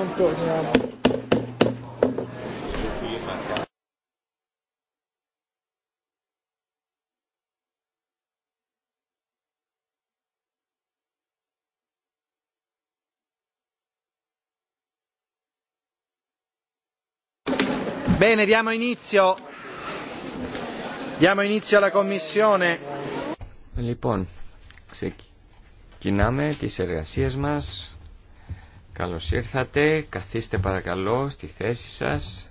non torniamo. Bene, diamo inizio. Diamo inizio alla commissione. Λοιπόν, ξεκινάμε τις εργασίες μας. Καλώς ήρθατε. Καθίστε παρακαλώ στη θέση σας.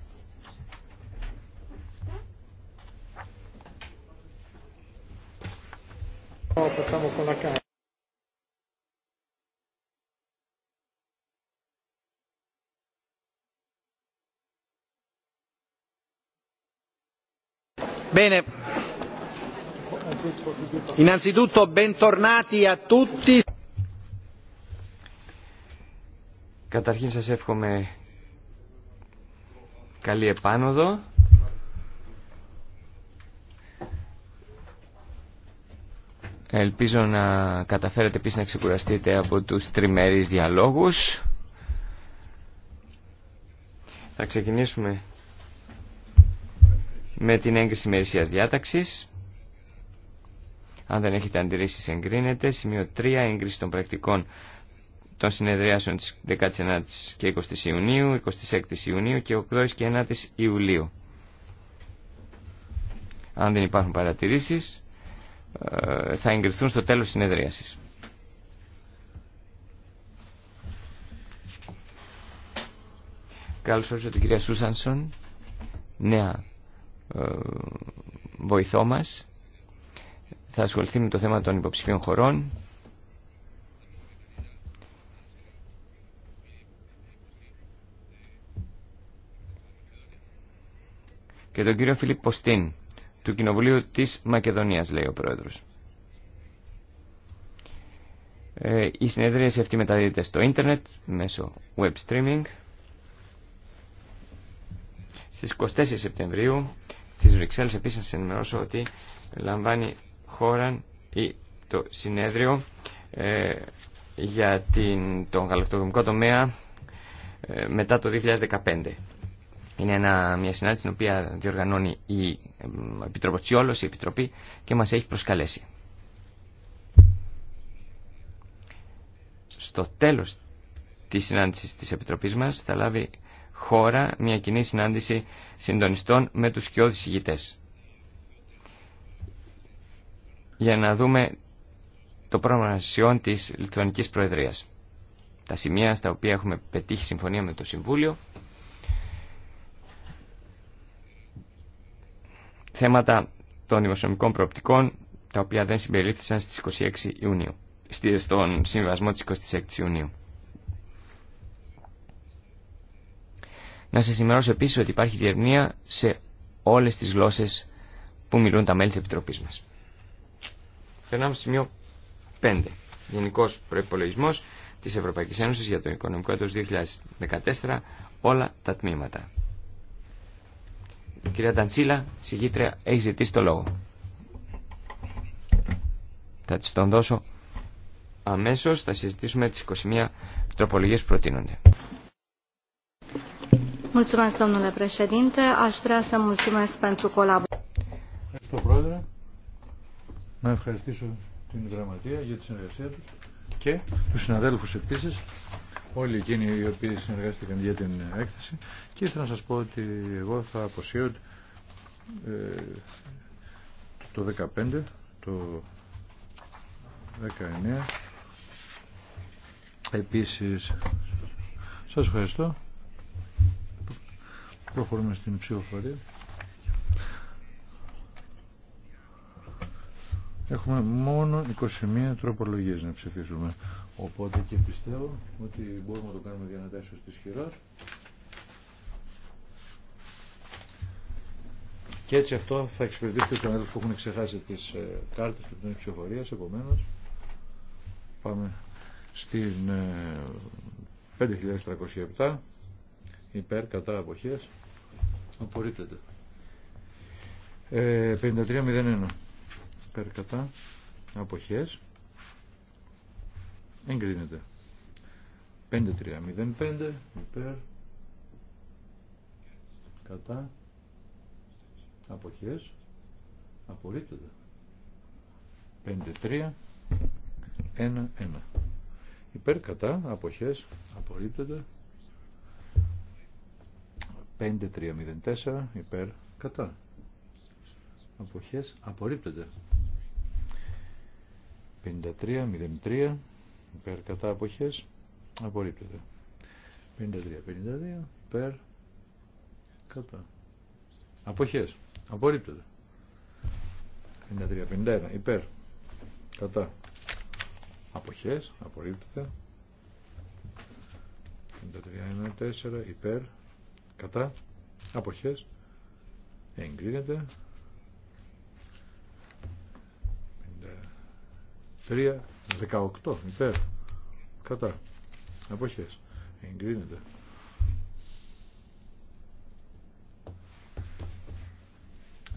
Bene. Innanzitutto bentornati a tutti. Καταρχήν σας εύχομαι καλή επάνωδο. Ελπίζω να καταφέρετε επίσης να ξεκουραστείτε από τους τριμερείς διαλόγους. Θα ξεκινήσουμε με την έγκριση μερισίας διάταξης. Αν δεν έχετε αντιρρήσεις εγκρίνετε Σημείο 3. Έγκριση των πρακτικών των συνεδριάσεων της 19 η και 20 η Ιουνίου, 26 η Ιουνίου και 8ης και 9ης Ιουλίου. Αν δεν υπάρχουν παρατηρήσεις, ε, θα εγκριθούν στο τέλος της συνεδρίασης. Καλώς ήρθατε την κυρία Σούσανσον, νέα ε, βοηθό μας. Θα ασχοληθεί με το θέμα των υποψηφίων χωρών. και τον κύριο Φιλίπ Ποστίν του Κοινοβουλίου της Μακεδονίας, λέει ο Πρόεδρος. Ε, η συνεδρίαση αυτή μεταδίδεται στο ίντερνετ μέσω web streaming. Στις 24 Σεπτεμβρίου στις Βρυξέλλες επίσης να σας ενημερώσω ότι λαμβάνει χώρα ή το συνέδριο ε, για την, τον γαλακτοκομικό τομέα ε, μετά το 2015. Είναι μια συνάντηση την οποία διοργανώνει η Επιτροπή η Επιτροπή και μας έχει προσκαλέσει. Στο τέλος της συνάντησης της Επιτροπής μας θα λάβει χώρα μια κοινή συνάντηση συντονιστών με τους σκιώδεις ηγητές. Για να δούμε το πρόγραμμα σιών της Λιθουανικής Προεδρίας. Τα σημεία στα οποία έχουμε πετύχει συμφωνία με το Συμβούλιο θέματα των δημοσιονομικών προοπτικών, τα οποία δεν συμπεριλήφθησαν στις 26 Ιουνίου, στον συμβασμό της 26 Ιουνίου. Να σας ενημερώσω επίσης ότι υπάρχει διερμηνία σε όλες τις γλώσσες που μιλούν τα μέλη της Επιτροπής μας. Περνάμε στο σημείο 5. Γενικό προπολογισμό της Ευρωπαϊκής Ένωσης για το οικονομικό έτος 2014, όλα τα τμήματα κυρία Ταντσίλα, συγγήτρια, έχει ζητήσει το λόγο. Θα της τον δώσω αμέσως. Θα συζητήσουμε τις 21 τροπολογίες που προτείνονται. Ευχαριστώ, Πρόεδρε. Να ευχαριστήσω την Γραμματεία για τη συνεργασία του και του συναδέλφους επίση, όλοι εκείνοι οι οποίοι συνεργάστηκαν για την έκθεση και ήθελα να σα πω ότι εγώ θα αποσύρω ε, το 15, το 19, επίσης σα ευχαριστώ. Προχωρούμε στην ψηφοφορία. Έχουμε μόνο 21 τροπολογίες να ψηφίσουμε. Οπότε και πιστεύω ότι μπορούμε να το κάνουμε διανατάσσεως στι χειρό, Και έτσι αυτό θα εξυπηρετήσει του ανέδρους που έχουν ξεχάσει τις ε, κάρτε του την ψηφοφορία. επομένω. πάμε στην 5.307 ε, υπέρ κατά αποχές. Απορρίπτεται. Ε, 53.01 υπέρ κατά αποχές εγκρίνεται 5305 υπέρ κατά αποχές απορρίπτεται 5311 υπέρ κατά αποχές απορρίπτεται 5304 υπέρ κατά αποχές απορρίπτεται 53-03 υπέρ κατά αποχές απορρίπτεται 53-52 υπέρ κατά αποχές απορρίπτεται 53-51 υπέρ κατά αποχές απορρίπτεται 53-1-4 υπέρ κατά αποχές εγκρίνεται 3, 18 υπέρ κατά αποχές εγκρίνεται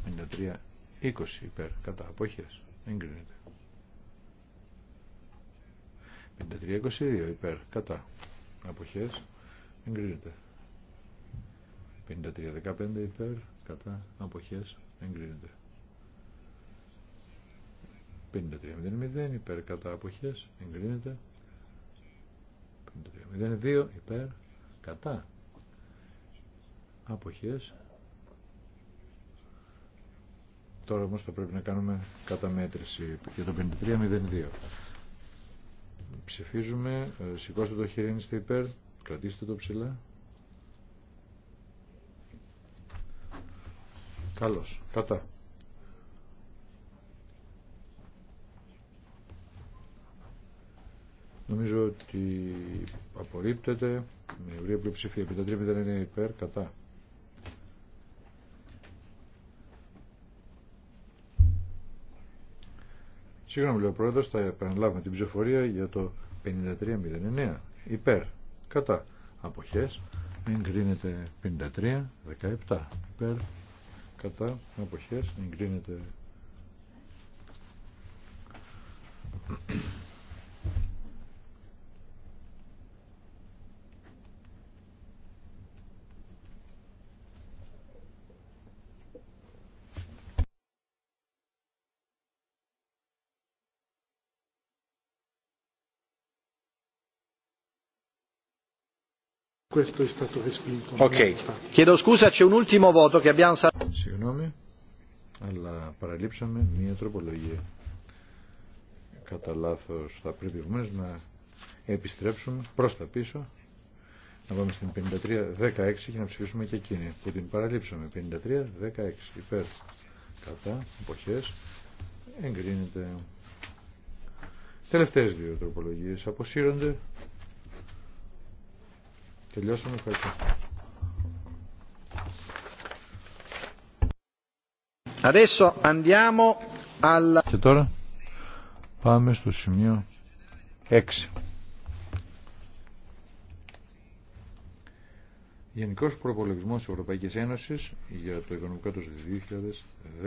είναι 3, 20 υπέρ κατά αποχές εγκρίνεται 53, 22 υπέρ κατά αποχές εγκρίνεται 53, 15 υπέρ κατά αποχές εγκρίνεται 53-0, υπέρ κατά αποχές εγκρίνεται 53.02 υπέρ κατά αποχές τώρα όμως θα πρέπει να κάνουμε καταμέτρηση για το 53 53.02 ψηφίζουμε ε, σηκώστε το χέρι είστε υπέρ κρατήστε το ψηλά καλώς κατά Νομίζω ότι απορρίπτεται με ευρία πλειοψηφία. 53 είναι υπέρ, κατά. Συγγνώμη, λέει ο Πρόεδρος, θα επαναλάβουμε την ψηφοφορία για το 53-09. Υπέρ, κατά. Αποχές, εγκρίνεται 53-17. Υπέρ, κατά. Αποχές, εγκρίνεται... Συγγνώμη, αλλά παραλείψαμε μία τροπολογία. Κατά λάθο θα πρέπει επομένω να επιστρέψουμε προ τα πίσω. Να πάμε στην 53-16 και να ψηφίσουμε και εκείνη που την παραλείψαμε. 53-16 υπέρ. Κατά εποχέ εγκρίνεται. τελευταίε δύο τροπολογίε αποσύρονται. Τελειώσαμε. Ευχαριστώ. Και τώρα πάμε στο σημείο 6. Γενικό προπολογισμό τη Ευρωπαϊκή Ένωση για το οικονομικό του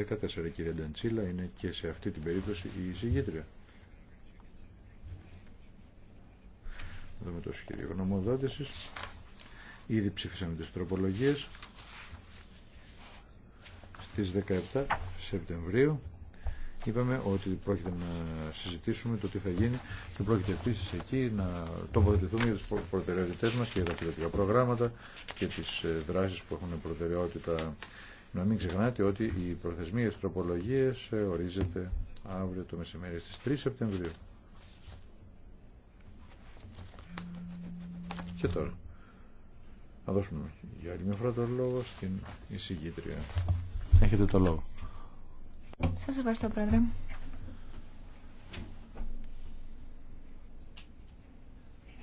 2014, κύριε Νταντσίλα, είναι και σε αυτή την περίπτωση η εισηγήτρια. Να δούμε το σχέδιο γνωμοδότηση. Ήδη ψήφισαμε τις τροπολογίες στις 17 Σεπτεμβρίου. Είπαμε ότι πρόκειται να συζητήσουμε το τι θα γίνει και πρόκειται επίση εκεί να τοποθετηθούμε για τις προτεραιότητές μας και για τα πιλωτικά προγράμματα και τις ε, δράσεις που έχουν προτεραιότητα. Να μην ξεχνάτε ότι οι προθεσμίες τροπολογίες ε, ορίζεται αύριο το μεσημέρι στις 3 Σεπτεμβρίου. Και τώρα. Να δώσουμε για άλλη μια φορά το λόγο στην εισηγήτρια. Έχετε το λόγο. Σας ευχαριστώ, Πρόεδρε.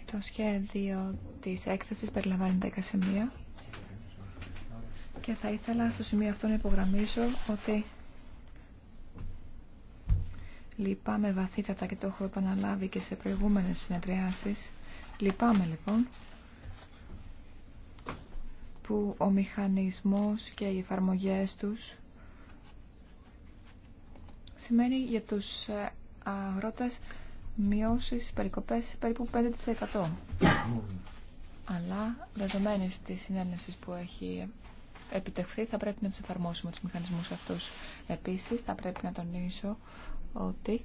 Το σχέδιο της έκθεσης περιλαμβάνει 10 σημεία και θα ήθελα στο σημείο αυτό να υπογραμμίσω ότι λυπάμαι βαθύτατα και το έχω επαναλάβει και σε προηγούμενες συνεδριάσεις. Λυπάμαι λοιπόν που ο μηχανισμός και οι εφαρμογές τους σημαίνει για τους ε, αγρότες μειώσεις περικοπές περίπου 5%. Αλλά δεδομένε της συνένεσης που έχει επιτευχθεί θα πρέπει να τους εφαρμόσουμε τους μηχανισμούς αυτούς. Επίσης θα πρέπει να τονίσω ότι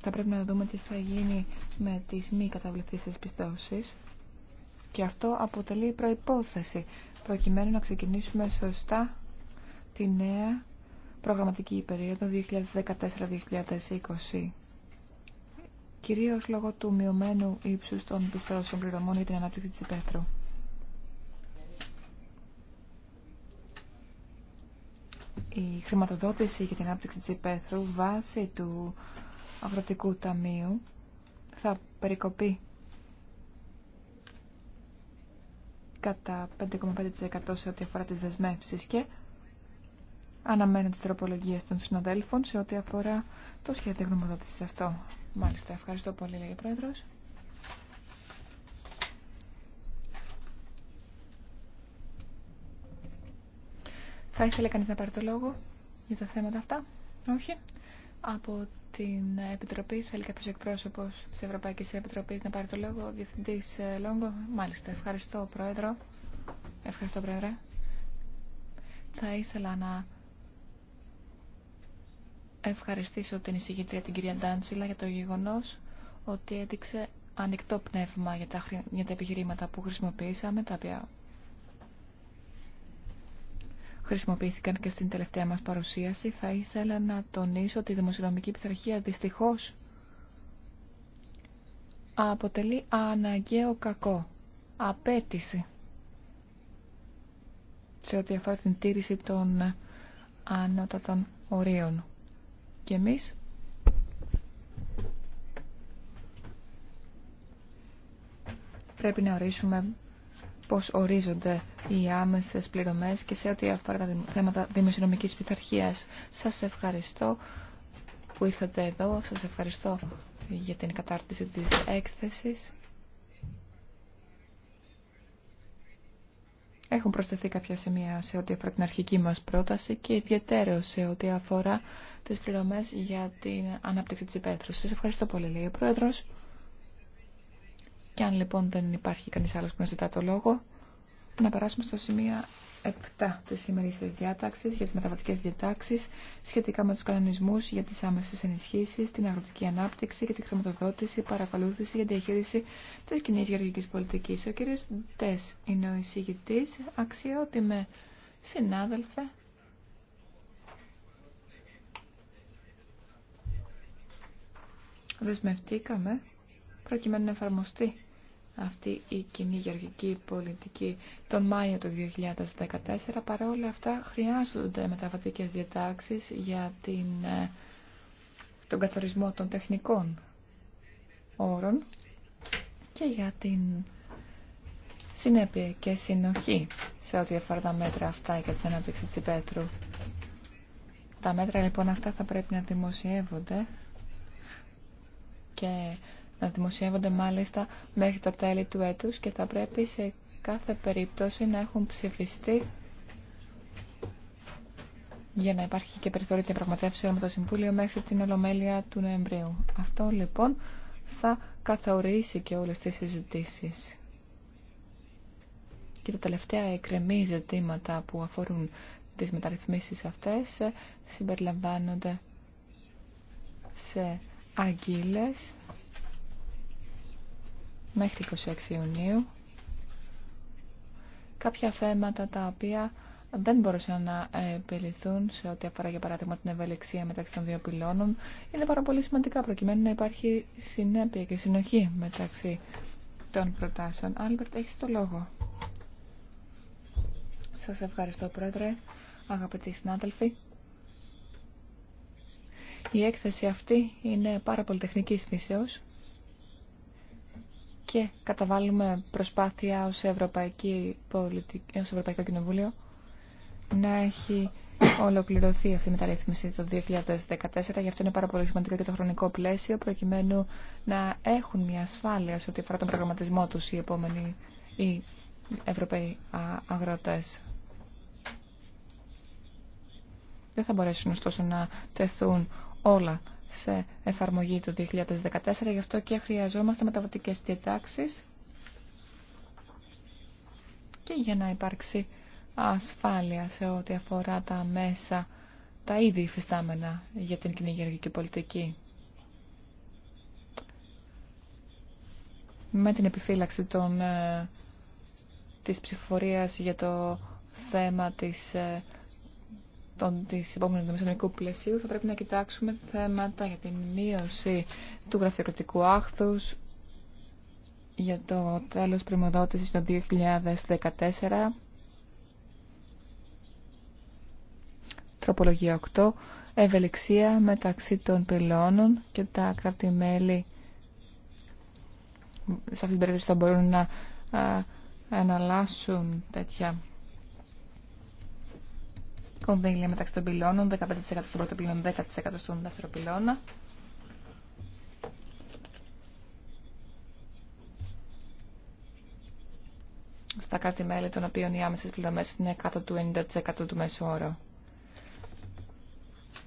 θα πρέπει να δούμε τι θα γίνει με τις μη καταβληθήσεις πιστώσεις και αυτό αποτελεί προϋπόθεση προκειμένου να ξεκινήσουμε σωστά τη νέα προγραμματική περίοδο 2014-2020 κυρίως λόγω του μειωμένου ύψους των πιστώσεων πληρωμών για την ανάπτυξη της υπαίθρου. Η χρηματοδότηση για την ανάπτυξη της υπαίθρου βάσει του Αγροτικού Ταμείου θα περικοπεί κατά 5,5% σε ό,τι αφορά τις δεσμεύσεις και αναμένω τις τροπολογίες των συναδέλφων σε ό,τι αφορά το σχέδιο γνωμοδότησης αυτό. Μάλιστα, ευχαριστώ πολύ, λέει ο Πρόεδρος. Θα ήθελε κανείς να πάρει το λόγο για τα θέματα αυτά. Όχι. Από την Επιτροπή. Θέλει κάποιο εκπρόσωπο τη Ευρωπαϊκή Επιτροπή να πάρει το λόγο. Διευθυντή ε, Λόγκο. Μάλιστα. Ευχαριστώ, Πρόεδρο. Ευχαριστώ, Πρόεδρε. Θα ήθελα να ευχαριστήσω την εισηγήτρια την κυρία Ντάντσιλα για το γεγονό ότι έδειξε ανοιχτό πνεύμα για τα, για τα επιχειρήματα που χρησιμοποίησαμε, τα οποία χρησιμοποιήθηκαν και στην τελευταία μας παρουσίαση, θα ήθελα να τονίσω ότι η δημοσιονομική πειθαρχία δυστυχώς αποτελεί αναγκαίο κακό, απέτηση σε ό,τι αφορά την τήρηση των ανώτατων ορίων. Και εμείς πρέπει να ορίσουμε πώς ορίζονται οι άμεσες πληρωμές και σε ό,τι αφορά τα θέματα δημοσιονομικής πειθαρχίας. Σας ευχαριστώ που ήρθατε εδώ. Σας ευχαριστώ για την κατάρτιση της έκθεσης. Έχουν προσθεθεί κάποια σημεία σε ό,τι αφορά την αρχική μας πρόταση και ιδιαίτερο σε ό,τι αφορά τις πληρωμές για την ανάπτυξη της υπαίθρου. Σας ευχαριστώ πολύ, λέει ο Πρόεδρος. Και αν λοιπόν δεν υπάρχει κανείς άλλος που να ζητά το λόγο, να περάσουμε στο σημείο 7 της σημερινής διάταξης για τις μεταβατικές διατάξεις σχετικά με τους κανονισμούς για τις άμεσες ενισχύσεις, την αγροτική ανάπτυξη και την χρηματοδότηση, παρακολούθηση για διαχείριση της κοινή γεωργικής πολιτικής. Ο κ. Ντες είναι ο εισηγητής, αξιότιμε συνάδελφε. Δεσμευτήκαμε προκειμένου να εφαρμοστεί αυτή η κοινή γεωργική πολιτική τον Μάιο του 2014. Παρόλα αυτά χρειάζονται μεταβατικές διατάξεις για την, ε, τον καθορισμό των τεχνικών όρων και για την συνέπεια και συνοχή σε ό,τι αφορά τα μέτρα αυτά για την ανάπτυξη της Πέτρου. Τα μέτρα λοιπόν αυτά θα πρέπει να δημοσιεύονται και να δημοσιεύονται μάλιστα μέχρι τα τέλη του έτους και θα πρέπει σε κάθε περίπτωση να έχουν ψηφιστεί για να υπάρχει και περιθώριο διαπραγματεύσεων με το Συμβούλιο μέχρι την Ολομέλεια του Νοεμβρίου. Αυτό λοιπόν θα καθορίσει και όλες τις συζητήσεις. Και τα τελευταία εκκρεμή ζητήματα που αφορούν τις μεταρρυθμίσεις αυτές συμπεριλαμβάνονται σε αγγίλες μέχρι 26 Ιουνίου κάποια θέματα τα οποία δεν μπορούσαν να επιληθούν σε ό,τι αφορά για παράδειγμα την ευελιξία μεταξύ των δύο πυλώνων είναι πάρα πολύ σημαντικά προκειμένου να υπάρχει συνέπεια και συνοχή μεταξύ των προτάσεων. Άλμπερτ, έχεις το λόγο. Σας ευχαριστώ Πρόεδρε, αγαπητοί συνάδελφοι. Η έκθεση αυτή είναι πάρα πολύ φύσεως και καταβάλουμε προσπάθεια ως, Ευρωπαϊκή Πολιτική, ως Ευρωπαϊκό Κοινοβούλιο να έχει ολοκληρωθεί αυτή η μεταρρύθμιση το 2014. Γι' αυτό είναι πάρα πολύ σημαντικό και το χρονικό πλαίσιο προκειμένου να έχουν μια ασφάλεια σε ό,τι αφορά τον προγραμματισμό τους οι επόμενοι οι Ευρωπαίοι αγρότες. Δεν θα μπορέσουν ωστόσο να τεθούν όλα σε εφαρμογή το 2014, γι' αυτό και χρειαζόμαστε μεταβατικές διατάξεις και για να υπάρξει ασφάλεια σε ό,τι αφορά τα μέσα, τα ήδη υφιστάμενα για την κυνηγεργική πολιτική. Με την επιφύλαξη των, ε, της ψηφοφορίας για το θέμα της ε, τη επόμενη επόμενης δημοσιονομικού πλαισίου θα πρέπει να κοιτάξουμε θέματα για την μείωση του γραφειοκρατικού άχθους για το τέλος πρημοδότησης το 2014 τροπολογία 8 ευελιξία μεταξύ των πυλώνων και τα κρατημέλη σε αυτήν την περίπτωση θα μπορούν να εναλλάσσουν τέτοια κονδύλια μεταξύ των πυλώνων, 15% στον πρώτο πυλώνα, 10% στον δεύτερο πυλώνα. Στα κράτη-μέλη των οποίων οι άμεσες πληρωμές είναι κάτω του 90% του μέσου όρου.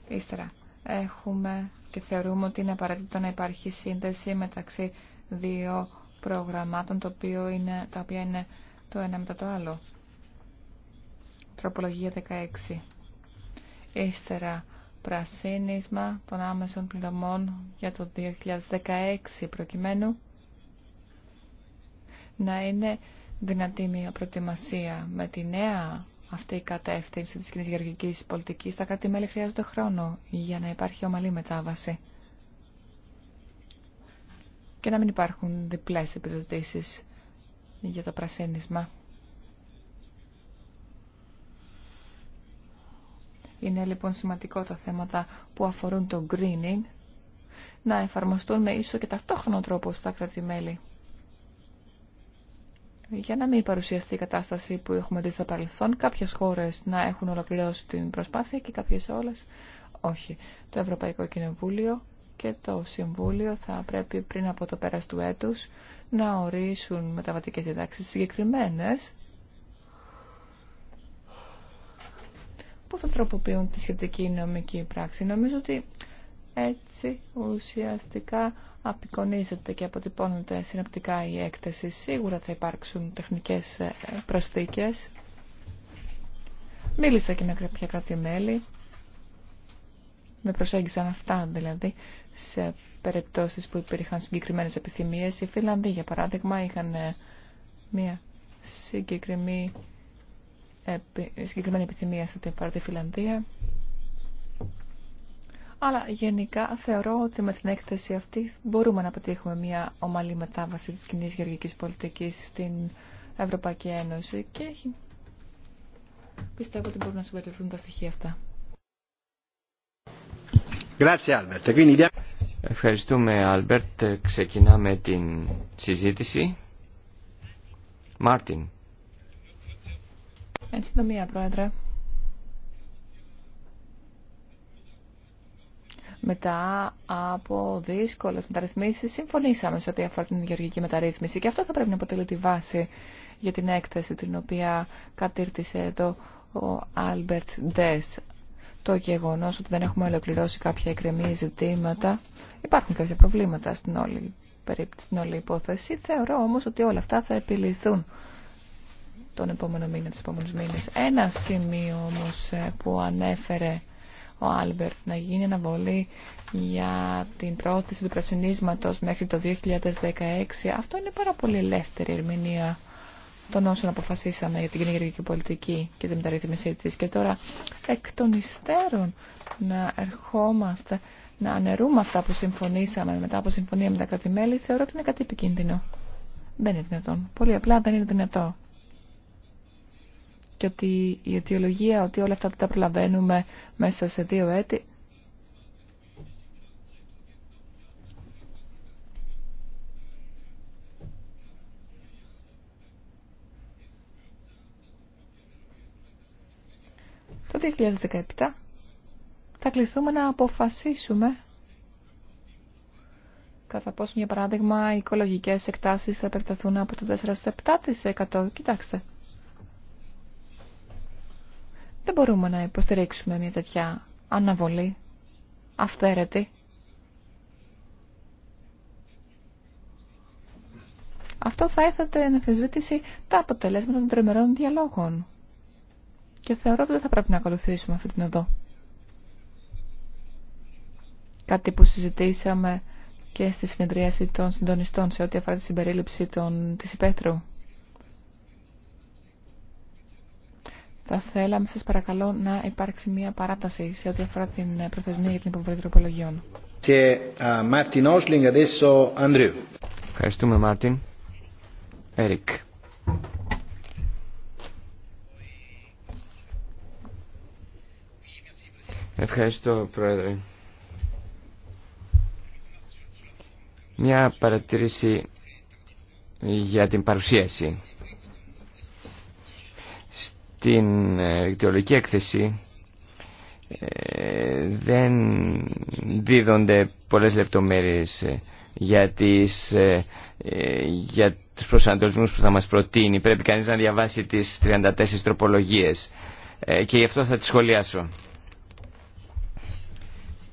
Ύστερα, έχουμε και θεωρούμε ότι είναι απαραίτητο να υπάρχει σύνδεση μεταξύ δύο προγραμμάτων, το οποίο είναι, τα οποία είναι το ένα μετά το άλλο. Τροπολογία 16. Ύστερα πρασίνισμα των άμεσων πληρωμών για το 2016 προκειμένου να είναι δυνατή μια προετοιμασία με τη νέα αυτή η κατεύθυνση της κοινής γεωργικής πολιτικής. Τα κράτη-μέλη χρειάζονται χρόνο για να υπάρχει ομαλή μετάβαση και να μην υπάρχουν διπλές επιδοτήσεις για το πρασίνισμα. Είναι λοιπόν σημαντικό τα θέματα που αφορούν το greening να εφαρμοστούν με ίσο και ταυτόχρονο τρόπο στα κράτη-μέλη. Για να μην παρουσιαστεί η κατάσταση που έχουμε δει στο παρελθόν, κάποιες χώρες να έχουν ολοκληρώσει την προσπάθεια και κάποιες όλες όχι. Το Ευρωπαϊκό Κοινοβούλιο και το Συμβούλιο θα πρέπει πριν από το πέρας του έτους να ορίσουν μεταβατικές διδάξεις συγκεκριμένες που θα τροποποιούν τη σχετική νομική πράξη. Νομίζω ότι έτσι ουσιαστικά απεικονίζεται και αποτυπώνεται συναπτικά η έκθεση. Σίγουρα θα υπάρξουν τεχνικές ε, προσθήκες. Μίλησα και με κάποια κράτη-μέλη. Με προσέγγισαν αυτά δηλαδή σε περιπτώσεις που υπήρχαν συγκεκριμένες επιθυμίες. Οι Φιλανδοί για παράδειγμα είχαν ε, μια συγκεκριμένη συγκεκριμένη επιθυμία σε ό,τι αφορά τη Φιλανδία. Αλλά γενικά θεωρώ ότι με την έκθεση αυτή μπορούμε να πετύχουμε μια ομαλή μετάβαση της κοινή γεωργικής πολιτικής στην Ευρωπαϊκή Ένωση και έχει... πιστεύω ότι μπορούν να συμπεριληφθούν τα στοιχεία αυτά. Ευχαριστούμε, Άλμπερτ. Ξεκινάμε την συζήτηση. Μάρτιν. Εν συντομία, Πρόεδρε. μετά από δύσκολες μεταρρυθμίσεις συμφωνήσαμε σε ό,τι αφορά την γεωργική μεταρρύθμιση και αυτό θα πρέπει να αποτελεί τη βάση για την έκθεση την οποία κατήρτισε εδώ ο Άλμπερτ Ντες. Το γεγονός ότι δεν έχουμε ολοκληρώσει κάποια εκκρεμή ζητήματα, υπάρχουν κάποια προβλήματα στην όλη, στην όλη υπόθεση, θεωρώ όμως ότι όλα αυτά θα επιληθούν τον επόμενο μήνα, τους επόμενους μήνες. Ένα σημείο όμως ε, που ανέφερε ο Άλμπερτ να γίνει αναβολή για την πρόθεση του πρασινίσματος μέχρι το 2016. Αυτό είναι πάρα πολύ ελεύθερη ερμηνεία των όσων αποφασίσαμε για την κυνηγερική πολιτική και την μεταρρύθμιση της. Και τώρα εκ των υστέρων να ερχόμαστε να αναιρούμε αυτά που συμφωνήσαμε μετά από συμφωνία με τα κρατημέλη θεωρώ ότι είναι κάτι επικίνδυνο. Δεν είναι δυνατόν. Πολύ απλά δεν είναι δυνατό και ότι η αιτιολογία ότι όλα αυτά τα προλαβαίνουμε μέσα σε δύο έτη το 2017 θα κληθούμε να αποφασίσουμε κατά πόσο για παράδειγμα οι οικολογικές εκτάσεις θα επεκταθούν από το 4 στο 7% κοιτάξτε δεν μπορούμε να υποστηρίξουμε μια τέτοια αναβολή αυθαίρετη. Αυτό θα έθετε να αμφισβήτηση τα αποτελέσματα των τρεμερών διαλόγων. Και θεωρώ ότι δεν θα πρέπει να ακολουθήσουμε αυτή την οδό. Κάτι που συζητήσαμε και στη συνεδρίαση των συντονιστών σε ό,τι αφορά τη συμπερίληψη των, της υπαίθρου. Θα θέλαμε σας παρακαλώ να υπάρξει μια παράταση σε ό,τι αφορά την προθεσμία για την υποβολή τροπολογιών. Ευχαριστούμε Μάρτιν. Έρικ. Ευχαριστώ Πρόεδρε. Μια παρατήρηση για την παρουσίαση την ε, δικαιολογική έκθεση ε, δεν δίδονται πολλές λεπτομέρειες ε, για, τις, για τους προσανατολισμούς που θα μας προτείνει. Πρέπει κανείς να διαβάσει τις 34 τροπολογίες και γι' αυτό θα τις σχολιάσω.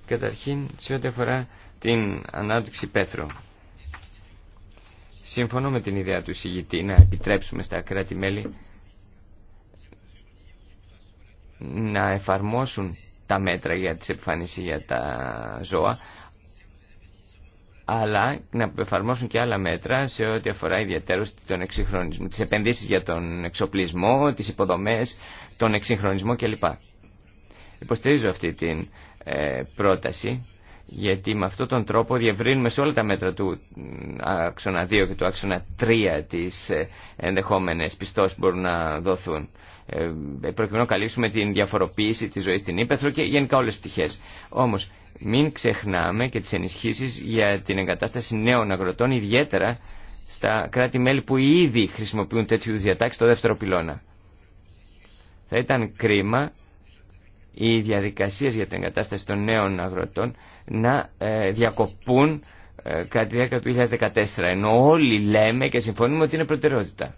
Καταρχήν, σε ό,τι αφορά την ανάπτυξη πέθρου. Σύμφωνο με την ιδέα του εισηγητή να επιτρέψουμε στα κράτη-μέλη να εφαρμόσουν τα μέτρα για τις επιφανίσεις για τα ζώα αλλά να εφαρμόσουν και άλλα μέτρα σε ό,τι αφορά ιδιαίτερως τον εξυγχρονισμό, τις επενδύσεις για τον εξοπλισμό, τις υποδομές, τον εξυγχρονισμό κλπ. Υποστηρίζω αυτή την ε, πρόταση γιατί με αυτόν τον τρόπο διευρύνουμε σε όλα τα μέτρα του άξονα 2 και του άξονα 3 τις ε, ενδεχόμενες πιστώσεις που μπορούν να δοθούν. Ε, προκειμένου να καλύψουμε την διαφοροποίηση τη ζωή στην Ήπεθρο και γενικά όλε τις πτυχέ. Όμως μην ξεχνάμε και τι ενισχύσει για την εγκατάσταση νέων αγροτών, ιδιαίτερα στα κράτη-μέλη που ήδη χρησιμοποιούν τέτοιου διατάξει στο δεύτερο πυλώνα. Θα ήταν κρίμα οι διαδικασίε για την εγκατάσταση των νέων αγροτών να ε, διακοπούν ε, κατά τη διάρκεια του 2014, ενώ όλοι λέμε και συμφωνούμε ότι είναι προτεραιότητα.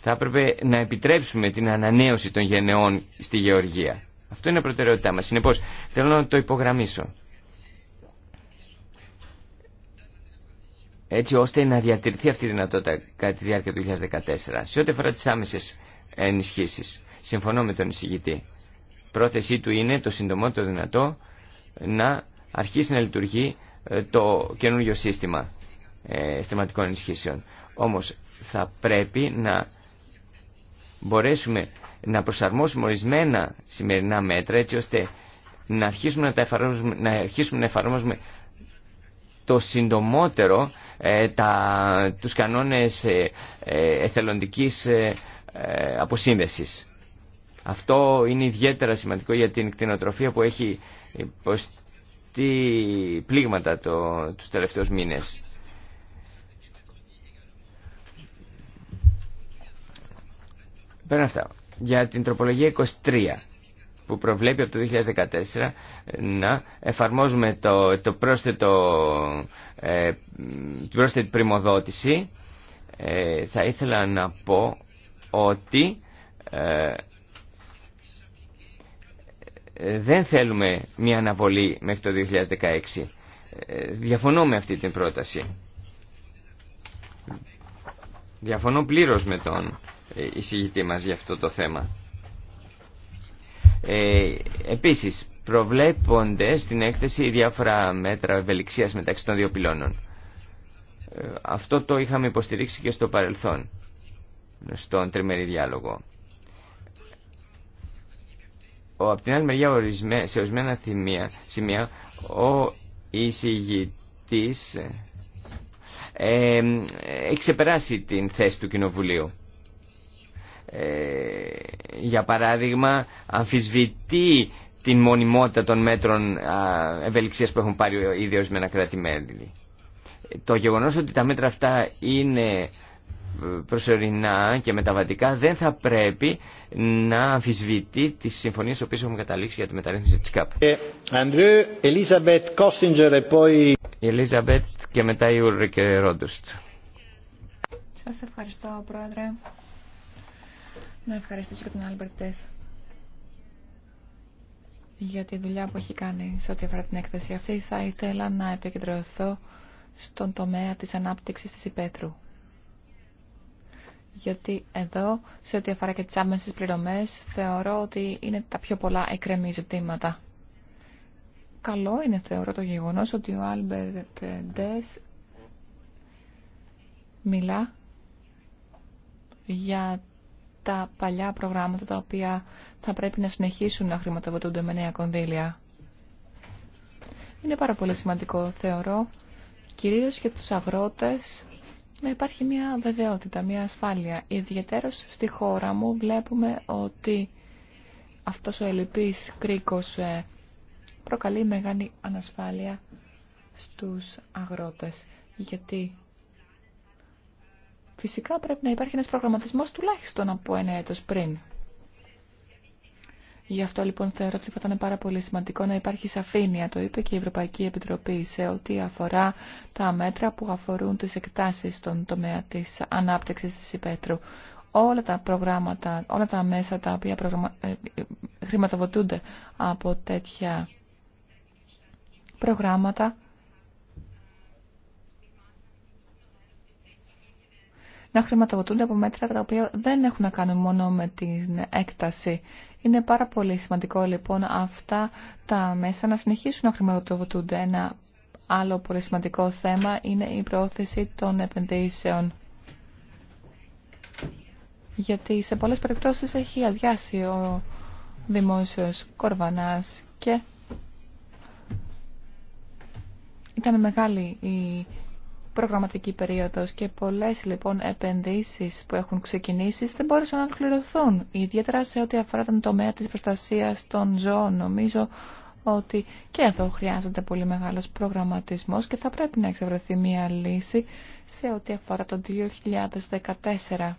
Θα έπρεπε να επιτρέψουμε την ανανέωση των γενεών στη γεωργία. Αυτό είναι προτεραιότητά μας. Συνεπώς, θέλω να το υπογραμμίσω. Έτσι ώστε να διατηρηθεί αυτή η δυνατότητα κατά τη διάρκεια του 2014. Σε ό,τι αφορά τις άμεσες ενισχύσεις, συμφωνώ με τον εισηγητή. Πρόθεσή του είναι το συντομότερο δυνατό να αρχίσει να λειτουργεί ε, το καινούργιο σύστημα ε, ενισχύσεων. Όμως θα πρέπει να μπορέσουμε να προσαρμόσουμε ορισμένα σημερινά μέτρα έτσι ώστε να αρχίσουμε να, εφαρμόζουμε, να, αρχίσουμε να το συντομότερο ε, τα, τους κανόνες ε, ε, εθελοντικής αποσύνδεσης. Αυτό είναι ιδιαίτερα σημαντικό για την κτηνοτροφία που έχει υποστεί πλήγματα το, τους τελευταίους μήνες. Πέραν αυτά, για την τροπολογία 23 που προβλέπει από το 2014 να εφαρμόζουμε το, το πρόσθετο, ε, την πρόσθετη πρημοδότηση ε, θα ήθελα να πω ότι ε, δεν θέλουμε μια αναβολή μέχρι το 2016. Ε, διαφωνώ με αυτή την πρόταση. Διαφωνώ πλήρως με τον εισηγητή μας για αυτό το θέμα. Ε, επίσης, προβλέπονται στην έκθεση διάφορα μέτρα ευελιξίας μεταξύ των δύο πυλώνων. Ε, αυτό το είχαμε υποστηρίξει και στο παρελθόν, στον τριμερή διάλογο. Ο, από την άλλη μεριά, σε ορισμένα θυμία, σημεία, ο εισηγητής ε, ε έχει ξεπεράσει την θέση του Κοινοβουλίου. Ε, για παράδειγμα αμφισβητεί την μονιμότητα των μέτρων ευελιξίας που έχουν πάρει ήδη ορισμένα κράτη-μέλη. Το γεγονός ότι τα μέτρα αυτά είναι ε, προσωρινά και μεταβατικά δεν θα πρέπει να αμφισβητεί τις συμφωνίες που έχουμε καταλήξει για τη μεταρρύθμιση της ΚΑΠ. Ε, Ελίζαμπετ και μετά η Σας ευχαριστώ, Πρόεδρε. Να ευχαριστήσω και τον Άλμπερτ για τη δουλειά που έχει κάνει σε ό,τι αφορά την έκθεση αυτή. Θα ήθελα να επικεντρωθώ στον τομέα της ανάπτυξης της υπέτρου. Γιατί εδώ, σε ό,τι αφορά και τις άμεσες πληρωμές, θεωρώ ότι είναι τα πιο πολλά εκκρεμή ζητήματα. Καλό είναι, θεωρώ, το γεγονός ότι ο Άλμπερτ Ντες μιλά για τα παλιά προγράμματα τα οποία θα πρέπει να συνεχίσουν να χρηματοδοτούνται με νέα κονδύλια. Είναι πάρα πολύ σημαντικό, θεωρώ, κυρίως για τους αγρότες να υπάρχει μια βεβαιότητα, μια ασφάλεια. Ιδιαιτέρως στη χώρα μου βλέπουμε ότι αυτός ο ελληπής κρίκος ε, προκαλεί μεγάλη ανασφάλεια στους αγρότες. Γιατί Φυσικά πρέπει να υπάρχει ένας προγραμματισμός τουλάχιστον από ένα έτος πριν. Γι' αυτό λοιπόν θεωρώ ότι θα ήταν πάρα πολύ σημαντικό να υπάρχει σαφήνεια, το είπε και η Ευρωπαϊκή Επιτροπή, σε ό,τι αφορά τα μέτρα που αφορούν τις εκτάσεις στον τομέα της ανάπτυξης της υπέτρου. Όλα τα προγράμματα, όλα τα μέσα τα οποία προγραμμα... Ε, ε, χρηματοδοτούνται από τέτοια προγράμματα να χρηματοδοτούνται από μέτρα τα οποία δεν έχουν να κάνουν μόνο με την έκταση. Είναι πάρα πολύ σημαντικό λοιπόν αυτά τα μέσα να συνεχίσουν να χρηματοδοτούνται. Ένα άλλο πολύ σημαντικό θέμα είναι η προώθηση των επενδύσεων. Γιατί σε πολλές περιπτώσεις έχει αδειάσει ο δημόσιος κορβανάς και ήταν μεγάλη η προγραμματική περίοδος και πολλές λοιπόν επενδύσεις που έχουν ξεκινήσει δεν μπόρεσαν να ολοκληρωθούν, ιδιαίτερα σε ό,τι αφορά τον τομέα της προστασίας των ζώων. Νομίζω ότι και εδώ χρειάζεται πολύ μεγάλος προγραμματισμός και θα πρέπει να εξευρεθεί μια λύση σε ό,τι αφορά το 2014.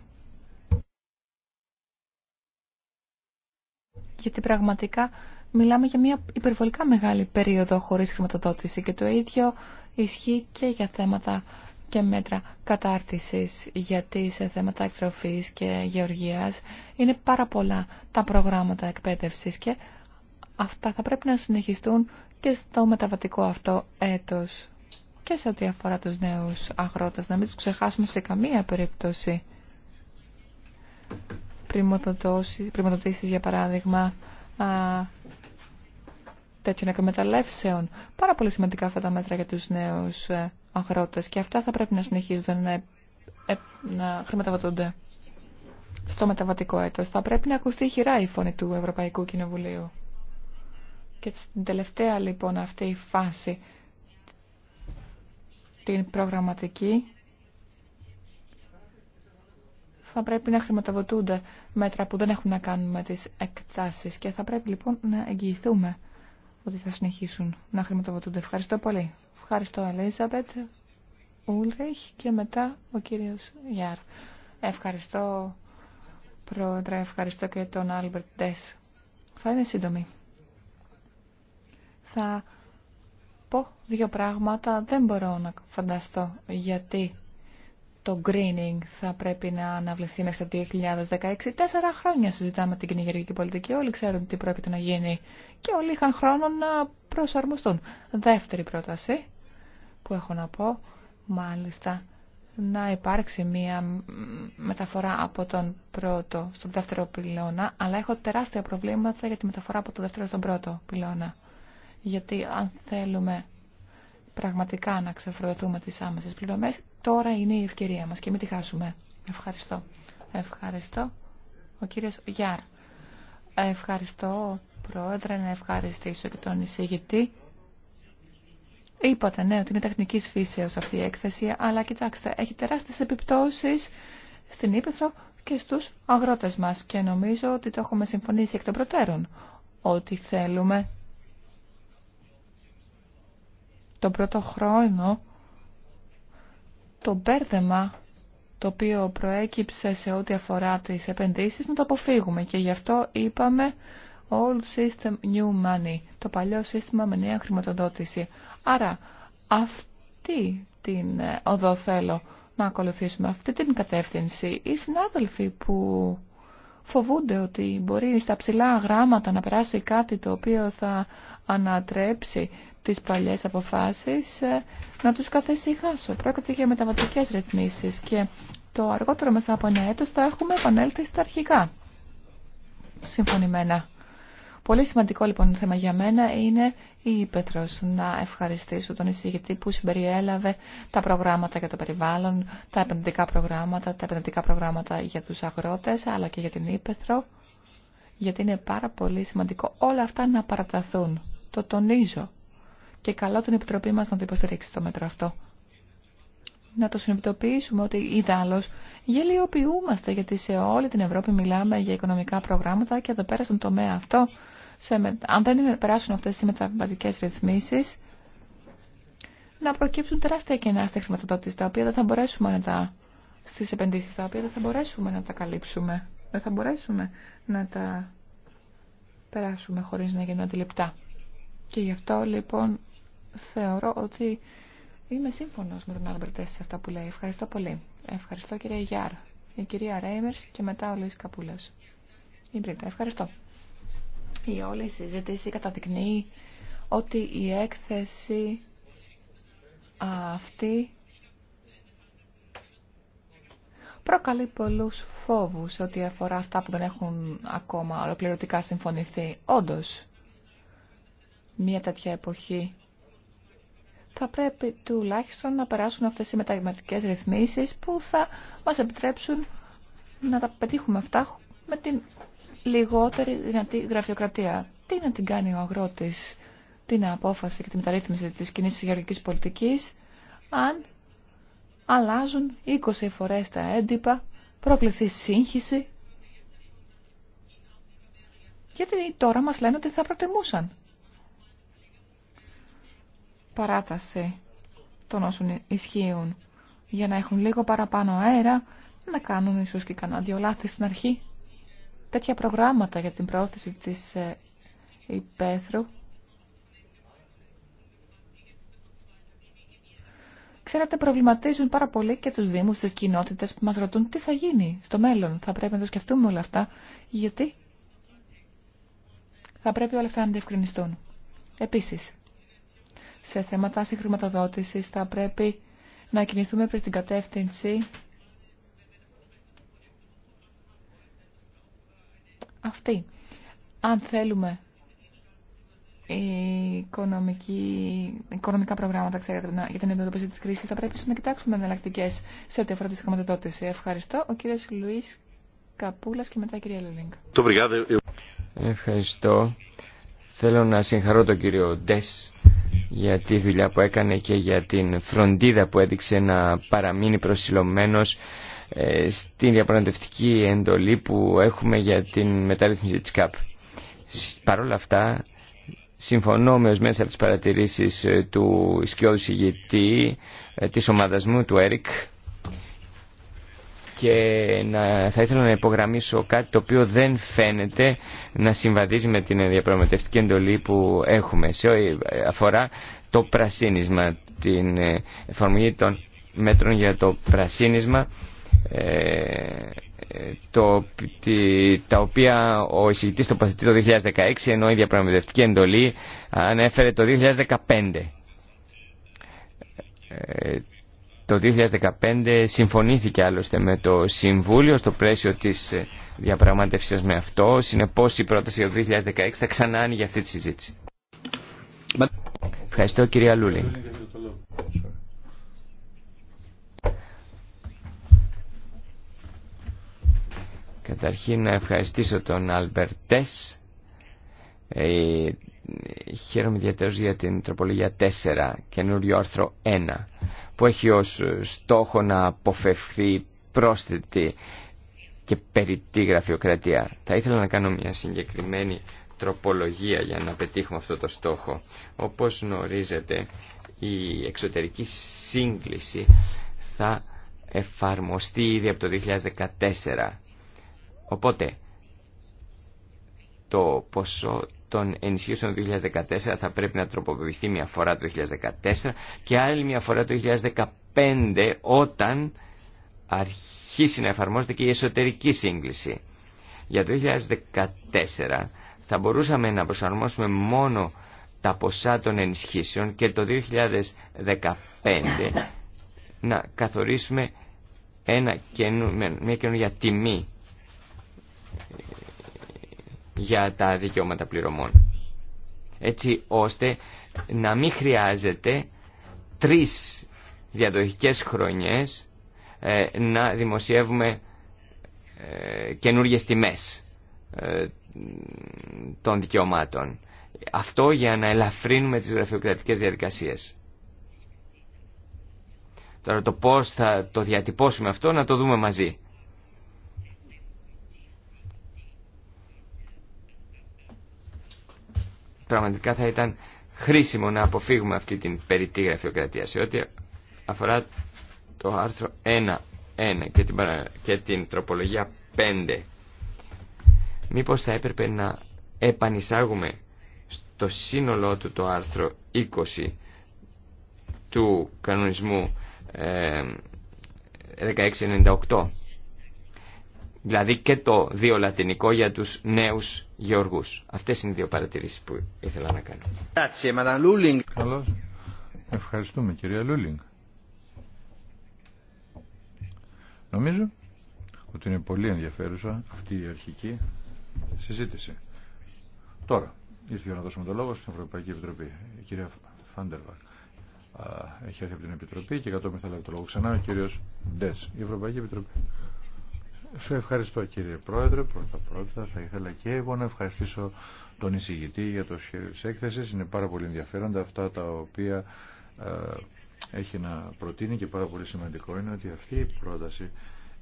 Γιατί πραγματικά μιλάμε για μια υπερβολικά μεγάλη περίοδο χωρίς χρηματοδότηση και το ίδιο ισχύει και για θέματα και μέτρα κατάρτισης γιατί σε θέματα εκτροφής και γεωργίας είναι πάρα πολλά τα προγράμματα εκπαίδευσης και αυτά θα πρέπει να συνεχιστούν και στο μεταβατικό αυτό έτος και σε ό,τι αφορά τους νέους αγρότες να μην τους ξεχάσουμε σε καμία περίπτωση πρημοδοτήσεις για παράδειγμα τέτοιων εκμεταλλεύσεων. Πάρα πολύ σημαντικά αυτά τα μέτρα για τους νέους ε, αγρότες και αυτά θα πρέπει να συνεχίζονται να, ε, να χρηματοδοτούνται στο μεταβατικό έτος. Θα πρέπει να ακουστεί χειρά η φωνή του Ευρωπαϊκού Κοινοβουλίου. Και στην τελευταία λοιπόν αυτή η φάση, την προγραμματική, θα πρέπει να χρηματοδοτούνται μέτρα που δεν έχουν να κάνουν με τις εκτάσεις και θα πρέπει λοιπόν να εγγυηθούμε ότι θα συνεχίσουν να χρηματοδοτούνται. Ευχαριστώ πολύ. Ευχαριστώ, Ελίζαμπετ, Ούλριχ και μετά ο κύριος Γιάρ. Ευχαριστώ, Πρόεδρε, ευχαριστώ και τον Άλμπερτ Ντες. Θα είμαι σύντομη. Θα πω δύο πράγματα, δεν μπορώ να φανταστώ γιατί το greening θα πρέπει να αναβληθεί μέχρι το 2016. Τέσσερα χρόνια συζητάμε την κυνηγερική πολιτική. Όλοι ξέρουν τι πρόκειται να γίνει και όλοι είχαν χρόνο να προσαρμοστούν. Δεύτερη πρόταση που έχω να πω, μάλιστα, να υπάρξει μία μεταφορά από τον πρώτο στον δεύτερο πυλώνα, αλλά έχω τεράστια προβλήματα για τη μεταφορά από τον δεύτερο στον πρώτο πυλώνα. Γιατί αν θέλουμε πραγματικά να ξεφρονθούμε τις άμεσες πληρωμές, Τώρα είναι η ευκαιρία μας και μην τη χάσουμε. Ευχαριστώ. Ευχαριστώ. Ο κύριος Γιάρ. Ευχαριστώ, Πρόεδρε, να ευχαριστήσω και τον εισηγητή. Είπατε, ναι, ότι είναι τεχνικής φύσεως αυτή η έκθεση, αλλά κοιτάξτε, έχει τεράστιες επιπτώσεις στην Ήπεθρο και στους αγρότες μας και νομίζω ότι το έχουμε συμφωνήσει εκ των προτέρων ότι θέλουμε τον πρώτο χρόνο το μπέρδεμα το οποίο προέκυψε σε ό,τι αφορά τις επενδύσεις να το αποφύγουμε και γι' αυτό είπαμε Old System New Money, το παλιό σύστημα με νέα χρηματοδότηση. Άρα αυτή την ε, οδό θέλω να ακολουθήσουμε, αυτή την κατεύθυνση. Οι συνάδελφοι που φοβούνται ότι μπορεί στα ψηλά γράμματα να περάσει κάτι το οποίο θα ανατρέψει τις παλιές αποφάσεις ε, να τους καθησυχάσω. Πρόκειται για μεταβατικές ρυθμίσεις και το αργότερο μέσα από ένα έτος θα έχουμε επανέλθει στα αρχικά. Συμφωνημένα. Πολύ σημαντικό λοιπόν θέμα για μένα είναι η Ήπεθρος. Να ευχαριστήσω τον εισηγητή που συμπεριέλαβε τα προγράμματα για το περιβάλλον, τα επενδυτικά προγράμματα, τα επενδυτικά προγράμματα για τους αγρότες, αλλά και για την Ήπεθρο, γιατί είναι πάρα πολύ σημαντικό όλα αυτά να παραταθούν. Το τονίζω και καλό την Επιτροπή μας να το υποστηρίξει το μέτρο αυτό. Να το συνειδητοποιήσουμε ότι ιδάλλως γελιοποιούμαστε γιατί σε όλη την Ευρώπη μιλάμε για οικονομικά προγράμματα και εδώ πέρα στον τομέα αυτό, σε, αν δεν περάσουν αυτές οι μεταβατικές ρυθμίσεις, να προκύψουν τεράστια κενά στη χρηματοδότηση, τα οποία δεν θα μπορέσουμε να τα στις επενδύσεις, τα οποία δεν θα μπορέσουμε να τα καλύψουμε. Δεν θα μπορέσουμε να τα περάσουμε χωρίς να γίνουν αντιληπτά. Και γι' αυτό λοιπόν θεωρώ ότι είμαι σύμφωνος με τον Άλμπερτ σε αυτά που λέει. Ευχαριστώ πολύ. Ευχαριστώ κυρία Γιάρ, η κυρία Ρέιμερς και μετά ο Λουίς Καπούλας. Η Μπρίτα, ευχαριστώ. Η όλη συζήτηση καταδεικνύει ότι η έκθεση αυτή προκαλεί πολλούς φόβους ότι αφορά αυτά που δεν έχουν ακόμα ολοκληρωτικά συμφωνηθεί. Όντως, μια τέτοια εποχή θα πρέπει τουλάχιστον να περάσουν αυτές οι μεταγματικές ρυθμίσεις που θα μας επιτρέψουν να τα πετύχουμε αυτά με την λιγότερη δυνατή γραφειοκρατία. Τι να την κάνει ο αγρότης, την απόφαση και τη μεταρρύθμιση της κοινή γεωργικής πολιτικής, αν αλλάζουν 20 φορές τα έντυπα, προκληθεί σύγχυση. Γιατί τώρα μας λένε ότι θα προτιμούσαν παράταση των όσων ισχύουν για να έχουν λίγο παραπάνω αέρα, να κάνουν ίσως και κανένα δυο λάθη στην αρχή. Τέτοια προγράμματα για την πρόθεση της ε, υπαίθρου. Ξέρετε, προβληματίζουν πάρα πολύ και τους δήμους, τις κοινότητες που μας ρωτούν τι θα γίνει στο μέλλον. Θα πρέπει να το σκεφτούμε όλα αυτά, γιατί θα πρέπει όλα αυτά να διευκρινιστούν. Επίσης, σε θέματα συγχρηματοδότησης θα πρέπει να κινηθούμε προς την κατεύθυνση αυτή. Αν θέλουμε οι οικονομικά προγράμματα ξέρετε, για την αντιμετώπιση της κρίσης θα πρέπει να κοιτάξουμε εναλλακτικέ σε ό,τι αφορά τη χρηματοδότηση. Ευχαριστώ. Ο κύριος Λουίς Καπούλας και μετά η κυρία Λουλίνγκ. Ευχαριστώ. Θέλω να συγχαρώ τον κύριο Ντες για τη δουλειά που έκανε και για την φροντίδα που έδειξε να παραμείνει προσιλωμένος ε, στην διαπραγματευτική εντολή που έχουμε για την μεταρρύθμιση της ΚΑΠ. Παρ' όλα αυτά, συμφωνώ με μέσα από τις παρατηρήσεις ε, του ισκιώδου συγητή ε, της ομάδας μου, του ΕΡΙΚ, και να, θα ήθελα να υπογραμμίσω κάτι το οποίο δεν φαίνεται να συμβαδίζει με την διαπραγματευτική εντολή που έχουμε σε ε, αφορά το πρασίνισμα, την ε, εφαρμογή των μέτρων για το πρασίνισμα ε, τα οποία ο εισηγητής τοποθετεί το 2016 ενώ η διαπραγματευτική εντολή ανέφερε το 2015 το 2015 συμφωνήθηκε άλλωστε με το Συμβούλιο στο πλαίσιο της ε, διαπραγμάτευσης με αυτό. Συνεπώς η πρόταση για το 2016 θα ξανά για αυτή τη συζήτηση. Ευχαριστώ κυρία Λούλινγκ. Καταρχήν να ευχαριστήσω τον Αλμπερτές. Ε, χαίρομαι ιδιαίτερως για την τροπολογία 4, καινούριο άρθρο 1 που έχει ως ε, στόχο να αποφευχθεί πρόσθετη και περιττή γραφειοκρατία. Θα ήθελα να κάνω μια συγκεκριμένη τροπολογία για να πετύχουμε αυτό το στόχο. Όπως γνωρίζετε, η εξωτερική σύγκληση θα εφαρμοστεί ήδη από το 2014. Οπότε, το ποσό των ενισχύσεων 2014 θα πρέπει να τροποποιηθεί μια φορά το 2014 και άλλη μια φορά το 2015 όταν αρχίσει να εφαρμόζεται και η εσωτερική σύγκληση. Για το 2014 θα μπορούσαμε να προσαρμόσουμε μόνο τα ποσά των ενισχύσεων και το 2015 να καθορίσουμε ένα καινου, μια καινούργια τιμή για τα δικαιώματα πληρωμών. Έτσι ώστε να μην χρειάζεται τρεις διαδοχικές χρονιές ε, να δημοσιεύουμε ε, καινούργιες τιμές ε, των δικαιωμάτων. Αυτό για να ελαφρύνουμε τις γραφειοκρατικές διαδικασίες. Τώρα το πώς θα το διατυπώσουμε αυτό να το δούμε μαζί. πραγματικά θα ήταν χρήσιμο να αποφύγουμε αυτή την περιττή γραφειοκρατία. Σε ό,τι αφορά το άρθρο 1.1 και την, και την τροπολογία 5, μήπως θα έπρεπε να επανισάγουμε στο σύνολό του το άρθρο 20 του κανονισμού 1698 ε, δηλαδή και το δύο λατινικό για τους νέους γεωργούς. Αυτές είναι οι δύο παρατηρήσεις που ήθελα να κάνω. Καλώς. Ευχαριστούμε κυρία Λούλινγκ. Νομίζω ότι είναι πολύ ενδιαφέρουσα αυτή η αρχική συζήτηση. Τώρα, ήρθε να δώσουμε το λόγο στην Ευρωπαϊκή Επιτροπή. Η κυρία Φάντερβαρ έχει έρθει από την Επιτροπή και κατόπιν θα λάβει το λόγο ξανά ο κύριος Ντες, η Ευρωπαϊκή Επιτροπή. Σε ευχαριστώ κύριε Πρόεδρε. Πρώτα πρώτα θα ήθελα και εγώ να ευχαριστήσω τον εισηγητή για το σχέδιο της έκθεσης. Είναι πάρα πολύ ενδιαφέροντα αυτά τα οποία ε, έχει να προτείνει και πάρα πολύ σημαντικό είναι ότι αυτή η πρόταση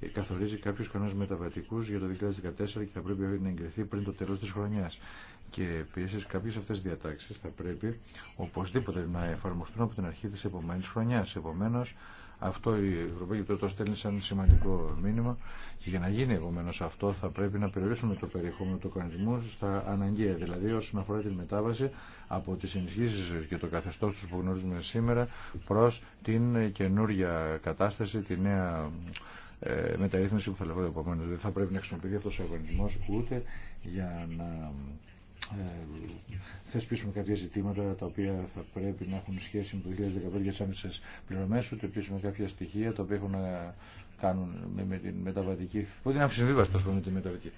ε, καθορίζει κάποιους κανόνες μεταβατικούς για το 2014 και θα πρέπει να εγκριθεί πριν το τέλος της χρονιάς. Και επίσης κάποιε αυτές διατάξεις θα πρέπει οπωσδήποτε να εφαρμοστούν από την αρχή της επόμενης χρονιάς, επομένως αυτό η Ευρωπαϊκή Επιτροπή το στέλνει σαν σημαντικό μήνυμα και για να γίνει επομένω αυτό θα πρέπει να περιορίσουμε το περιεχόμενο του κανονισμού στα αναγκαία. Δηλαδή όσον αφορά τη μετάβαση από τι ενισχύσει και το καθεστώ του που γνωρίζουμε σήμερα προ την καινούργια κατάσταση, τη νέα ε, μεταρρύθμιση που θα λεφθεί επομένω. Δεν θα πρέπει να χρησιμοποιηθεί αυτό ο οργανισμό ούτε για να ε, θεσπίσουμε κάποια ζητήματα τα οποία θα πρέπει να έχουν σχέση με το 2015 για τι άμεσε πληρωμέ, ούτε επίση με κάποια στοιχεία τα οποία έχουν να κάνουν με, την μεταβατική. Που είναι αμφισβήτητα, τη μεταβατική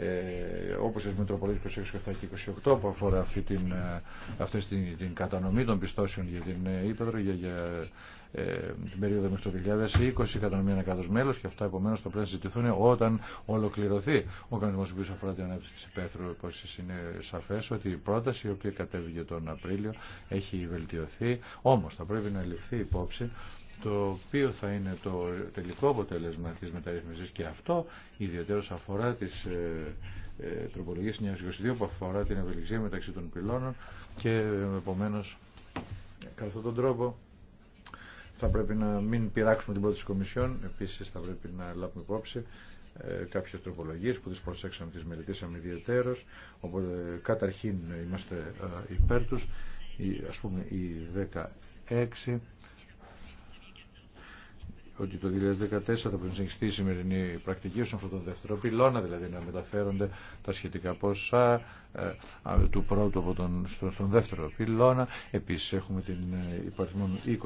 ε, όπως ο Μητροπολίτες 26, 27 και 28 που αφορά αυτή την, ε, αυτή την, την κατανομή των πιστώσεων για την ε, Ήπεδρο για, για ε, την περίοδο μέχρι το 2020 κατανομή ένα 100 μέλος και αυτά επομένως το πρέπει να ζητηθούν όταν ολοκληρωθεί ο κανονισμός που αφορά την ανάπτυξη της Υπέθρου όπως είναι σαφές ότι η πρόταση η οποία κατέβηκε τον Απρίλιο έχει βελτιωθεί όμως θα πρέπει να ληφθεί υπόψη το οποίο θα είναι το τελικό αποτέλεσμα της μεταρρύθμισης και αυτό ιδιαιτέρως αφορά τις ε, ε, τροπολογίες 922 που αφορά την ευελιξία μεταξύ των πυλώνων και ε, επομένως κατά αυτόν τον τρόπο θα πρέπει να μην πειράξουμε την πρόταση Κομισιόν, επίσης θα πρέπει να λάβουμε υπόψη ε, κάποιε τροπολογίε που τι προσέξαμε, τι μελετήσαμε ιδιαίτερω. οπότε καταρχήν ε, είμαστε υπέρ του. Α πούμε η 16 ότι το 2014 θα πρέπει η σημερινή πρακτική όσον αφορά τον δεύτερο πυλώνα, δηλαδή να μεταφέρονται τα σχετικά ποσά ε, του πρώτου από τον, στον, στον δεύτερο πυλώνα. Επίσης έχουμε την ε,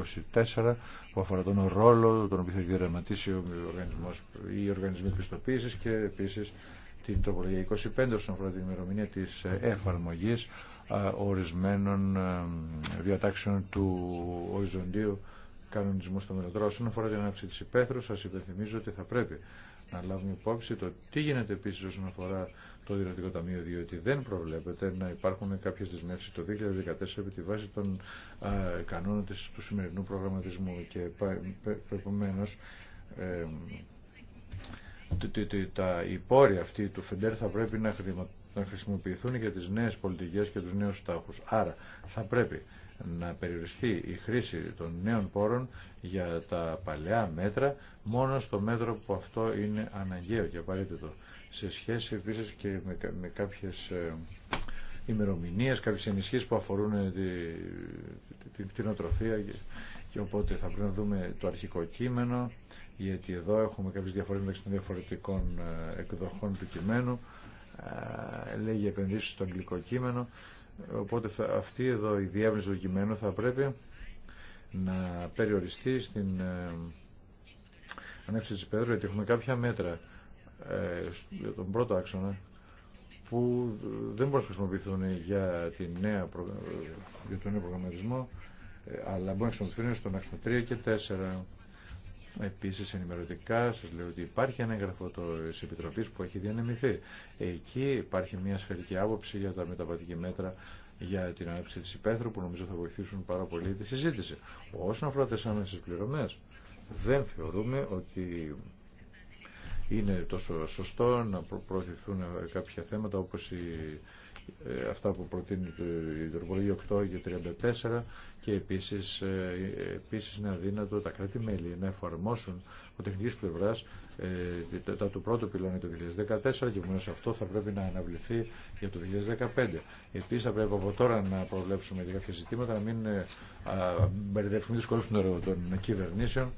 24 που αφορά τον ρόλο τον οποίο θα διαδραματίσει ο οργανισμός, οι οργανισμοί πιστοποίησης και επίσης την τροπολογία 25 όσον αφορά την ημερομηνία τη ε, εφαρμογή ε, ορισμένων ε, διατάξεων του οριζοντίου κανονισμού στο μέλλον. όσον αφορά την ανάπτυξη τη υπαίθρου, σα υπενθυμίζω ότι θα πρέπει να λάβουμε υπόψη το τι γίνεται επίση όσον αφορά το Δημοτικό Ταμείο, διότι δεν προβλέπεται να υπάρχουν κάποιε δεσμεύσει το 2014 επί τη βάση των κανόνων του σημερινού προγραμματισμού. Και επομένω, ε, τα υπόρρια αυτή του ΦΕΝΤΕΡ θα πρέπει να χρησιμοποιηθούν για τις νέες πολιτικές και τους νέους στόχους. Άρα θα πρέπει να περιοριστεί η χρήση των νέων πόρων για τα παλαιά μέτρα μόνο στο μέτρο που αυτό είναι αναγκαίο και απαραίτητο. Σε σχέση επίσης και με κάποιες ε, ημερομηνίες, κάποιες ενισχύσεις που αφορούν ε, την κτηνοτροφία και οπότε θα πρέπει να δούμε το αρχικό κείμενο γιατί εδώ έχουμε κάποιες διαφορές μεταξύ των διαφορετικών ε, εκδοχών του κειμένου λέγει επενδύσεις στο αγγλικό κείμενο Οπότε αυτή εδώ η διεύρυνση του κειμένου θα πρέπει να περιοριστεί στην ε, ανέψη της Πέδρου, γιατί έχουμε κάποια μέτρα ε, για τον πρώτο άξονα που δεν μπορούν να χρησιμοποιηθούν για, νέα, ε, για τον νέο προγραμματισμό, ε, αλλά μπορούν να χρησιμοποιηθούν στον άξονα 3 και 4. Επίσης ενημερωτικά σας λέω ότι υπάρχει ένα έγγραφο της Επιτροπής που έχει διανεμηθεί. Εκεί υπάρχει μια σφαιρική άποψη για τα μεταβατική μέτρα για την ανάπτυξη της υπαίθρου που νομίζω θα βοηθήσουν πάρα πολύ τη συζήτηση. Όσον αφορά τις άμεσες πληρωμές δεν θεωρούμε ότι είναι τόσο σωστό να προωθηθούν κάποια θέματα όπως η ε, αυτά που προτείνει το τροπολογία 8 και 34 και επίσης, ε, επίσης είναι αδύνατο τα κράτη-μέλη να εφαρμόσουν από τεχνικής πλευράς ε, τα του πρώτου πυλώνα το 2014 και μόνος αυτό θα πρέπει να αναβληθεί για το 2015. Επίσης θα πρέπει από τώρα να προβλέψουμε για κάποια ζητήματα, να μην μπερδεύσουμε δυσκολούς των κυβερνήσεων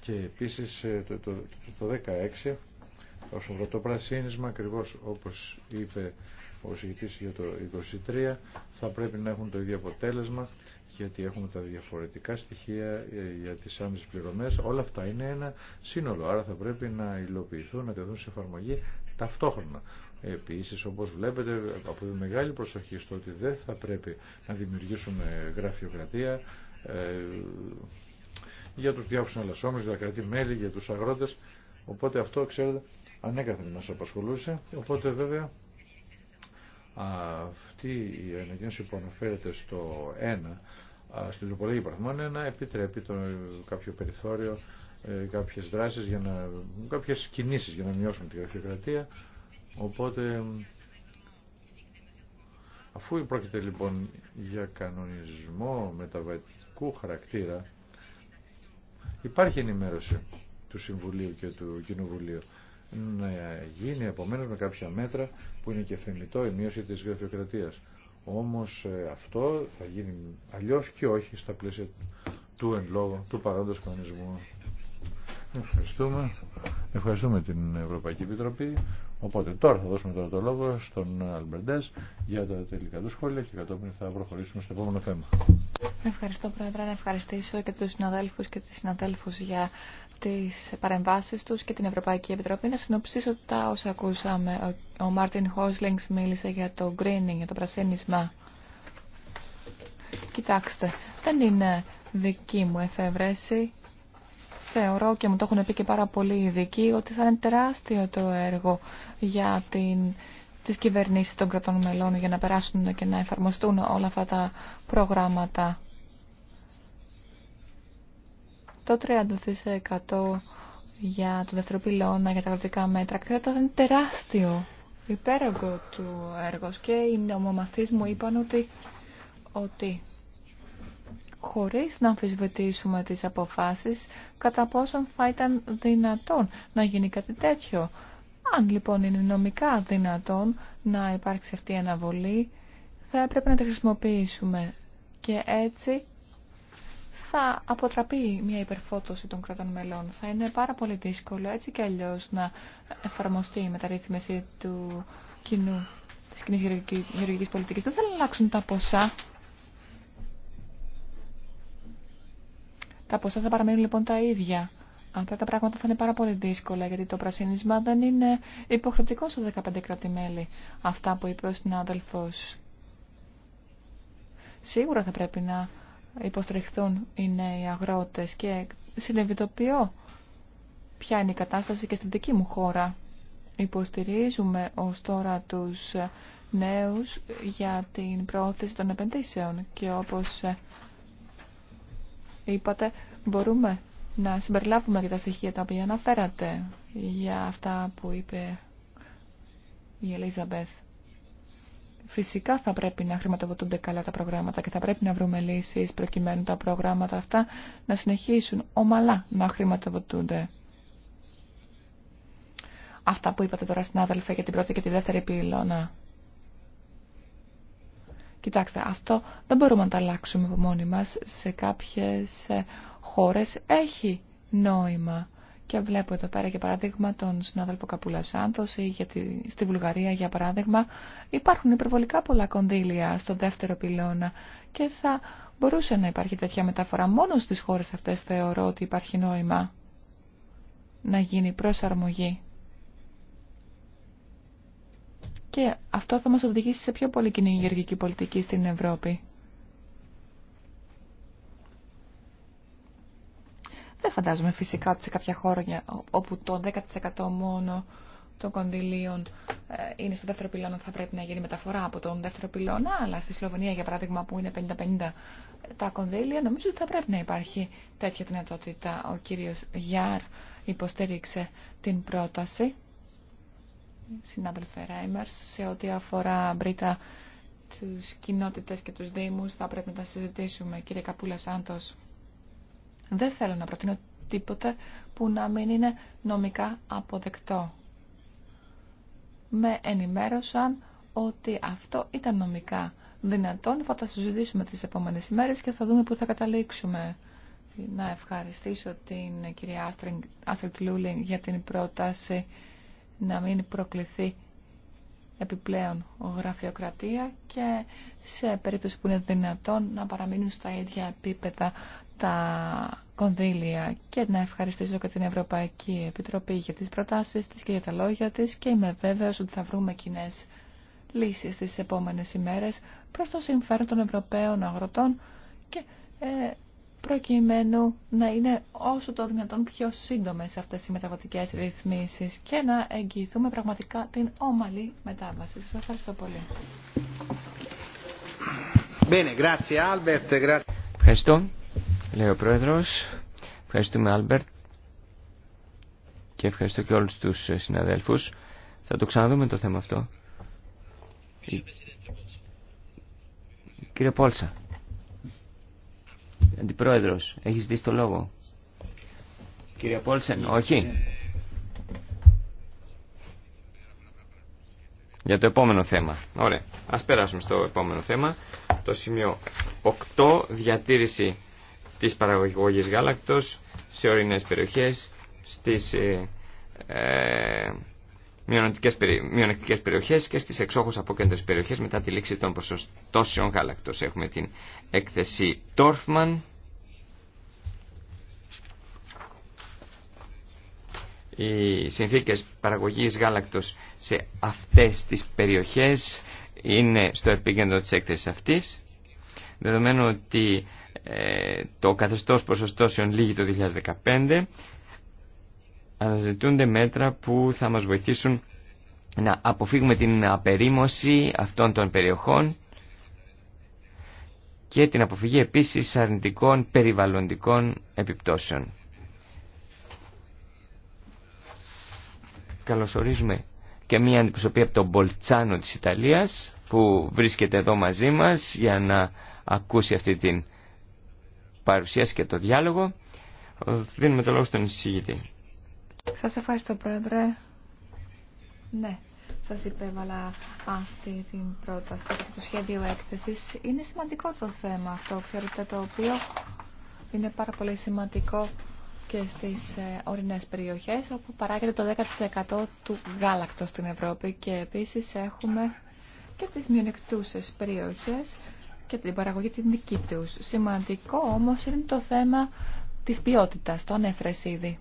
και επίσης το, το, το, το 16 το πρασίνισμα, ακριβώς όπως είπε ο συγκεκριτής για το 23 θα πρέπει να έχουν το ίδιο αποτέλεσμα γιατί έχουμε τα διαφορετικά στοιχεία ε, για τις άμεσες πληρωμές. Όλα αυτά είναι ένα σύνολο, άρα θα πρέπει να υλοποιηθούν, να τεθούν σε εφαρμογή ταυτόχρονα. Επίσης, όπως βλέπετε, από μεγάλη προσοχή στο ότι δεν θα πρέπει να δημιουργήσουμε γραφειοκρατία ε, για τους διάφορους εναλλασσόμενους, για τα κρατή-μέλη, για τους αγρότες. Οπότε αυτό, ξέρετε, ανέκαθεν μας απασχολούσε. Οπότε, βέβαια, αυτή η ανακοίνωση που αναφέρεται στο 1, στην τροπολογία είναι 1, επιτρέπει το, κάποιο περιθώριο, ε, κάποιες δράσεις, για να, κάποιες κινήσεις για να μειώσουμε τη γραφειοκρατία. Οπότε, αφού πρόκειται λοιπόν για κανονισμό μεταβατικού χαρακτήρα, υπάρχει ενημέρωση του Συμβουλίου και του Κοινοβουλίου να γίνει επομένω με κάποια μέτρα που είναι και θεμητό η μείωση της γραφειοκρατίας. Όμως ε, αυτό θα γίνει αλλιώς και όχι στα πλαίσια του εν λόγω, του παρόντος κανονισμού. Ευχαριστούμε. Ευχαριστούμε την Ευρωπαϊκή Επιτροπή. Οπότε τώρα θα δώσουμε τώρα το λόγο στον Αλμπερντές για τα τελικά του σχόλια και κατόπιν θα προχωρήσουμε στο επόμενο θέμα. Ευχαριστώ Πρόεδρε, να ευχαριστήσω και τους συναδέλφους και τις συναδέλφους για τις παρεμβάσεις τους και την Ευρωπαϊκή Επιτροπή. Να συνοψίσω τα όσα ακούσαμε. Ο Μάρτιν Χόσλινγκς μίλησε για το greening, για το πρασίνισμα. Κοιτάξτε, δεν είναι δική μου εφεύρεση. Θεωρώ και μου το έχουν πει και πάρα πολλοί ειδικοί ότι θα είναι τεράστιο το έργο για την τις κυβερνήσεις των κρατών μελών για να περάσουν και να εφαρμοστούν όλα αυτά τα προγράμματα το 30% για το δεύτερο πυλώνα, για τα κρατικά μέτρα. Κατά ήταν τεράστιο, υπέρογκο του έργο και οι νομομαθείς μου είπαν ότι, ότι χωρίς να αμφισβητήσουμε τις αποφάσεις κατά πόσον θα ήταν δυνατόν να γίνει κάτι τέτοιο. Αν λοιπόν είναι νομικά δυνατόν να υπάρξει αυτή η αναβολή, θα έπρεπε να τη χρησιμοποιήσουμε και έτσι θα αποτραπεί μια υπερφώτωση των κρατών μελών. Θα είναι πάρα πολύ δύσκολο έτσι και αλλιώ να εφαρμοστεί η μεταρρύθμιση του κοινού, της κοινής γεωργικής πολιτικής. Δεν θα αλλάξουν τα ποσά. Τα ποσά θα παραμείνουν λοιπόν τα ίδια. Αυτά τα πράγματα θα είναι πάρα πολύ δύσκολα γιατί το πρασίνισμα δεν είναι υποχρεωτικό στο 15 κράτη-μέλη. Αυτά που είπε ο συνάδελφο. Σίγουρα θα πρέπει να υποστρεχθούν οι νέοι αγρότες και συνειδητοποιώ ποια είναι η κατάσταση και στην δική μου χώρα. Υποστηρίζουμε ως τώρα τους νέους για την προώθηση των επενδύσεων και όπως είπατε μπορούμε να συμπεριλάβουμε και τα στοιχεία τα οποία αναφέρατε για αυτά που είπε η Ελίζαμπεθ. Φυσικά θα πρέπει να χρηματοδοτούνται καλά τα προγράμματα και θα πρέπει να βρούμε λύσεις προκειμένου τα προγράμματα αυτά να συνεχίσουν ομαλά να χρηματοδοτούνται. Αυτά που είπατε τώρα στην συνάδελφε για την πρώτη και τη δεύτερη πύλωνα. Κοιτάξτε, αυτό δεν μπορούμε να τα αλλάξουμε από μόνοι μας. Σε κάποιες ε, χώρες έχει νόημα και βλέπω εδώ πέρα για παράδειγμα τον συνάδελφο Καπούλα Σάντο ή τη, στη Βουλγαρία για παράδειγμα υπάρχουν υπερβολικά πολλά κονδύλια στο δεύτερο πυλώνα και θα μπορούσε να υπάρχει τέτοια μεταφορά. Μόνο στις χώρες αυτές θεωρώ ότι υπάρχει νόημα να γίνει προσαρμογή. Και αυτό θα μας οδηγήσει σε πιο πολύ κυνηγεργική πολιτική στην Ευρώπη. Δεν φαντάζομαι φυσικά ότι σε κάποια χώρα όπου το 10% μόνο των κονδυλίων ε, είναι στο δεύτερο πυλώνα θα πρέπει να γίνει μεταφορά από τον δεύτερο πυλώνα, αλλά στη Σλοβενία για παράδειγμα που είναι 50-50 τα κονδύλια, νομίζω ότι θα πρέπει να υπάρχει τέτοια δυνατότητα. Ο κύριος Γιάρ υποστήριξε την πρόταση, συνάδελφε Ράιμερς, σε ό,τι αφορά μπρίτα τους κοινότητες και τους δήμους, θα πρέπει να τα συζητήσουμε κύριε Καπούλα Σάντος. Δεν θέλω να προτείνω τίποτε που να μην είναι νομικά αποδεκτό. Με ενημέρωσαν ότι αυτό ήταν νομικά δυνατόν. Θα τα συζητήσουμε τις επόμενες ημέρες και θα δούμε πού θα καταλήξουμε. Να ευχαριστήσω την κυρία Άστριντ Λούλινγκ για την πρόταση να μην προκληθεί επιπλέον γραφειοκρατία και σε περίπτωση που είναι δυνατόν να παραμείνουν στα ίδια επίπεδα τα κονδύλια και να ευχαριστήσω και την Ευρωπαϊκή Επιτροπή για τις προτάσεις της και για τα λόγια της και είμαι βέβαιος ότι θα βρούμε κοινέ λύσεις τις επόμενες ημέρες προς το συμφέρον των Ευρωπαίων αγροτών και ε, προκειμένου να είναι όσο το δυνατόν πιο σύντομες αυτές οι μεταβατικές ρυθμίσεις και να εγγυηθούμε πραγματικά την ομαλή μετάβαση. Σας ευχαριστώ πολύ. Ευχαριστώ, λέει ο Πρόεδρος. Ευχαριστούμε, Άλμπερτ. Και ευχαριστώ και όλους τους συναδέλφους. Θα το ξαναδούμε το θέμα αυτό. Κύριε Πόλσα. Αντιπρόεδρος, έχεις δει το λόγο. Κύριε Πόλσεν, όχι. Για το επόμενο θέμα. Ωραία. Ας περάσουμε στο επόμενο θέμα. Το σημείο 8. Διατήρηση της παραγωγής γάλακτος σε ορεινές περιοχές, στις ε, ε μειονεκτικές περιοχές και στις από απόκεντρες περιοχές μετά τη λήξη των ποσοστώσεων γάλακτο Έχουμε την έκθεση Τόρφμαν. Οι συνθήκε παραγωγής γάλακτο σε αυτές τις περιοχές είναι στο επίκεντρο τη έκθεση αυτή. Δεδομένου ότι ε, το καθεστώς ποσοστώσεων λύγει το 2015 αναζητούνται μέτρα που θα μας βοηθήσουν να αποφύγουμε την απερίμωση αυτών των περιοχών και την αποφυγή επίσης αρνητικών περιβαλλοντικών επιπτώσεων. Καλωσορίζουμε και μία αντιπροσωπή από τον Μπολτσάνο της Ιταλίας που βρίσκεται εδώ μαζί μας για να ακούσει αυτή την παρουσίαση και το διάλογο. Δίνουμε το λόγο στον εισηγητή. Σας ευχαριστώ, Πρόεδρε. Ναι, σας υπέβαλα αυτή την πρόταση και το σχέδιο έκθεσης. Είναι σημαντικό το θέμα αυτό, ξέρετε, το οποίο είναι πάρα πολύ σημαντικό και στις ε, ορεινές περιοχές, όπου παράγεται το 10% του γάλακτος στην Ευρώπη και επίσης έχουμε και τις μειονεκτούσες περιοχές και την παραγωγή την δική τους. Σημαντικό όμως είναι το θέμα της ποιότητας, το ανέφερε ήδη.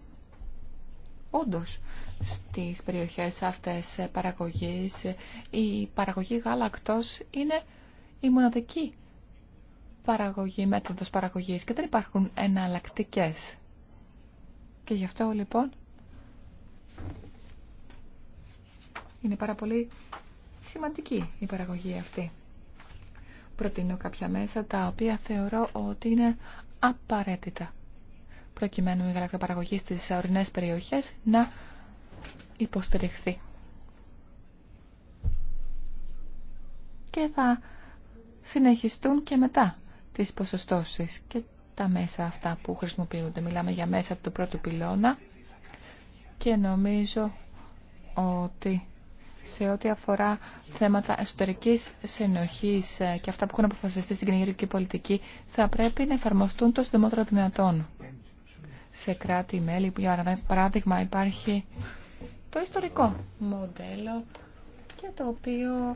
Όντως, στις περιοχές αυτές παραγωγής, η παραγωγή γάλακτος είναι η μοναδική παραγωγή, μέθοδος παραγωγής και δεν υπάρχουν εναλλακτικέ. Και γι' αυτό λοιπόν είναι πάρα πολύ σημαντική η παραγωγή αυτή. Προτείνω κάποια μέσα τα οποία θεωρώ ότι είναι απαραίτητα προκειμένου η γαλακτοπαραγωγή στις ορεινέ περιοχές να υποστηριχθεί. Και θα συνεχιστούν και μετά τις ποσοστώσεις και τα μέσα αυτά που χρησιμοποιούνται. Μιλάμε για μέσα του πρώτου πυλώνα και νομίζω ότι σε ό,τι αφορά θέματα εσωτερικής συνοχής ε, και αυτά που έχουν αποφασιστεί στην κοινωνική πολιτική θα πρέπει να εφαρμοστούν το συντομότερο δυνατόν σε κράτη-μέλη για παράδειγμα υπάρχει το ιστορικό μοντέλο και το οποίο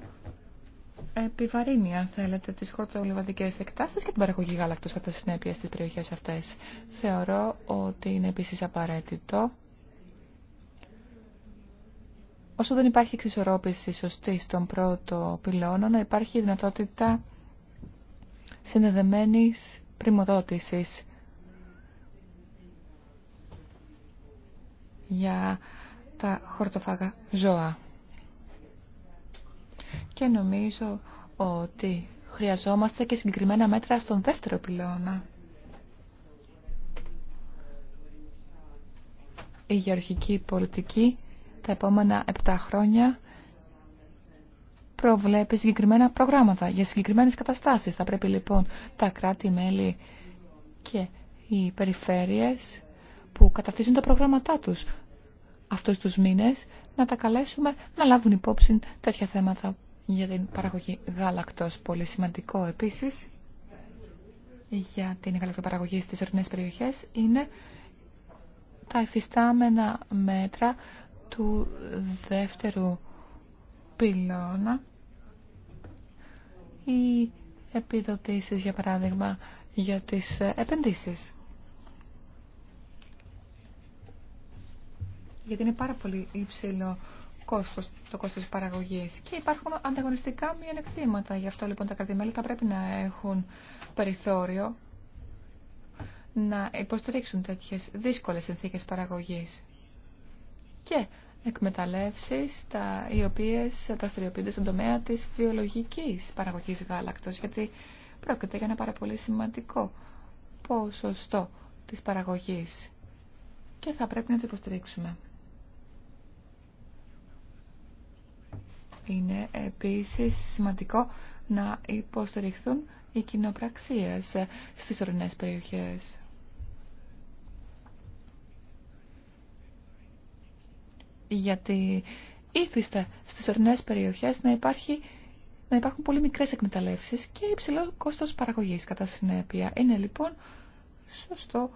επιβαρύνει, αν θέλετε, τις χορτολιβαντικές εκτάσεις και την παραγωγή γάλακτος κατά συνέπεια στις περιοχές αυτές. Θεωρώ ότι είναι επίσης απαραίτητο όσο δεν υπάρχει εξισορρόπηση σωστή στον πρώτο πυλώνα, να υπάρχει δυνατότητα συνδεδεμένης πρημοδότησης για τα χορτοφάγα ζώα. Και νομίζω ότι χρειαζόμαστε και συγκεκριμένα μέτρα στον δεύτερο πυλώνα. Η γεωργική πολιτική τα επόμενα 7 χρόνια προβλέπει συγκεκριμένα προγράμματα για συγκεκριμένες καταστάσεις. Θα πρέπει λοιπόν τα κράτη-μέλη και οι περιφέρειες που καταρτίζουν τα προγράμματά τους αυτούς τους μήνες να τα καλέσουμε να λάβουν υπόψη τέτοια θέματα για την παραγωγή γάλακτος. Πολύ σημαντικό επίσης για την γαλακτοπαραγωγή στις ορεινές περιοχές είναι τα εφιστάμενα μέτρα του δεύτερου πυλώνα ή επιδοτήσεις για παράδειγμα για τις επενδύσεις. γιατί είναι πάρα πολύ υψηλό κόστος, το κόστος της παραγωγής και υπάρχουν ανταγωνιστικά μειονεκτήματα. Γι' αυτό λοιπόν τα κρατημέλη θα πρέπει να έχουν περιθώριο να υποστηρίξουν τέτοιες δύσκολες συνθήκες παραγωγής και εκμεταλλεύσεις τα, οι οποίες δραστηριοποιούνται στον τομέα της βιολογικής παραγωγής γάλακτος γιατί πρόκειται για ένα πάρα πολύ σημαντικό ποσοστό της παραγωγής και θα πρέπει να το υποστηρίξουμε. Είναι επίσης σημαντικό να υποστηριχθούν οι κοινοπραξίες στις ορεινές περιοχές. Γιατί ήθιστε στις ορεινές περιοχές να, υπάρχει, να υπάρχουν πολύ μικρές εκμεταλλεύσεις και υψηλό κόστος παραγωγής κατά συνέπεια. Είναι λοιπόν σωστό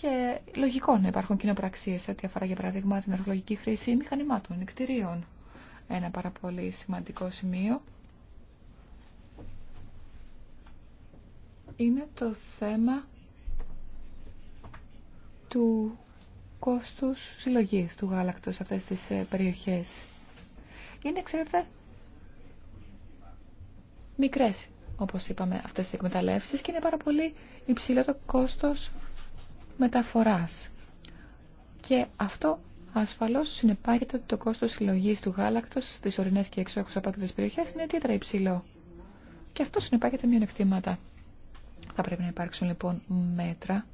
και λογικό να υπάρχουν κοινοπραξίες σε ό,τι αφορά για παράδειγμα την αρχολογική χρήση μηχανημάτων, εκτηρίων ένα πάρα πολύ σημαντικό σημείο είναι το θέμα του κόστους συλλογής του γάλακτος σε αυτές τις ε, περιοχές. Είναι, ξέρετε, μικρές, όπως είπαμε, αυτές οι εκμεταλλεύσεις και είναι πάρα πολύ υψηλό το κόστος μεταφοράς. Και αυτό ασφαλώς συνεπάγεται ότι το κόστος συλλογής του γάλακτος στις ορεινές και εξώχους απάκτητες περιοχές είναι ιδιαίτερα υψηλό. Και αυτό συνεπάγεται μειονεκτήματα. Θα πρέπει να υπάρξουν λοιπόν μέτρα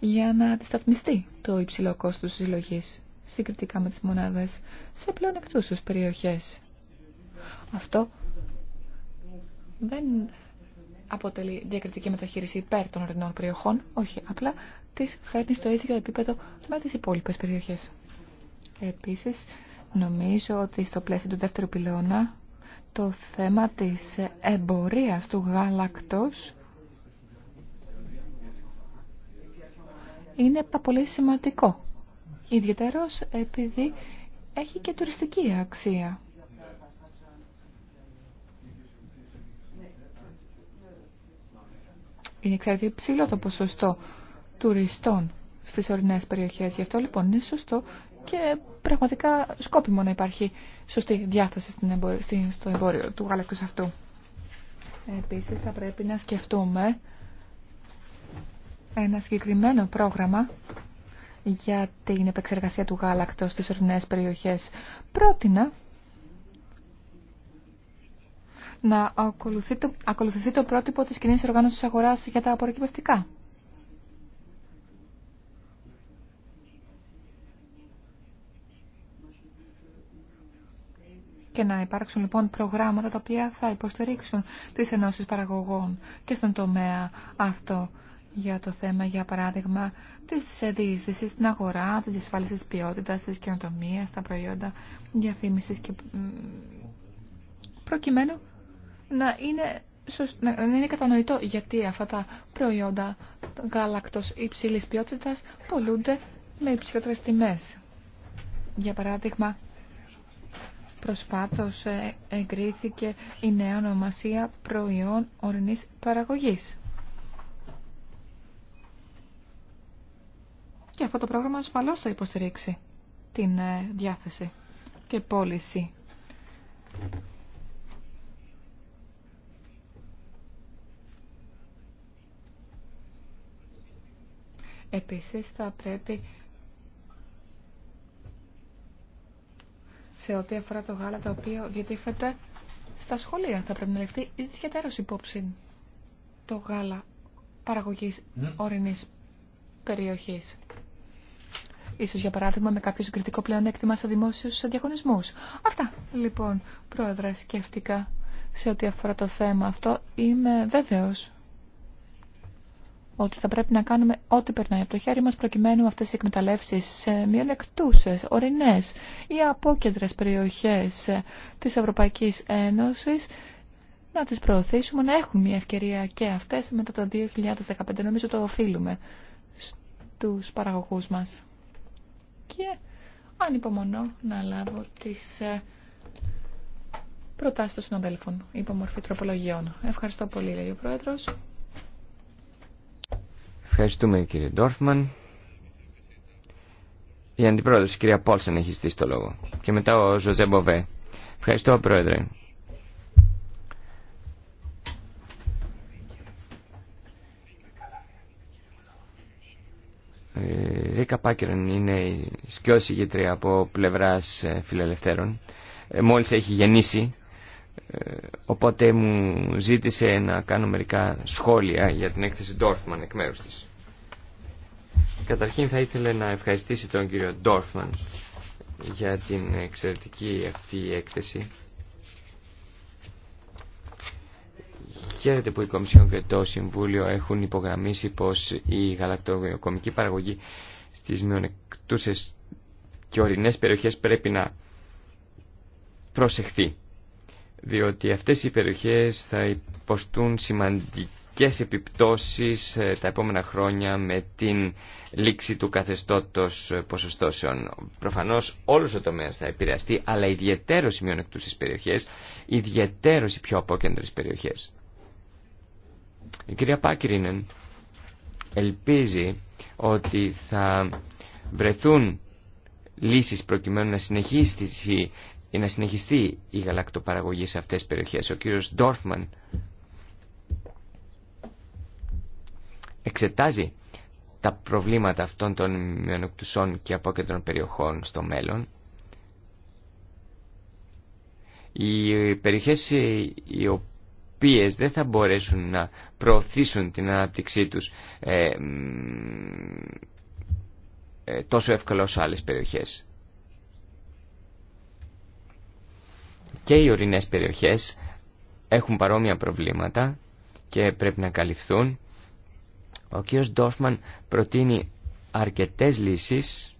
για να αντισταθμιστεί το υψηλό κόστος συλλογής συγκριτικά με τις μονάδες σε πλέον πλεονεκτούσες περιοχές. Αυτό δεν αποτελεί διακριτική μεταχείριση υπέρ των ορεινών περιοχών, όχι απλά τις φέρνει στο ίδιο επίπεδο με τις υπόλοιπες περιοχές. Επίσης, νομίζω ότι στο πλαίσιο του δεύτερου πυλώνα το θέμα της εμπορίας του γάλακτος είναι πολύ σημαντικό. Ιδιαίτερος επειδή έχει και τουριστική αξία. Είναι εξαρτή ψηλό το ποσοστό τουριστών στις ορεινές περιοχές. Γι' αυτό λοιπόν είναι σωστό και πραγματικά σκόπιμο να υπάρχει σωστή διάθεση στην στο εμπόριο του γάλακτος αυτού. Επίσης θα πρέπει να σκεφτούμε ένα συγκεκριμένο πρόγραμμα για την επεξεργασία του γάλακτος στις ορεινές περιοχές. Πρότεινα να ακολουθεί το, ακολουθηθεί το πρότυπο της κοινή οργάνωσης αγοράς για τα απορροκυπευτικά. Και να υπάρξουν λοιπόν προγράμματα τα οποία θα υποστηρίξουν τις ενώσεις παραγωγών και στον τομέα αυτό για το θέμα, για παράδειγμα, της διείσδυσης στην αγορά, της ασφάλισης της ποιότητας, της καινοτομίας, τα προϊόντα διαφήμισης και προκειμένου να είναι, σωσ... να είναι κατανοητό γιατί αυτά τα προϊόντα γάλακτος υψηλής ποιότητας πολλούνται με υψηλότερες τιμές. Για παράδειγμα, Προσφάτως ε, εγκρίθηκε η νέα ονομασία προϊόν ορεινής παραγωγής. Και αυτό το πρόγραμμα ασφαλώ θα υποστηρίξει την ε, διάθεση και πώληση Επίσης θα πρέπει σε ό,τι αφορά το γάλα το οποίο διατίθεται στα σχολεία θα πρέπει να ληφθεί ιδιαίτερος υπόψη το γάλα παραγωγής ναι. ορεινής περιοχής. Ίσως για παράδειγμα με κάποιο συγκριτικό πλεονέκτημα σε δημόσιους διαγωνισμούς. Αυτά λοιπόν πρόεδρα, σκέφτηκα σε ό,τι αφορά το θέμα αυτό. Είμαι βέβαιος ότι θα πρέπει να κάνουμε ό,τι περνάει από το χέρι μας προκειμένου αυτές οι εκμεταλλεύσεις σε μειονεκτούσες, ορεινές ή απόκεντρες περιοχές ε, της Ευρωπαϊκής Ένωσης να τις προωθήσουμε να έχουν μια ευκαιρία και αυτές μετά το 2015. Νομίζω το οφείλουμε στους παραγωγούς μας. Και ανυπομονώ να λάβω τις ε, προτάσεις των συνοδέλφων υπό μορφή τροπολογιών. Ευχαριστώ πολύ, λέει ο Πρόεδρος. Ευχαριστούμε κύριε Ντόρφμαν. Η αντιπρόεδρος, κυρία Πόλσεν, έχει στήσει το λόγο. Και μετά ο Ζωζέ Μποβέ. Ευχαριστώ, πρόεδρε. Ε, Ρίκα Πάκερεν είναι η σκιώση από πλευράς ε, φιλελευθέρων. Ε, μόλις έχει γεννήσει ε, οπότε μου ζήτησε να κάνω μερικά σχόλια για την έκθεση Ντόρφμαν εκ μέρους της. Καταρχήν θα ήθελε να ευχαριστήσει τον κύριο Ντόρφμαν για την εξαιρετική αυτή έκθεση. Χαίρετε που η Κομισιόν και το Συμβούλιο έχουν υπογραμμίσει πως η γαλακτοκομική παραγωγή στις μειονεκτούσες και ορεινές περιοχές πρέπει να προσεχθεί διότι αυτές οι περιοχές θα υποστούν σημαντικές επιπτώσεις ε, τα επόμενα χρόνια με την λήξη του καθεστώτος ποσοστώσεων. Προφανώς όλος ο τομέας θα επηρεαστεί, αλλά ιδιαίτερος οι μειονεκτούσες περιοχές, ιδιαίτερος οι πιο απόκεντρες περιοχές. Η κυρία Πάκυρινεν ελπίζει ότι θα βρεθούν λύσεις προκειμένου να συνεχίσει για να συνεχιστεί η γαλακτοπαραγωγή σε αυτές τις περιοχές. Ο κύριος Ντόρφμαν εξετάζει τα προβλήματα αυτών των μειονεκτουσών και απόκεντρων περιοχών στο μέλλον. Οι περιοχές οι οποίες δεν θα μπορέσουν να προωθήσουν την ανάπτυξή τους ε, ε τόσο εύκολα όσο άλλες περιοχές. και οι ορεινές περιοχές έχουν παρόμοια προβλήματα και πρέπει να καλυφθούν. Ο κ. Ντόρφμαν προτείνει αρκετές λύσεις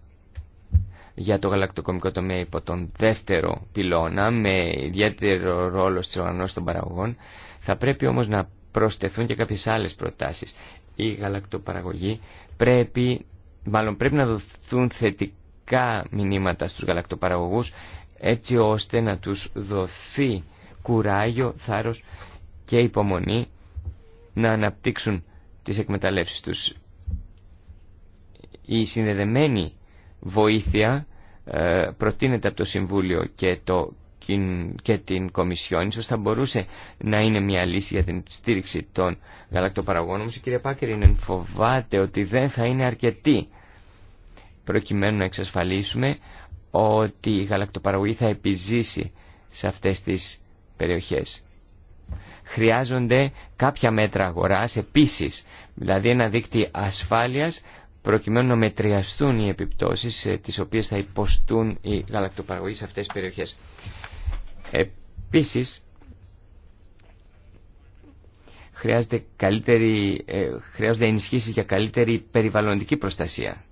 για το γαλακτοκομικό τομέα υπό τον δεύτερο πυλώνα με ιδιαίτερο ρόλο στις οργανώσεις των παραγωγών. Θα πρέπει όμως να προσθεθούν και κάποιες άλλες προτάσεις. Η γαλακτοπαραγωγή πρέπει, μάλλον πρέπει να δοθούν θετικά μηνύματα στους γαλακτοπαραγωγούς έτσι ώστε να τους δοθεί κουράγιο, θάρρος και υπομονή να αναπτύξουν τις εκμεταλλεύσεις τους. Η συνδεδεμένη βοήθεια ε, προτείνεται από το Συμβούλιο και, το, και την Κομισιόν. Ίσως θα μπορούσε να είναι μια λύση για την στήριξη των γαλακτοπαραγόνων. Όμως η κυρία Πάκερ φοβάται ότι δεν θα είναι αρκετή προκειμένου να εξασφαλίσουμε ότι η γαλακτοπαραγωγή θα επιζήσει σε αυτές τις περιοχές. Χρειάζονται κάποια μέτρα αγοράς επίσης, δηλαδή ένα δίκτυο ασφάλειας προκειμένου να μετριαστούν οι επιπτώσεις ε, τις οποίες θα υποστούν οι γαλακτοπαραγωγοί σε αυτές τις περιοχές. Επίσης, χρειάζεται καλύτερη, ε, χρειάζονται ενισχύσεις για καλύτερη περιβαλλοντική προστασία.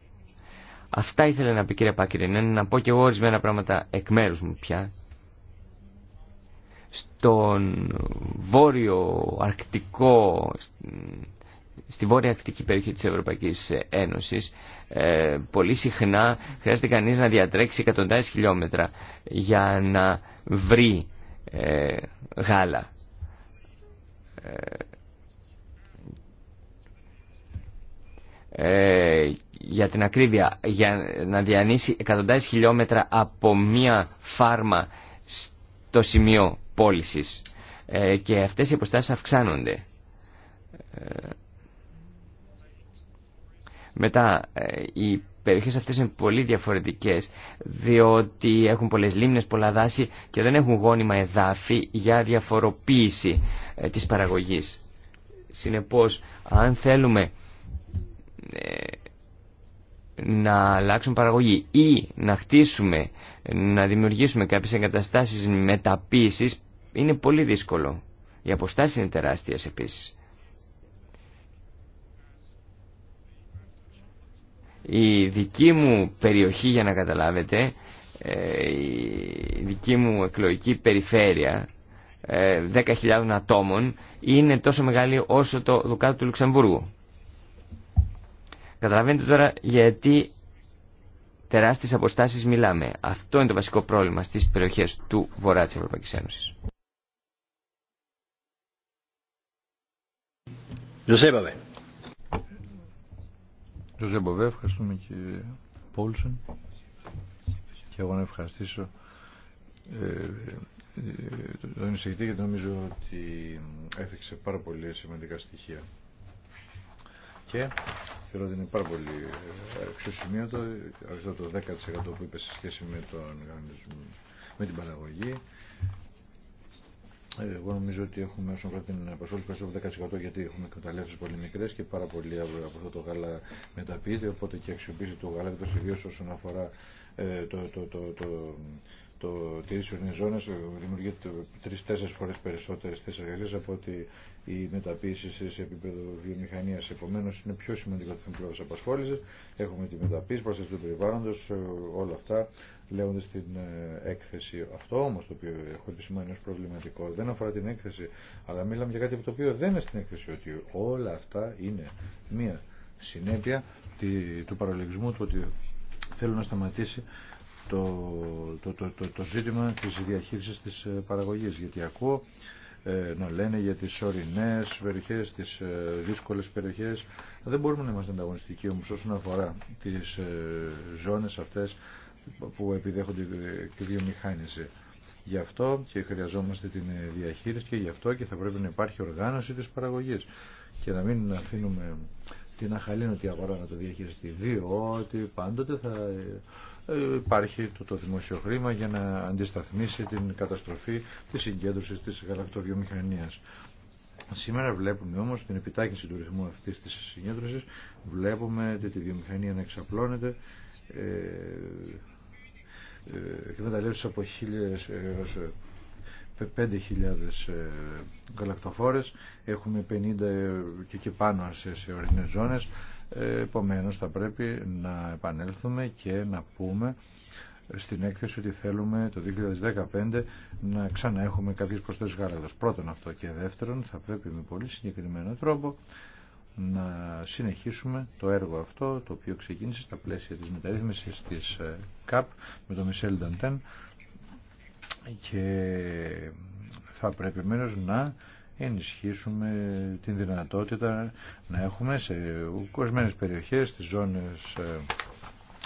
Αυτά ήθελα να πει κύριε Πάκυριν, να πω και εγώ ορισμένα πράγματα εκ μέρου μου πια. Στον βόρειο αρκτικό, στη βόρεια αρκτική περιοχή της Ευρωπαϊκής Ένωσης, ε, πολύ συχνά χρειάζεται κανείς να διατρέξει εκατοντάδες χιλιόμετρα για να βρει ε, γάλα. Ε, Ε, για την ακρίβεια για να διανύσει εκατοντάδες χιλιόμετρα από μία φάρμα στο σημείο πώληση. Ε, και αυτές οι αποστάσεις αυξάνονται. Ε, μετά, οι περιοχές αυτές είναι πολύ διαφορετικές διότι έχουν πολλές λίμνες, πολλά δάση και δεν έχουν γόνιμα εδάφη για διαφοροποίηση της παραγωγής. Συνεπώς, αν θέλουμε ε, να αλλάξουν παραγωγή ή να χτίσουμε, να δημιουργήσουμε κάποιες εγκαταστάσεις μεταποίησης είναι πολύ δύσκολο. Οι αποστάσεις είναι τεράστιες επίσης. Η δική μου περιοχή, για να καταλάβετε, ε, η δική μου εκλογική περιφέρεια 10.000 ε, ατόμων είναι τόσο μεγάλη όσο το Δουκάτο του Λουξεμβούργου. Καταλαβαίνετε τώρα γιατί τεράστιες αποστάσεις μιλάμε. Αυτό είναι το βασικό πρόβλημα στις περιοχές του βορρά της Ευρωπαϊκής Ένωσης. Ζωσέμπαβε. Ζωσέμπαβε, ευχαριστούμε και Πόλσεν. Και εγώ να ευχαριστήσω ε, ε, τον εισηγητή γιατί νομίζω ότι έφεξε πάρα πολύ σημαντικά στοιχεία και θεωρώ ότι είναι πάρα πολύ αξιοσημείωτο, αυτό το 10% που είπε σε σχέση με, τον, με την παραγωγή. Εγώ νομίζω ότι έχουμε όσον αφορά την απασχόληση 10% γιατί έχουμε εκμεταλλεύσει πολύ μικρέ και πάρα πολύ αύριο από αυτό το γάλα μεταποιείται. Οπότε και η αξιοποίηση του γάλακτο ιδίω όσον αφορά το, το, το, το, το τηρήσιο ζώνε δημιουργείται τρει-τέσσερι φορέ περισσότερε θέσει εργασία από ότι η μεταποίηση σε επίπεδο βιομηχανία. Επομένω, είναι πιο σημαντικό το θέμα πλήρω απασχόλησε. Έχουμε τη μεταποίηση, προστασία του περιβάλλοντο, ε, όλα αυτά λέγονται στην ε, έκθεση. Αυτό όμω το οποίο έχω επισημάνει ω προβληματικό δεν αφορά την έκθεση, αλλά μιλάμε για κάτι το οποίο δεν είναι στην έκθεση. Ότι όλα αυτά είναι μία συνέπεια του παραλογισμού του ότι θέλουν να σταματήσει το, το, το, το, το ζήτημα της διαχείρισης της ε, παραγωγής γιατί ακούω ε, να λένε για τις ορεινές περιοχές, τις ε, δύσκολες περιοχές. Δεν μπορούμε να είμαστε ανταγωνιστικοί όμως όσον αφορά τις ε, ζώνες αυτές που επιδέχονται τη βιομηχάνηση. Γι' αυτό και χρειαζόμαστε την διαχείριση και γι' αυτό και θα πρέπει να υπάρχει οργάνωση της παραγωγής και να μην αφήνουμε την αχαλήνωτη αγορά να το διαχειριστεί διότι πάντοτε θα υπάρχει το, το δημόσιο χρήμα για να αντισταθμίσει την καταστροφή της συγκέντρωσης της γαλακτοβιομηχανίας. Σήμερα βλέπουμε όμως την επιτάχυνση του ρυθμού αυτής της συγκέντρωσης, βλέπουμε τη βιομηχανία να εξαπλώνεται, ε, ε από 5.000 ε, ε, γαλακτοφόρες, έχουμε 50 και πάνω σε, σε ορεινές ζώνες, Επομένως θα πρέπει να επανέλθουμε και να πούμε στην έκθεση ότι θέλουμε το 2015 να ξαναέχουμε κάποιες προσθέσεις γάλακτος. Πρώτον αυτό και δεύτερον θα πρέπει με πολύ συγκεκριμένο τρόπο να συνεχίσουμε το έργο αυτό το οποίο ξεκίνησε στα πλαίσια της μεταρρύθμισης της ε, ΚΑΠ με το Μισελ Νταντέν και θα πρέπει μένως να ενισχύσουμε την δυνατότητα να έχουμε σε κοσμένες περιοχές, στις ζώνες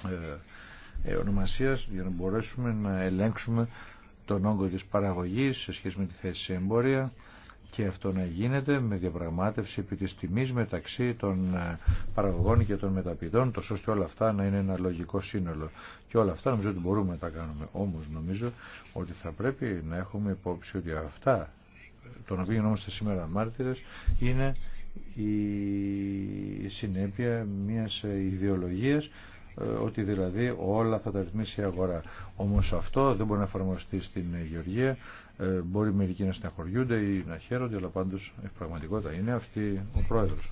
ε, ε, ονομασίας για να μπορέσουμε να ελέγξουμε τον όγκο της παραγωγής σε σχέση με τη θέση σε εμπορία και αυτό να γίνεται με διαπραγμάτευση επί της τιμής μεταξύ των ε, παραγωγών και των μεταπηδών τόσο ώστε όλα αυτά να είναι ένα λογικό σύνολο και όλα αυτά νομίζω ότι μπορούμε να τα κάνουμε όμως νομίζω ότι θα πρέπει να έχουμε υπόψη ότι αυτά τον οποίο γινόμαστε σήμερα μάρτυρες είναι η συνέπεια μιας ιδεολογίας ε, ότι δηλαδή όλα θα τα ρυθμίσει η αγορά. Όμως αυτό δεν μπορεί να εφαρμοστεί στην Γεωργία. Ε, μπορεί μερικοί να στεναχωριούνται ή να χαίρονται, αλλά πάντως η ε, πραγματικότητα είναι αυτή ο πρόεδρος.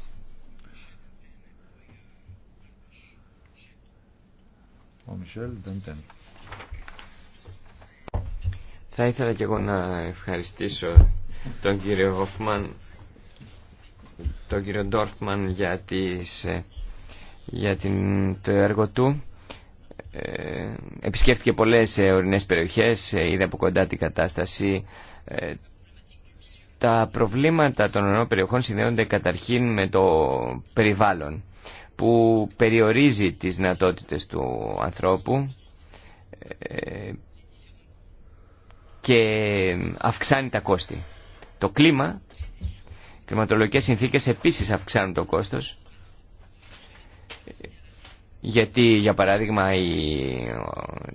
Θα ήθελα και εγώ να ευχαριστήσω τον κύριο Χοφμαν, τον κύριο Ντόρφμαν για, ε, για την, το έργο του. Ε, επισκέφτηκε επισκέφθηκε πολλές ε, ορεινές περιοχές, είδε από κοντά την κατάσταση. τα προβλήματα των ορεινών περιοχών συνδέονται καταρχήν με το περιβάλλον που περιορίζει τις δυνατότητε του ανθρώπου και αυξάνει τα κόστη. Το κλίμα, οι κλιματολογικές συνθήκες επίσης αυξάνουν το κόστος, γιατί για παράδειγμα οι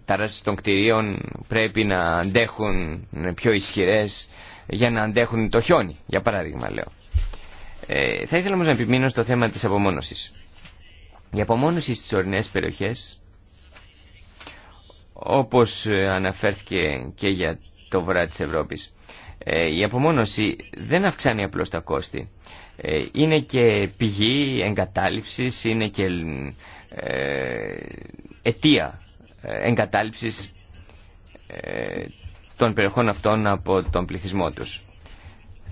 ταράσεις των κτηρίων πρέπει να αντέχουν πιο ισχυρές για να αντέχουν το χιόνι, για παράδειγμα λέω. Ε, θα ήθελα όμως να επιμείνω στο θέμα της απομόνωσης. Η απομόνωση στις ορεινές περιοχές, όπως αναφέρθηκε και για το βορρά της Ευρώπης, ε, η απομόνωση δεν αυξάνει απλώς τα κόστη. Ε, είναι και πηγή εγκατάλειψης, είναι και ε, αιτία εγκατάλειψης των περιοχών αυτών από τον πληθυσμό τους.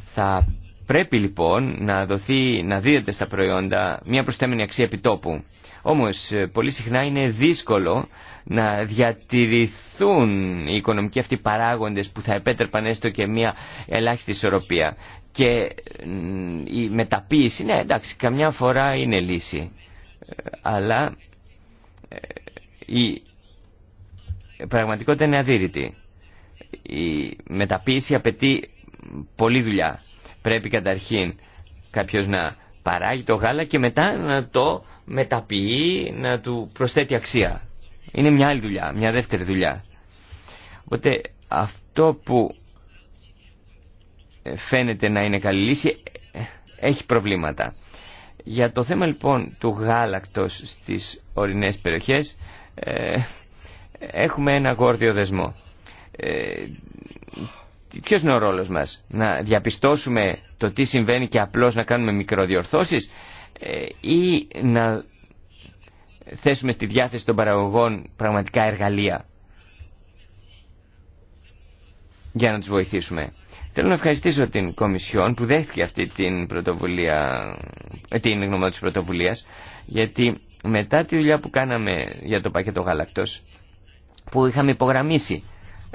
Θα πρέπει λοιπόν να, δοθεί, να δίδεται στα προϊόντα μια προσθέμενη αξία επιτόπου. Όμως πολύ συχνά είναι δύσκολο να διατηρηθούν οι οικονομικοί αυτοί παράγοντες που θα επέτρεπαν έστω και μια ελάχιστη ισορροπία. Και η μεταποίηση, ναι εντάξει, καμιά φορά είναι λύση. Ε, αλλά ε, η πραγματικότητα είναι αδύρυτη. Η μεταποίηση απαιτεί πολλή δουλειά. Πρέπει καταρχήν κάποιος να παράγει το γάλα και μετά να το μεταποιεί, να του προσθέτει αξία είναι μια άλλη δουλειά, μια δεύτερη δουλειά. Οπότε αυτό που ε, φαίνεται να είναι καλή λύση ε, έχει προβλήματα. Για το θέμα λοιπόν του γάλακτος στις ορεινές περιοχές ε, έχουμε ένα γόρδιο δεσμό. Ε, ποιος είναι ο ρόλος μας, να διαπιστώσουμε το τι συμβαίνει και απλώς να κάνουμε μικροδιορθώσεις ή να θέσουμε στη διάθεση των παραγωγών πραγματικά εργαλεία για να τους βοηθήσουμε. Θέλω να ευχαριστήσω την Κομισιόν που δέχτηκε αυτή την, πρωτοβουλία, ε, την της πρωτοβουλίας γιατί μετά τη δουλειά που κάναμε για το πακέτο γάλακτος που είχαμε υπογραμμίσει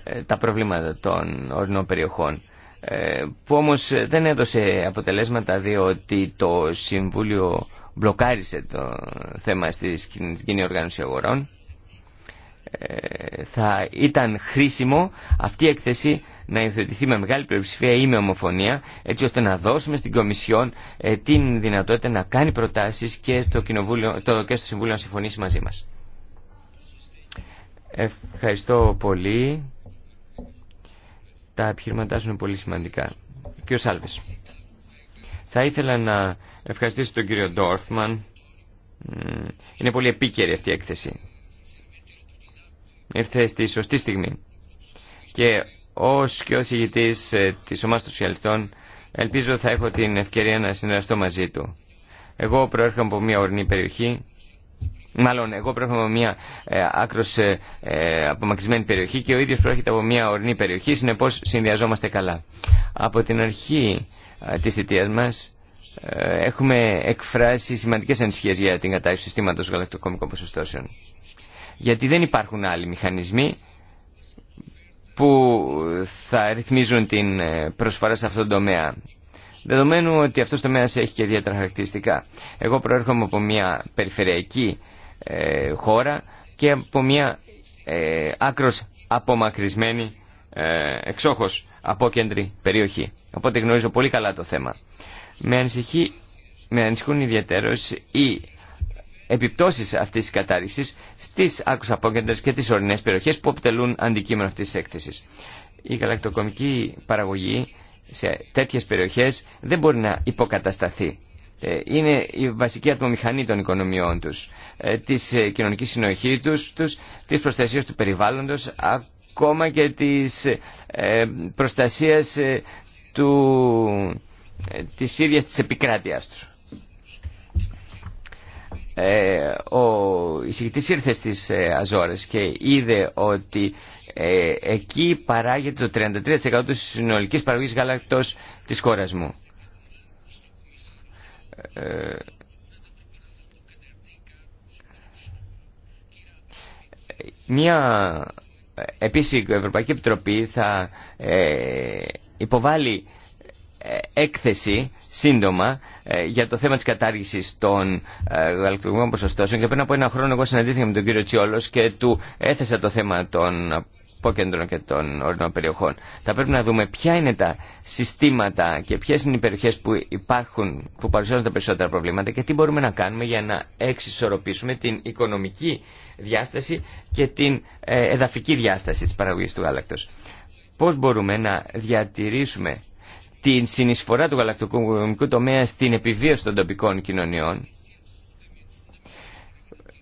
ε, τα προβλήματα των ορεινών περιοχών ε, που όμως δεν έδωσε αποτελέσματα διότι το Συμβούλιο μπλοκάρισε το θέμα στις κοινή οργάνωση αγορών ε, θα ήταν χρήσιμο αυτή η έκθεση να υιοθετηθεί με μεγάλη πλειοψηφία ή με ομοφωνία έτσι ώστε να δώσουμε στην Κομισιόν ε, την δυνατότητα να κάνει προτάσεις και στο, κοινοβούλιο, το, και στο Συμβούλιο να συμφωνήσει μαζί μας. Ευχαριστώ πολύ. Τα επιχειρηματά είναι πολύ σημαντικά. Κύριο Σάλβες. Θα ήθελα να ευχαριστήσω τον κύριο Ντόρφμαν. Είναι πολύ επίκαιρη αυτή η έκθεση. Ήρθε στη σωστή στιγμή. Και ως και ως ηγητής ε, της ομάδας των Σοσιαλιστών ελπίζω θα έχω την ευκαιρία να συνεργαστώ μαζί του. Εγώ προέρχομαι από μια ορεινή περιοχή Μάλλον εγώ προέρχομαι από μια ε, άκρος ε, ε απομακρυσμένη περιοχή και ο ίδιο προέρχεται από μια ορεινή περιοχή, συνεπώς συνδυαζόμαστε καλά. Από την αρχή ε, θητεία μα μας ε, έχουμε εκφράσει σημαντικέ ανησυχίες για την του συστήματο γαλακτοκομικών ποσοστώσεων. Γιατί δεν υπάρχουν άλλοι μηχανισμοί που θα ρυθμίζουν την ε, προσφορά σε αυτόν τον τομέα. Δεδομένου ότι αυτό το τομέας έχει και ιδιαίτερα χαρακτηριστικά. Εγώ προέρχομαι από μια περιφερειακή ε, χώρα και από μια ε, άκρος απομακρυσμένη ε, εξόχως απόκεντρη περιοχή. Οπότε γνωρίζω πολύ καλά το θέμα. Με, ανησυχεί, με ανησυχούν ιδιαίτερως οι επιπτώσεις αυτής της κατάρρησης στις άκρους απόκεντρες και τις ορεινές περιοχές που αποτελούν αντικείμενο αυτής της έκθεσης. Η γαλακτοκομική παραγωγή σε τέτοιες περιοχές δεν μπορεί να υποκατασταθεί ε, είναι η βασική ατμομηχανή των οικονομιών τους, ε, της ε, κοινωνικής συνοχής τους, τους της προστασίας του περιβάλλοντος, ακόμα και της προστασίας του, της ίδιας της επικράτειάς τους. ο εισηγητής ήρθε στις Αζόρες και είδε ότι εκεί παράγεται το 33% της συνολικής παραγωγής γάλακτος της χώρας μου. Ε, μια, επίσης η Ευρωπαϊκή Επιτροπή θα ε, υποβάλει ε, έκθεση σύντομα για το θέμα της κατάργησης των γαλακτοκομικών ποσοστώσεων και πριν από ένα χρόνο εγώ συναντήθηκα με τον κύριο Τσιόλος και του έθεσα το θέμα των υπόκεντρων και των ορεινών περιοχών. Θα πρέπει να δούμε ποια είναι τα συστήματα και ποιε είναι οι περιοχέ που υπάρχουν, που παρουσιάζουν τα περισσότερα προβλήματα και τι μπορούμε να κάνουμε για να εξισορροπήσουμε την οικονομική διάσταση και την ε, εδαφική διάσταση τη παραγωγή του γάλακτο. Πώ μπορούμε να διατηρήσουμε την συνεισφορά του γαλακτοκομικού τομέα στην επιβίωση των τοπικών κοινωνιών,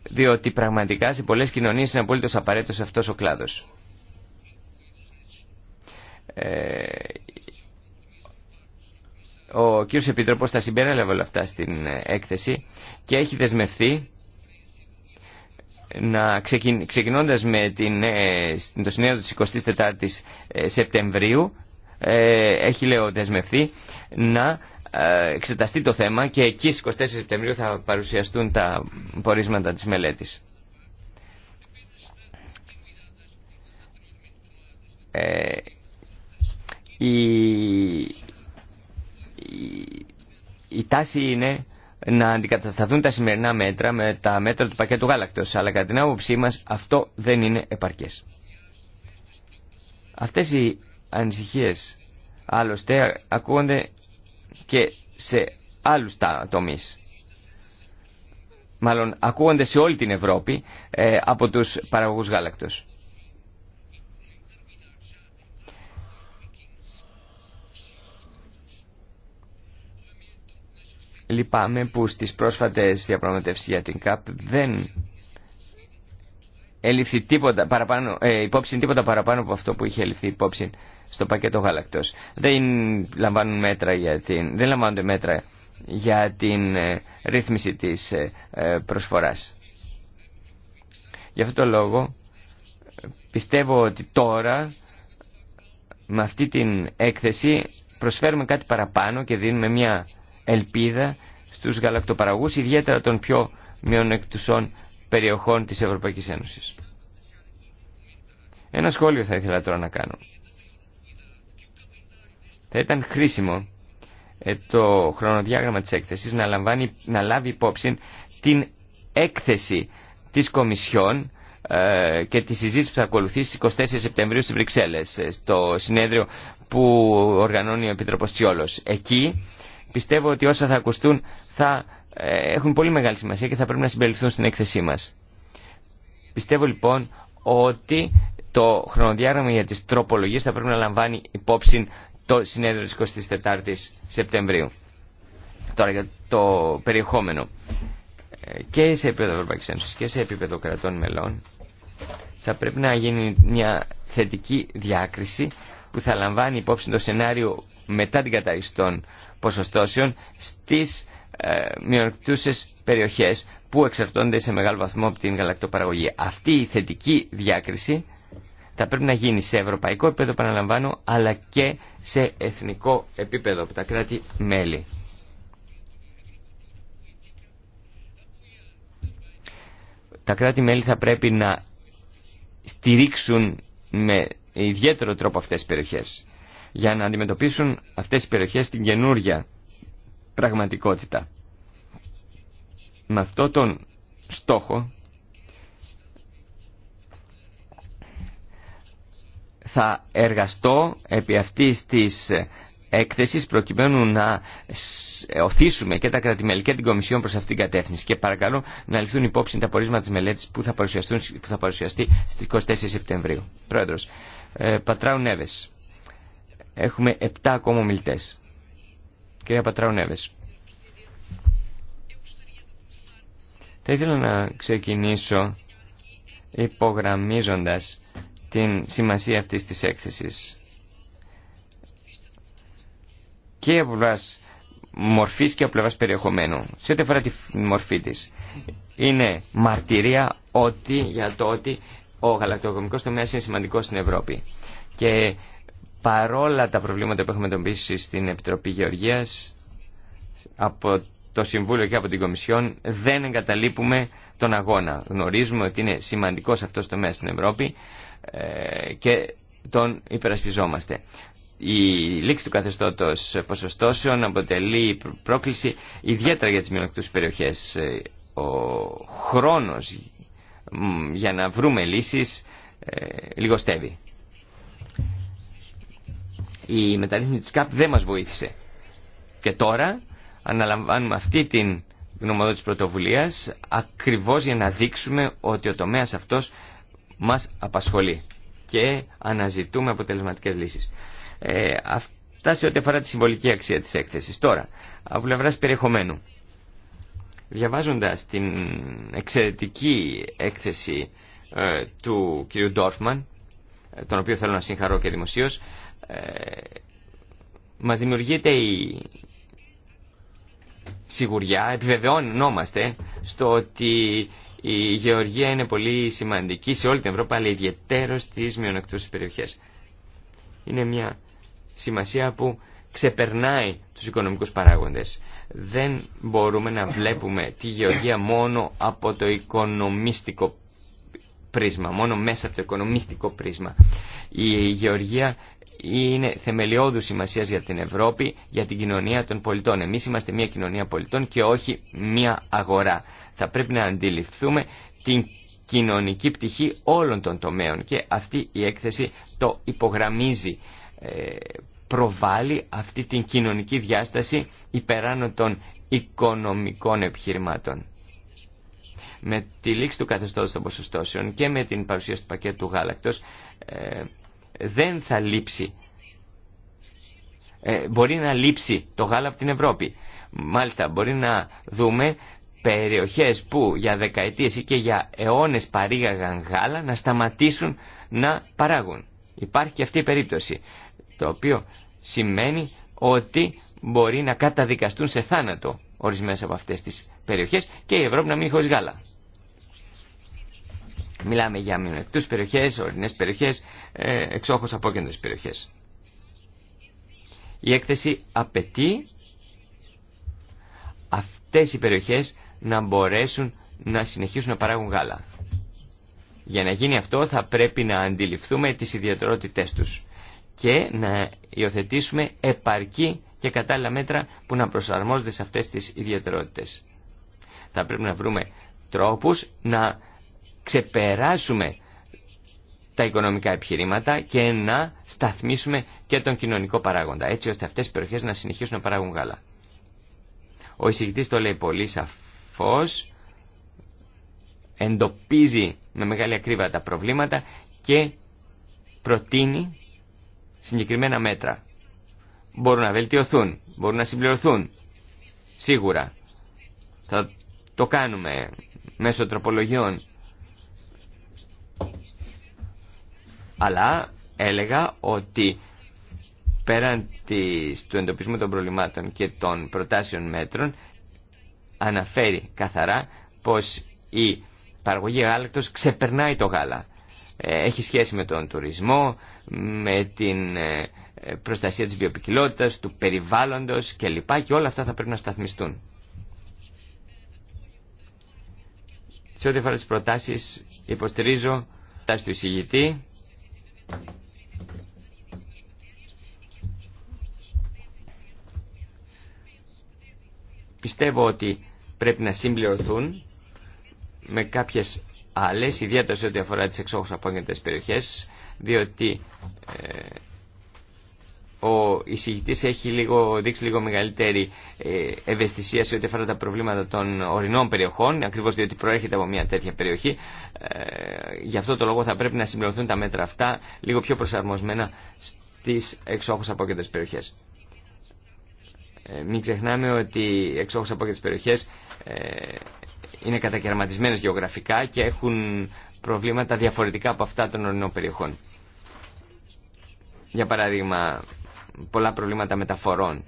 διότι πραγματικά σε πολλές κοινωνίε είναι απολύτως απαραίτητο αυτός ο κλάδος. Ε, ο κύριος Επίτροπος θα συμπέρανε όλα αυτά στην ε, έκθεση και έχει δεσμευθεί να ξεκινώντας με την, ε, το συνέδριο της 24ης Σεπτεμβρίου έχει λέω δεσμευθεί να εξεταστεί το θέμα και εκεί στις 24 Σεπτεμβρίου θα παρουσιαστούν τα πορίσματα της μελέτης η, τάση είναι να αντικατασταθούν τα σημερινά μέτρα με τα μέτρα του πακέτου γάλακτος, αλλά κατά την άποψή μας αυτό δεν είναι επαρκές. Αυτές οι ανησυχίες άλλωστε ακούγονται και σε άλλους τομείς. Μάλλον ακούγονται σε όλη την Ευρώπη ε, από τους παραγωγούς γάλακτος. Λυπάμαι που στις πρόσφατες διαπραγματεύσεις για την ΚΑΠ δεν ελήφθη τίποτα παραπάνω, ε, υπόψη τίποτα παραπάνω από αυτό που είχε ληφθεί υπόψη στο πακέτο γάλακτος. Δεν, λαμβάνουν μέτρα για την, δεν λαμβάνονται μέτρα για την ε, ρύθμιση της ε, ε, προσφοράς. Γι' αυτό το λόγο πιστεύω ότι τώρα με αυτή την έκθεση προσφέρουμε κάτι παραπάνω και δίνουμε μια ελπίδα στους γαλακτοπαραγούς, ιδιαίτερα των πιο μειονεκτουσών περιοχών της Ευρωπαϊκής Ένωσης. Ένα σχόλιο θα ήθελα τώρα να κάνω. Θα ήταν χρήσιμο ε, το χρονοδιάγραμμα της έκθεσης να, λαμβάνει, να λάβει υπόψη την έκθεση της Κομισιόν ε, και τη συζήτηση που θα ακολουθήσει στις 24 Σεπτεμβρίου στις Βρυξέλλες ε, στο συνέδριο που οργανώνει ο Επιτροπός Τσιόλος. Εκεί πιστεύω ότι όσα θα ακουστούν θα ε, έχουν πολύ μεγάλη σημασία και θα πρέπει να συμπεριληφθούν στην έκθεσή μας. Πιστεύω λοιπόν ότι το χρονοδιάγραμμα για τις τροπολογίες θα πρέπει να λαμβάνει υπόψη το συνέδριο της 24ης Σεπτεμβρίου. Τώρα για το περιεχόμενο. Ε, και σε επίπεδο Ευρωπαϊκή Ένωση και σε επίπεδο κρατών μελών θα πρέπει να γίνει μια θετική διάκριση που θα λαμβάνει υπόψη το σενάριο μετά την καταργήση των ποσοστώσεων στις ε, μειονεκτούσες περιοχές που εξαρτώνται σε μεγάλο βαθμό από την γαλακτοπαραγωγή. Αυτή η θετική διάκριση θα πρέπει να γίνει σε ευρωπαϊκό επίπεδο, παραλαμβάνω, αλλά και σε εθνικό επίπεδο από τα κράτη-μέλη. Τα κράτη-μέλη θα πρέπει να στηρίξουν με ιδιαίτερο τρόπο αυτές τις περιοχές για να αντιμετωπίσουν αυτές οι περιοχές την καινούρια πραγματικότητα. Με αυτό τον στόχο θα εργαστώ επί αυτής της έκθεσης προκειμένου να οθήσουμε και τα κρατημέλη και την Κομισιόν προς αυτήν την κατεύθυνση και παρακαλώ να ληφθούν υπόψη τα πορίσματα της μελέτης που θα, που θα παρουσιαστεί στις 24 Σεπτεμβρίου. Πρόεδρος, ε, Πατράου Νέβες. Έχουμε 7 ακόμα μιλτές. Κυρία Πατράου Θα ήθελα να ξεκινήσω υπογραμμίζοντας την σημασία αυτής της έκθεσης. Και από πλευράς μορφής και από πλευράς περιεχομένου. Σε ό,τι αφορά τη μορφή της. Είναι μαρτυρία ότι, για το ότι ο γαλακτοκομικό τομέας είναι σημαντικός στην Ευρώπη. Και παρόλα τα προβλήματα που έχουμε εντοπίσει στην Επιτροπή Γεωργίας από το Συμβούλιο και από την Κομισιόν δεν εγκαταλείπουμε τον αγώνα. Γνωρίζουμε ότι είναι σημαντικός αυτός το μέσο στην Ευρώπη ε, και τον υπερασπιζόμαστε. Η λήξη του καθεστώτος ποσοστώσεων αποτελεί πρόκληση ιδιαίτερα για τις μειονεκτούς περιοχές. Ε, ο χρόνος για να βρούμε λύσεις ε, λιγοστεύει η μεταρρύθμιση της ΚΑΠ δεν μας βοήθησε. Και τώρα αναλαμβάνουμε αυτή την γνωμοδότηση πρωτοβουλίας ακριβώς για να δείξουμε ότι ο τομέας αυτός μας απασχολεί και αναζητούμε αποτελεσματικές λύσεις. Ε, αυτά σε ό,τι αφορά τη συμβολική αξία της έκθεσης. Τώρα, από πλευράς περιεχομένου. Διαβάζοντας την εξαιρετική έκθεση ε, του κ. Ντόρφμαν, τον οποίο θέλω να συγχαρώ και δημοσίως, ε, μας δημιουργείται η σιγουριά, επιβεβαιώνομαστε στο ότι η γεωργία είναι πολύ σημαντική σε όλη την Ευρώπη, αλλά ιδιαίτερο στις μειονεκτούσε περιοχές. Είναι μια σημασία που ξεπερνάει τους οικονομικούς παράγοντες. Δεν μπορούμε να βλέπουμε τη γεωργία μόνο από το οικονομίστικο πρίσμα, μόνο μέσα από το οικονομιστικό πρίσμα. Η γεωργία είναι θεμελιώδου σημασία για την Ευρώπη, για την κοινωνία των πολιτών. Εμείς είμαστε μια κοινωνία πολιτών και όχι μια αγορά. Θα πρέπει να αντιληφθούμε την κοινωνική πτυχή όλων των τομέων και αυτή η έκθεση το υπογραμμίζει ε, προβάλλει αυτή την κοινωνική διάσταση υπεράνω των οικονομικών επιχειρημάτων με τη λήξη του καθεστώτος των ποσοστώσεων και με την παρουσίαση του πακέτου γάλακτος ε, δεν θα λείψει. Ε, μπορεί να λείψει το γάλα από την Ευρώπη. Μάλιστα μπορεί να δούμε περιοχές που για δεκαετίες ή και για αιώνες παρήγαγαν γάλα να σταματήσουν να παράγουν. Υπάρχει και αυτή η περίπτωση, το οποίο σημαίνει ότι μπορεί να καταδικαστούν σε θάνατο ορισμένες από αυτές τις περιοχές και η Ευρώπη να μην χωρίς γάλα. Μιλάμε για μειονεκτούς περιοχές, ορεινές περιοχές, ε, εξόχως απόκεντρες περιοχές. Η έκθεση απαιτεί αυτές οι περιοχές να μπορέσουν να συνεχίσουν να παράγουν γάλα. Για να γίνει αυτό θα πρέπει να αντιληφθούμε τις ιδιαιτερότητές τους και να υιοθετήσουμε επαρκή και κατάλληλα μέτρα που να προσαρμόζονται σε αυτές τις ιδιαιτερότητες. Θα πρέπει να βρούμε τρόπους να ξεπεράσουμε τα οικονομικά επιχειρήματα και να σταθμίσουμε και τον κοινωνικό παράγοντα, έτσι ώστε αυτές οι περιοχές να συνεχίσουν να παράγουν γάλα. Ο εισηγητής το λέει πολύ σαφώς, εντοπίζει με μεγάλη ακρίβεια τα προβλήματα και προτείνει συγκεκριμένα μέτρα. Μπορούν να βελτιωθούν, μπορούν να συμπληρωθούν, σίγουρα. Θα το κάνουμε μέσω τροπολογιών αλλά έλεγα ότι πέραν της, του εντοπισμού των προβλημάτων και των προτάσεων μέτρων αναφέρει καθαρά πως η παραγωγή γάλακτος ξεπερνάει το γάλα. Ε, έχει σχέση με τον τουρισμό, με την ε, προστασία της βιοποικιλότητας, του περιβάλλοντος κλπ. Και όλα αυτά θα πρέπει να σταθμιστούν. Σε ό,τι αφορά τις προτάσεις υποστηρίζω τα του εισηγητή Πιστεύω ότι πρέπει να συμπληρωθούν με κάποιες άλλες, ιδιαίτερα σε ό,τι αφορά τις εξόχους απόγεντες περιοχές, διότι ε, ο εισηγητή έχει λίγο, δείξει λίγο μεγαλύτερη ε, ευαισθησία σε ό,τι αφορά τα προβλήματα των ορεινών περιοχών, ακριβώ διότι προέρχεται από μια τέτοια περιοχή. Ε, γι' αυτό το λόγο θα πρέπει να συμπληρωθούν τα μέτρα αυτά λίγο πιο προσαρμοσμένα στις απόκεντρε περιοχέ. περιοχές. Ε, μην ξεχνάμε ότι οι απόκεντρε περιοχέ περιοχές είναι κατακαιρματισμένε γεωγραφικά και έχουν προβλήματα διαφορετικά από αυτά των ορεινών περιοχών. Για παράδειγμα, πολλά προβλήματα μεταφορών.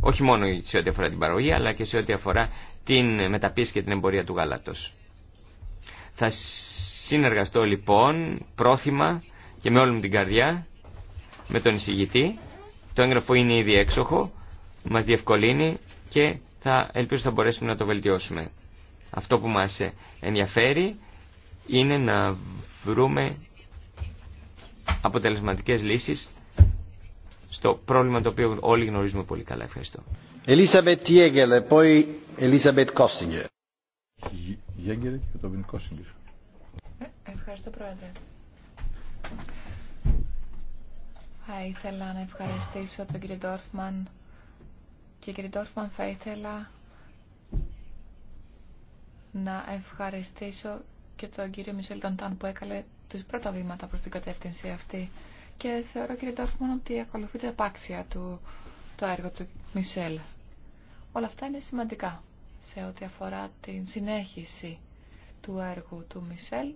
Όχι μόνο σε ό,τι αφορά την παραγωγή, αλλά και σε ό,τι αφορά την μεταπίση και την εμπορία του γάλατος. Θα συνεργαστώ λοιπόν πρόθυμα και με όλη μου την καρδιά με τον εισηγητή. Το έγγραφο είναι ήδη έξοχο, μας διευκολύνει και θα ελπίζω θα μπορέσουμε να το βελτιώσουμε. Αυτό που μας ενδιαφέρει είναι να βρούμε αποτελεσματικές λύσεις στο πρόβλημα το οποίο όλοι γνωρίζουμε πολύ καλά. Ευχαριστώ. το e Ευχαριστώ, Πρόεδρε. Θα ήθελα να ευχαριστήσω τον κύριο Ντόρφμαν και κύριε Ντόρφμαν θα ήθελα να ευχαριστήσω και τον κύριο Μισελ Ταντάν που έκαλε τους πρώτα βήματα προς την κατεύθυνση αυτή και θεωρώ κύριε Ντόρφμαν ότι ακολουθείται επάξια του, το έργο του Μισελ. Όλα αυτά είναι σημαντικά σε ό,τι αφορά την συνέχιση του έργου του Μισελ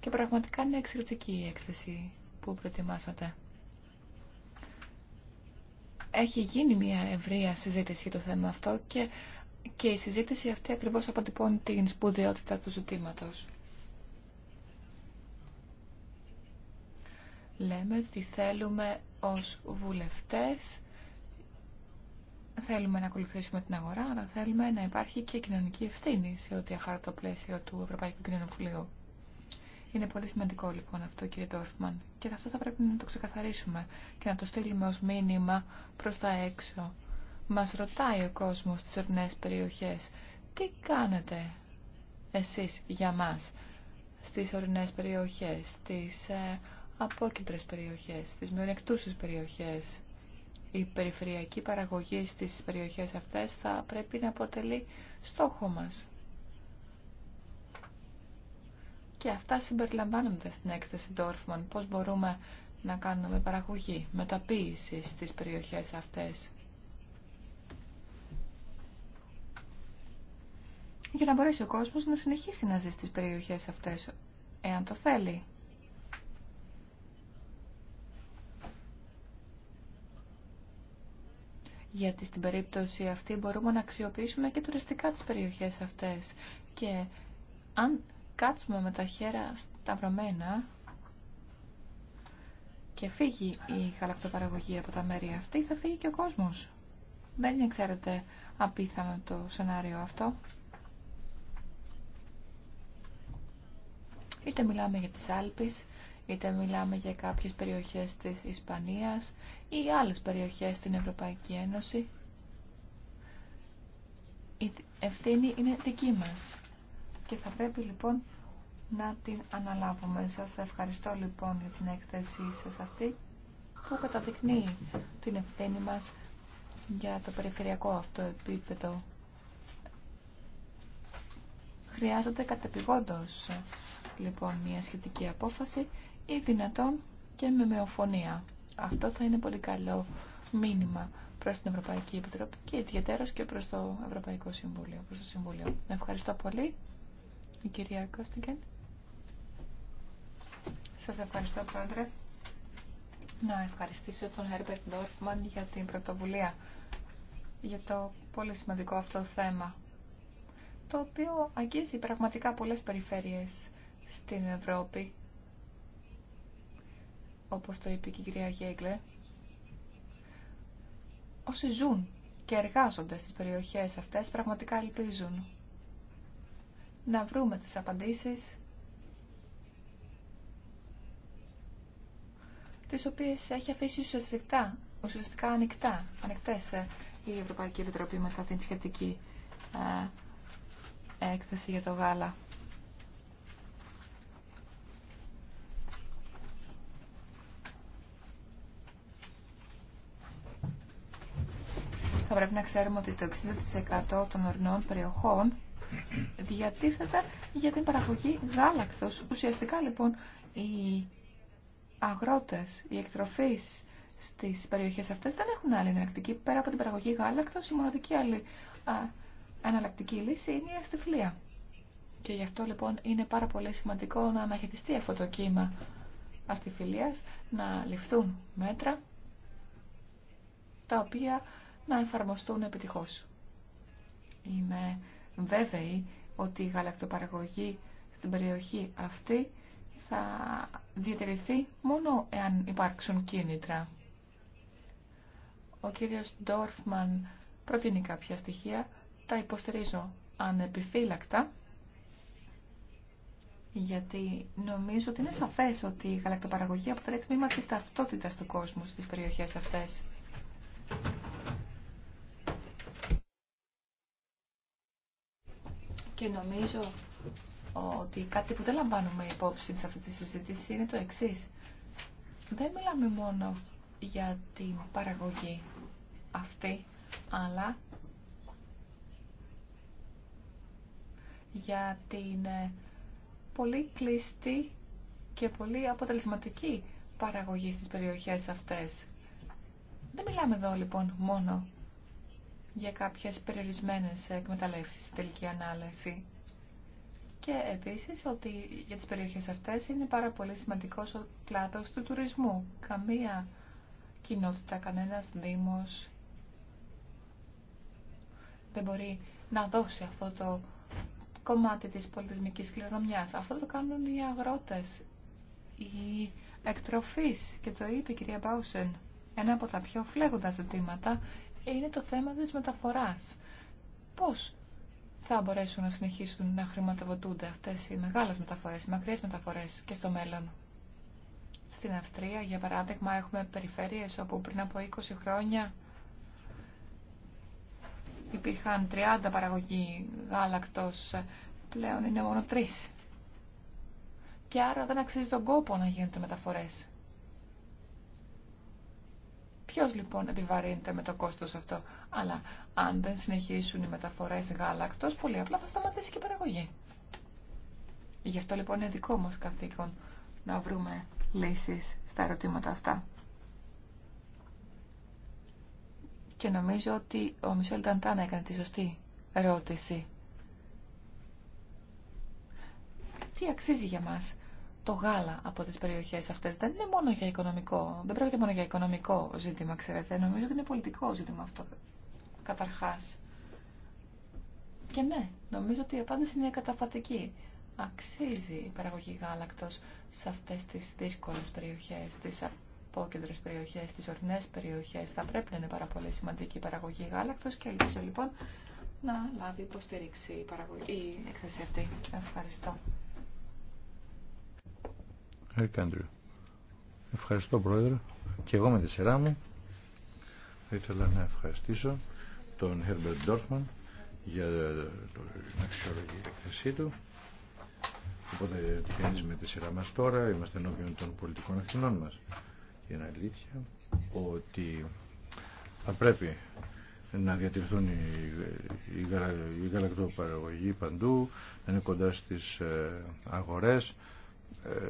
και πραγματικά είναι εξαιρετική η έκθεση που προετοιμάσατε. Έχει γίνει μια ευρεία συζήτηση για το θέμα αυτό και, και η συζήτηση αυτή ακριβώς αποτυπώνει την σπουδαιότητα του ζητήματος. λέμε ότι θέλουμε ως βουλευτές θέλουμε να ακολουθήσουμε την αγορά, αλλά θέλουμε να υπάρχει και κοινωνική ευθύνη σε ό,τι αφορά το πλαίσιο του Ευρωπαϊκού Κοινωνικού Είναι πολύ σημαντικό λοιπόν αυτό κύριε Τόρφμαν, και αυτό θα πρέπει να το ξεκαθαρίσουμε και να το στείλουμε ως μήνυμα προς τα έξω. Μας ρωτάει ο κόσμος στις ορεινές περιοχές τι κάνετε εσείς για μας στις ορεινές περιοχές, στις ε, απόκεντρες περιοχές, στις μειονεκτούσες περιοχές. Η περιφερειακή παραγωγή στις περιοχές αυτές θα πρέπει να αποτελεί στόχο μας. Και αυτά συμπεριλαμβάνονται στην έκθεση Dorfman, πώς μπορούμε να κάνουμε παραγωγή, μεταποίηση στις περιοχές αυτές. Για να μπορέσει ο κόσμος να συνεχίσει να ζει στις περιοχές αυτές, εάν το θέλει. γιατί στην περίπτωση αυτή μπορούμε να αξιοποιήσουμε και τουριστικά τις περιοχές αυτές. Και αν κάτσουμε με τα χέρα σταυρωμένα και φύγει η χαλακτοπαραγωγή από τα μέρη αυτή, θα φύγει και ο κόσμος. Δεν είναι, ξέρετε, απίθανο το σενάριο αυτό. Είτε μιλάμε για τις Άλπεις, είτε μιλάμε για κάποιες περιοχές της Ισπανίας ή άλλες περιοχές στην Ευρωπαϊκή Ένωση. Η ευθύνη είναι δική μας και θα πρέπει λοιπόν να την αναλάβουμε. Σας ευχαριστώ λοιπόν για την έκθεσή σας αυτή που καταδεικνύει την ευθύνη μας για το περιφερειακό αυτό επίπεδο. Χρειάζεται κατεπηγόντως λοιπόν μια σχετική απόφαση ή δυνατόν και με μειοφωνία. Αυτό θα είναι πολύ καλό μήνυμα προς την Ευρωπαϊκή Επιτροπή και ιδιαίτερα και προς το Ευρωπαϊκό Συμβούλιο, προς το Συμβούλιο. Ευχαριστώ πολύ, η κυρία Κώστιγκεν. Σας ευχαριστώ, Πρόεδρε. Να ευχαριστήσω τον Herbert Dorfman για την πρωτοβουλία, για το πολύ σημαντικό αυτό θέμα, το οποίο αγγίζει πραγματικά πολλές περιφέρειες στην Ευρώπη όπως το είπε και η κυρία Γέγκλε, όσοι ζουν και εργάζονται στις περιοχές αυτές πραγματικά ελπίζουν να βρούμε τις απαντήσεις τις οποίες έχει αφήσει ουσιαστικά, ουσιαστικά ανοιχτά, ανοιχτές ε, η Ευρωπαϊκή Επιτροπή μετά την σχετική ε, έκθεση για το γάλα. θα πρέπει να ξέρουμε ότι το 60% των ορεινών περιοχών διατίθεται για την παραγωγή γάλακτος. Ουσιαστικά λοιπόν οι αγρότες, οι εκτροφείς στις περιοχές αυτές δεν έχουν άλλη εναλλακτική πέρα από την παραγωγή γάλακτος. Η μοναδική άλλη εναλλακτική λύση είναι η αστιφλία. Και γι' αυτό λοιπόν είναι πάρα πολύ σημαντικό να αναχαιτιστεί αυτό το κύμα αστιφιλίας, να ληφθούν μέτρα τα οποία να εφαρμοστούν επιτυχώς. Είμαι βέβαιη ότι η γαλακτοπαραγωγή στην περιοχή αυτή θα διατηρηθεί μόνο εάν υπάρξουν κίνητρα. Ο κύριος Ντόρφμαν προτείνει κάποια στοιχεία, τα υποστηρίζω ανεπιφύλακτα, γιατί νομίζω ότι είναι σαφές ότι η γαλακτοπαραγωγή αποτελεί τμήμα της ταυτότητας του κόσμου στις περιοχές αυτές. Και νομίζω ότι κάτι που δεν λαμβάνουμε υπόψη σε αυτή τη συζήτηση είναι το εξή. Δεν μιλάμε μόνο για την παραγωγή αυτή, αλλά για την ε, πολύ κλειστή και πολύ αποτελεσματική παραγωγή στις περιοχές αυτές. Δεν μιλάμε εδώ λοιπόν μόνο για κάποιες περιορισμένες εκμεταλλεύσεις στην τελική ανάλυση. Και επίσης ότι για τις περιοχές αυτές είναι πάρα πολύ σημαντικός ο πλάτος του τουρισμού. Καμία κοινότητα, κανένας δήμος δεν μπορεί να δώσει αυτό το κομμάτι της πολιτισμικής κληρονομιάς. Αυτό το κάνουν οι αγρότες, οι εκτροφείς και το είπε η κυρία Μπάουσεν. Ένα από τα πιο φλέγοντα ζητήματα είναι το θέμα της μεταφοράς. Πώς θα μπορέσουν να συνεχίσουν να χρηματοδοτούνται αυτές οι μεγάλες μεταφορές, οι μακριές μεταφορές και στο μέλλον. Στην Αυστρία, για παράδειγμα, έχουμε περιφέρειες όπου πριν από 20 χρόνια υπήρχαν 30 παραγωγοί γάλακτος, πλέον είναι μόνο 3. Και άρα δεν αξίζει τον κόπο να γίνονται μεταφορές. Ποιο λοιπόν επιβαρύνεται με το κόστο αυτό. Αλλά αν δεν συνεχίσουν οι μεταφορέ γάλακτο, πολύ απλά θα σταματήσει και η παραγωγή. Γι' αυτό λοιπόν είναι δικό μα καθήκον να βρούμε λύσει στα ερωτήματα αυτά. Και νομίζω ότι ο Μισελ Ταντάνα έκανε τη σωστή ερώτηση. Τι αξίζει για μας το γάλα από τις περιοχές αυτές. Δεν είναι μόνο για οικονομικό, δεν πρόκειται μόνο για οικονομικό ζήτημα, ξέρετε. Νομίζω ότι είναι πολιτικό ζήτημα αυτό, καταρχάς. Και ναι, νομίζω ότι η απάντηση είναι καταφατική. Αξίζει η παραγωγή γάλακτος σε αυτές τις δύσκολες περιοχές, τις απόκεντρες περιοχές, τις ορεινές περιοχές. Θα πρέπει να είναι πάρα πολύ σημαντική η παραγωγή γάλακτος και ελπίζω λοιπόν να λάβει υποστήριξη η, παραγωγή, η έκθεση αυτή. Ευχαριστώ. Ευχαριστώ Πρόεδρε και εγώ με τη σειρά μου θα ήθελα να ευχαριστήσω τον Herbert Dorfman για την αξιολογική εκθεσή του. Οπότε εμείς με τη σειρά μας τώρα, είμαστε ενώπιον των πολιτικών ευθυνών μας. Είναι αλήθεια ότι θα πρέπει να διατηρηθούν οι, γαλακτοπαραγωγοί παντού, να είναι κοντά στις ε, αγορές, ε,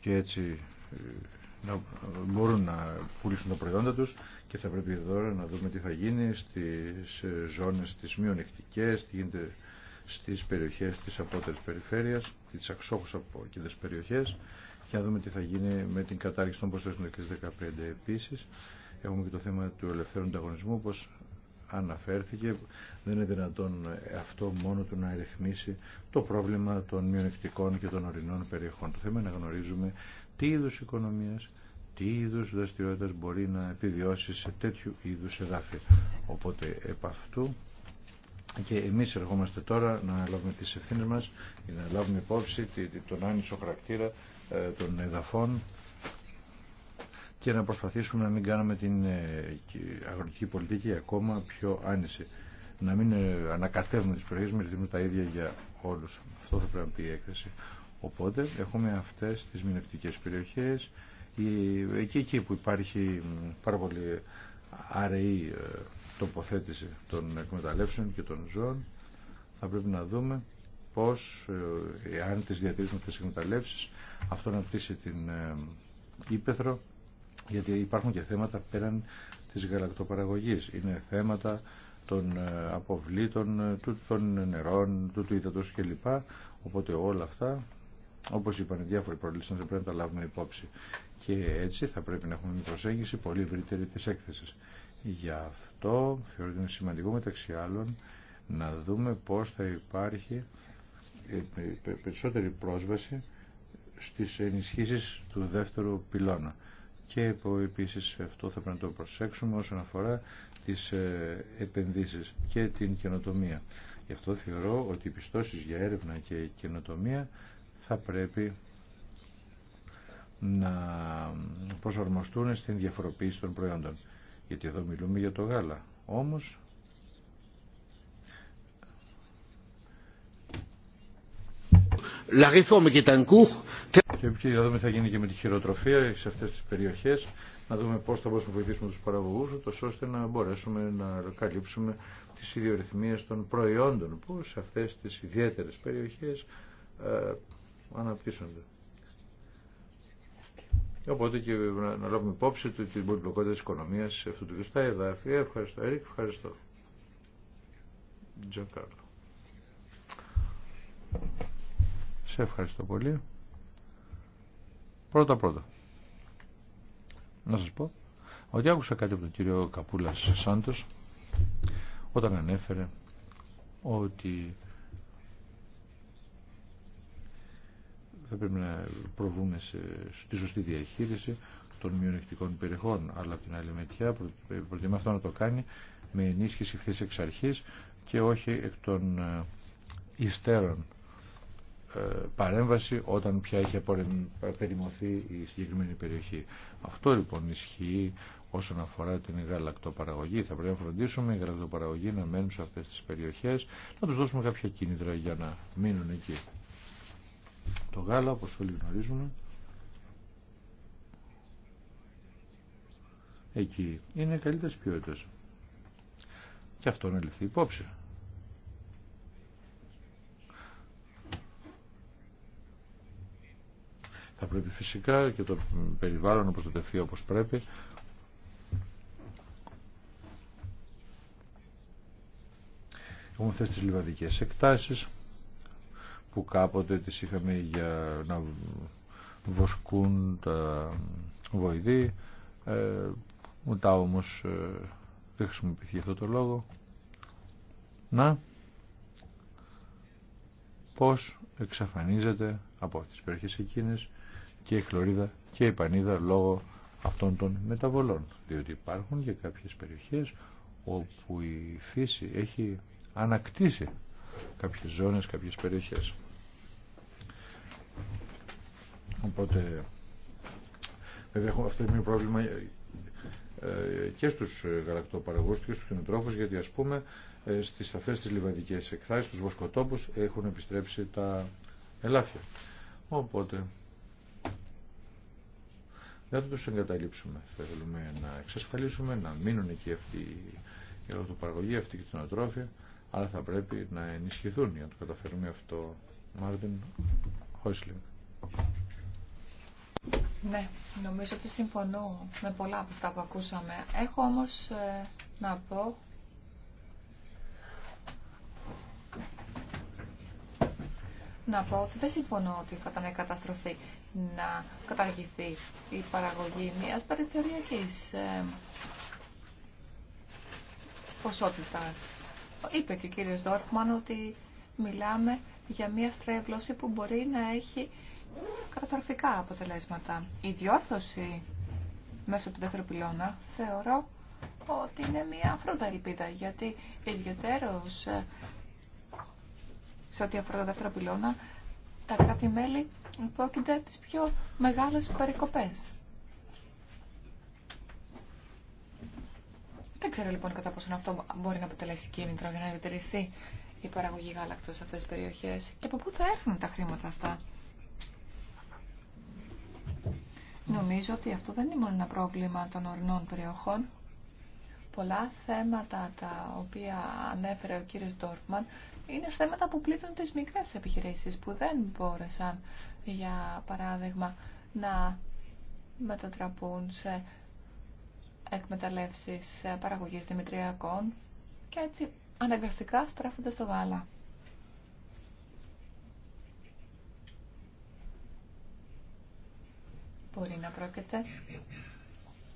και έτσι ε, να μπορούν να πουλήσουν τα προϊόντα τους και θα πρέπει εδώ να δούμε τι θα γίνει στις ε, ζώνες τις μειονεκτικές, τι γίνεται στις περιοχές της απότερης περιφέρειας, τις αξόχους από εκείνες περιοχές και να δούμε τι θα γίνει με την κατάργηση των προσθέσεων της 2015 επίσης. Έχουμε και το θέμα του ελευθέρου ανταγωνισμού, όπως αναφέρθηκε. Δεν είναι δυνατόν αυτό μόνο του να ρυθμίσει το πρόβλημα των μειονεκτικών και των ορεινών περιοχών. Το θέμα είναι να γνωρίζουμε τι είδους οικονομίας, τι είδους δραστηριότητα μπορεί να επιβιώσει σε τέτοιου είδους εδάφη. Οπότε επ' αυτού και εμείς ερχόμαστε τώρα να λάβουμε τις ευθύνες μας και να λάβουμε υπόψη τον άνισο χαρακτήρα ε, των εδαφών και να προσπαθήσουμε να μην κάνουμε την ε, αγροτική πολιτική ακόμα πιο άνηση. Να μην ε, ανακατεύουμε τις περιοχές με τα ίδια για όλους. Αυτό θα πρέπει να πει η έκθεση. Οπότε έχουμε αυτές τις μηνευτικές περιοχές, εκεί, εκεί που υπάρχει πάρα πολύ αραιή ε, τοποθέτηση των εκμεταλλεύσεων και των ζώων, θα πρέπει να δούμε πώς, εάν τις διατηρήσουμε αυτές τις εκμεταλλεύσεις, αυτό να πτήσει την ύπεθρο γιατί υπάρχουν και θέματα πέραν της γαλακτοπαραγωγής. Είναι θέματα των ε, αποβλήτων, ε, των νερών, του, του υδατός κλπ. Οπότε όλα αυτά, όπως είπαν διάφοροι προλήσεις, πρέπει να τα λάβουμε υπόψη. Και έτσι θα πρέπει να έχουμε μια προσέγγιση πολύ ευρύτερη της έκθεσης. Γι' αυτό θεωρώ ότι είναι σημαντικό μεταξύ άλλων να δούμε πώς θα υπάρχει ε, περισσότερη πρόσβαση στις ενισχύσεις του δεύτερου πυλώνα και επίσης αυτό θα πρέπει να το προσέξουμε όσον αφορά τις ε, επενδύσεις και την καινοτομία. Γι' αυτό θεωρώ ότι οι πιστώσεις για έρευνα και καινοτομία θα πρέπει να προσαρμοστούν στην διαφοροποίηση των προϊόντων. Γιατί εδώ μιλούμε για το γάλα. Όμως la réforme qui est en cours. Και να δούμε τι θα γίνει και με τη χειροτροφία σε αυτέ τι περιοχέ να δούμε πώ θα μπορούμε να βοηθήσουμε του παραγωγού ώστε να μπορέσουμε να καλύψουμε τι ιδιορυθμίες των προϊόντων που σε αυτέ τι ιδιαίτερε περιοχέ ε, αναπτύσσονται. Οπότε και να, να λάβουμε υπόψη του την πολυπλοκότητα τη οικονομία σε αυτού του κλειστά εδάφια. Ε, ευχαριστώ, Ερικ, ευχαριστώ. Σε ευχαριστώ πολύ. Πρώτα πρώτα. Να σας πω ότι άκουσα κάτι από τον κύριο Καπούλας Σάντος όταν ανέφερε ότι θα πρέπει να προβούμε στη σωστή διαχείριση των μειονεκτικών περιχών αλλά από την άλλη μετιά προτιμά αυτό να το κάνει με ενίσχυση χθες εξ αρχής και όχι εκ των ε, υστέρων παρέμβαση όταν πια έχει περιμωθεί η συγκεκριμένη περιοχή. Αυτό λοιπόν ισχύει όσον αφορά την γαλακτοπαραγωγή. Θα πρέπει να φροντίσουμε η γαλακτοπαραγωγοί να μένουν σε αυτές τις περιοχές, να τους δώσουμε κάποια κίνητρα για να μείνουν εκεί. Το γάλα, όπως όλοι γνωρίζουμε, εκεί είναι καλύτερες ποιότητες. Και αυτό να ληφθεί υπόψη. Θα πρέπει φυσικά και το περιβάλλον να προστατευτεί όπως πρέπει. Έχουμε αυτές τις λιβαδικές εκτάσεις που κάποτε τις είχαμε για να βοσκούν τα βοηδή. Ε, όμω όμως ε, δεν χρησιμοποιηθεί αυτό το λόγο. Να, πώς εξαφανίζεται από τις περιοχές εκείνες και η χλωρίδα και η πανίδα λόγω αυτών των μεταβολών. Διότι υπάρχουν και κάποιες περιοχές όπου η φύση έχει ανακτήσει κάποιες ζώνες, κάποιες περιοχές. Οπότε, βέβαια αυτό είναι πρόβλημα ε, και στους γαλακτοπαραγωγούς και στους κτηνοτρόφους γιατί ας πούμε ε, στις αυτές τις λιβαδικές εκθάσεις, στους βοσκοτόπους έχουν επιστρέψει τα ελάφια. Οπότε δεν θα τους εγκαταλείψουμε. Θέλουμε να εξασφαλίσουμε να μείνουν εκεί αυτή η αυτοπαραγωγή, αυτή η κτηνοτρόφια, αλλά θα πρέπει να ενισχυθούν για να το καταφέρουμε αυτό. Μάρτιν Χόισλινγκ. Ναι, νομίζω ότι συμφωνώ με πολλά από αυτά που ακούσαμε. Έχω όμως ε, να πω να πω ότι δεν συμφωνώ ότι θα ήταν καταστροφή να καταργηθεί η παραγωγή μιας περιθωριακής ε, ποσότητας. Είπε και ο κύριος Δόρφμαν ότι μιλάμε για μια στρέβλωση που μπορεί να έχει καταστροφικά αποτελέσματα. Η διόρθωση μέσω του δεύτερου πυλώνα θεωρώ ότι είναι μια φρούτα ελπίδα γιατί ιδιαίτερος ε, σε ό,τι αφορά το δεύτερο πυλώνα τα κράτη-μέλη υπόκεινται τις πιο μεγάλες περικοπές. Δεν ξέρω λοιπόν κατά πόσο αυτό μπορεί να αποτελέσει κίνητρο για να διατηρηθεί η παραγωγή γάλακτος σε αυτές τις περιοχές και από πού θα έρθουν τα χρήματα αυτά. Νομίζω ότι αυτό δεν είναι μόνο ένα πρόβλημα των ορεινών περιοχών. Πολλά θέματα τα οποία ανέφερε ο κύριος Ντόρφμαν είναι θέματα που πλήττουν τις μικρές επιχειρήσεις που δεν μπόρεσαν, για παράδειγμα, να μετατραπούν σε εκμεταλλεύσεις παραγωγής δημητριακών και έτσι αναγκαστικά στράφονται στο γάλα. Μπορεί να πρόκειται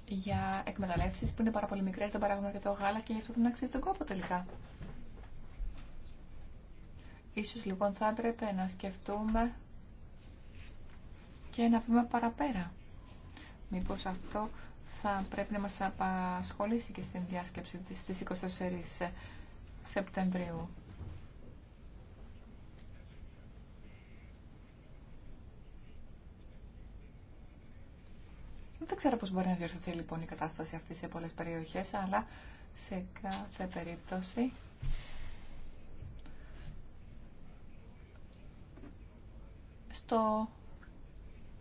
για εκμεταλλεύσεις που είναι πάρα πολύ μικρές, δεν παράγουν αρκετό γάλα και γι' αυτό δεν αξίζει τον κόπο τελικά. Ίσως λοιπόν θα έπρεπε να σκεφτούμε και να βήμα παραπέρα. Μήπως αυτό θα πρέπει να μας απασχολήσει και στην διάσκεψη της 24 Σεπτεμβρίου. Δεν ξέρω πώς μπορεί να διορθωθεί λοιπόν η κατάσταση αυτή σε πολλές περιοχές, αλλά σε κάθε περίπτωση Το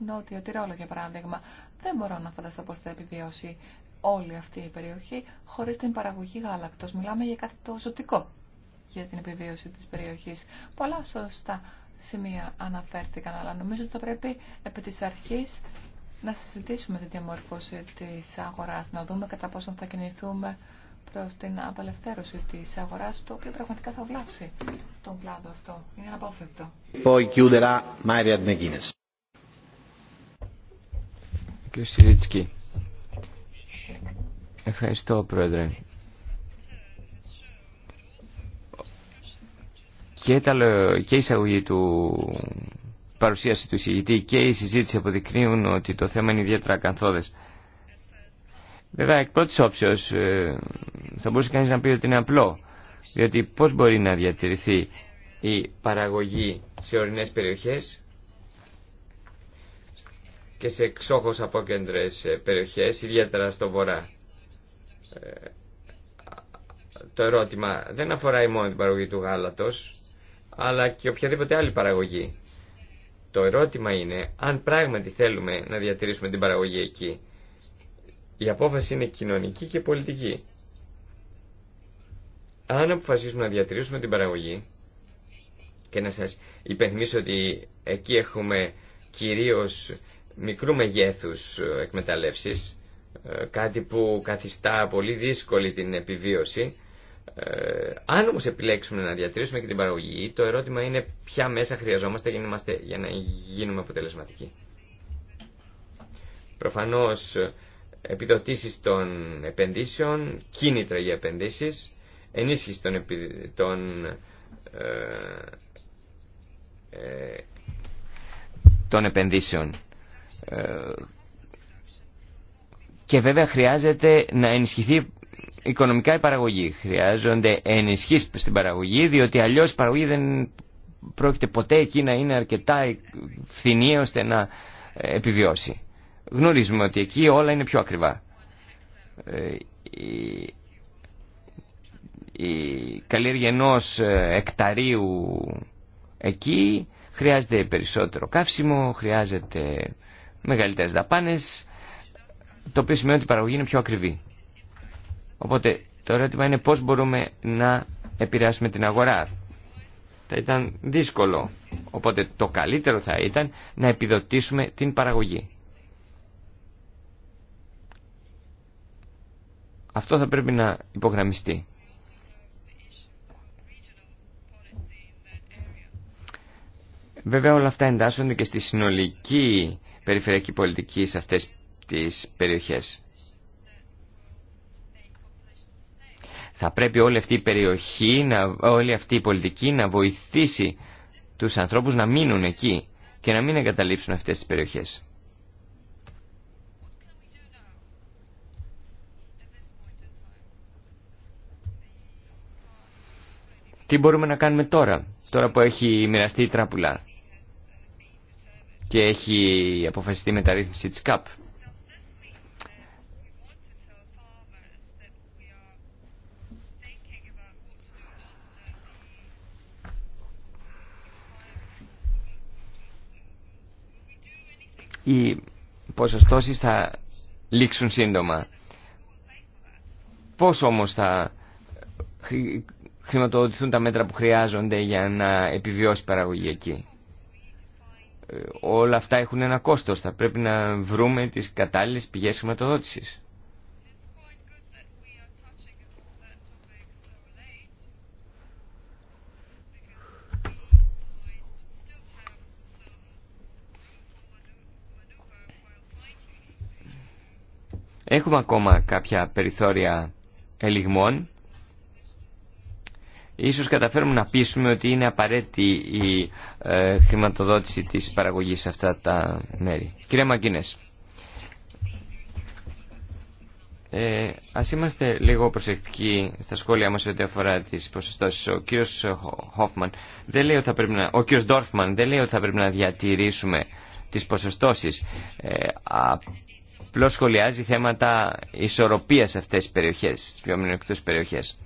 Νότιο Τυρόλο, για παράδειγμα. Δεν μπορώ να φανταστώ πώς θα επιβιώσει όλη αυτή η περιοχή χωρίς την παραγωγή γάλακτος. Μιλάμε για κάτι το ζωτικό για την επιβίωση της περιοχής. Πολλά σωστά σημεία αναφέρθηκαν, αλλά νομίζω ότι θα πρέπει επί της αρχής να συζητήσουμε τη διαμόρφωση της αγοράς, να δούμε κατά πόσον θα κινηθούμε προς την απελευθέρωση τη αγορά το οποίο πραγματικά θα βλάψει τον κλάδο αυτό. Είναι αναπόφευκτο. Κύριε Σιρίτσκι, ευχαριστώ Πρόεδρε. Και, τα, και η εισαγωγή του παρουσίαση του εισηγητή και η συζήτηση αποδεικνύουν ότι το θέμα είναι ιδιαίτερα ακαθόδες. Βέβαια, εκ πρώτη όψεω ε, θα μπορούσε κανεί να πει ότι είναι απλό. Διότι πώ μπορεί να διατηρηθεί η παραγωγή σε ορεινέ περιοχέ και σε εξόχω απόκεντρε ε, περιοχές, ιδιαίτερα στο βορρά. Ε, το ερώτημα δεν αφορά μόνο την παραγωγή του γάλατος, αλλά και οποιαδήποτε άλλη παραγωγή. Το ερώτημα είναι αν πράγματι θέλουμε να διατηρήσουμε την παραγωγή εκεί. Η απόφαση είναι κοινωνική και πολιτική. Αν αποφασίσουμε να διατηρήσουμε την παραγωγή και να σας υπενθυμίσω ότι εκεί έχουμε κυρίως μικρού μεγέθους ε, εκμεταλλεύσεις, ε, κάτι που καθιστά πολύ δύσκολη την επιβίωση. Ε, αν όμως επιλέξουμε να διατηρήσουμε και την παραγωγή, το ερώτημα είναι ποια μέσα χρειαζόμαστε για να γίνουμε αποτελεσματικοί. Προφανώς επιδοτήσεις των επενδύσεων, κίνητρα για επενδύσεις, ενίσχυση των, ε, ε, επενδύσεων. Ε, και βέβαια χρειάζεται να ενισχυθεί οικονομικά η παραγωγή. Χρειάζονται ενισχύσεις στην παραγωγή, διότι αλλιώς η παραγωγή δεν πρόκειται ποτέ εκεί να είναι αρκετά φθηνή ώστε να επιβιώσει γνωρίζουμε ότι εκεί όλα είναι πιο ακριβά. Ε, η καλλιέργεια ε, εκταρίου εκεί χρειάζεται περισσότερο καύσιμο, χρειάζεται μεγαλύτερες δαπάνες, το οποίο σημαίνει ότι η παραγωγή είναι πιο ακριβή. Οπότε το ερώτημα είναι πώς μπορούμε να επηρεάσουμε την αγορά. Θα ήταν δύσκολο. Οπότε το καλύτερο θα ήταν να επιδοτήσουμε την παραγωγή. Αυτό θα πρέπει να υπογραμμιστεί. Βέβαια όλα αυτά εντάσσονται και στη συνολική περιφερειακή πολιτική σε αυτές τις περιοχές. Θα πρέπει όλη αυτή η περιοχή, όλη αυτή η πολιτική να βοηθήσει τους ανθρώπους να μείνουν εκεί και να μην εγκαταλείψουν αυτές τις περιοχές. Τι μπορούμε να κάνουμε τώρα, τώρα που έχει μοιραστεί η τράπουλα και έχει αποφασιστεί η μεταρρύθμιση της ΚΑΠ. Οι ποσοστώσεις θα λήξουν σύντομα. Πώς όμως θα χρηματοδοτηθούν τα μέτρα που χρειάζονται για να επιβιώσει η παραγωγή εκεί. Ε, όλα αυτά έχουν ένα κόστος. Θα πρέπει να βρούμε τις κατάλληλες πηγές χρηματοδότησης. Έχουμε ακόμα κάποια περιθώρια ελιγμών Ίσως καταφέρουμε να πείσουμε ότι είναι απαραίτητη η ε, χρηματοδότηση της παραγωγής σε αυτά τα μέρη. Κυρία Μαγκίνες, ε, ας είμαστε λίγο προσεκτικοί στα σχόλια μας ό,τι αφορά τις ποσοστώσεις. Ο κύριος Χόφμαν δεν λέει ότι θα πρέπει να, ο κύριος Ντόρφμαν δεν λέει ότι θα πρέπει να διατηρήσουμε τις ποσοστώσεις. Ε, απλώς σχολιάζει θέματα ισορροπίας σε αυτές τις περιοχές, τις πιο περιοχές.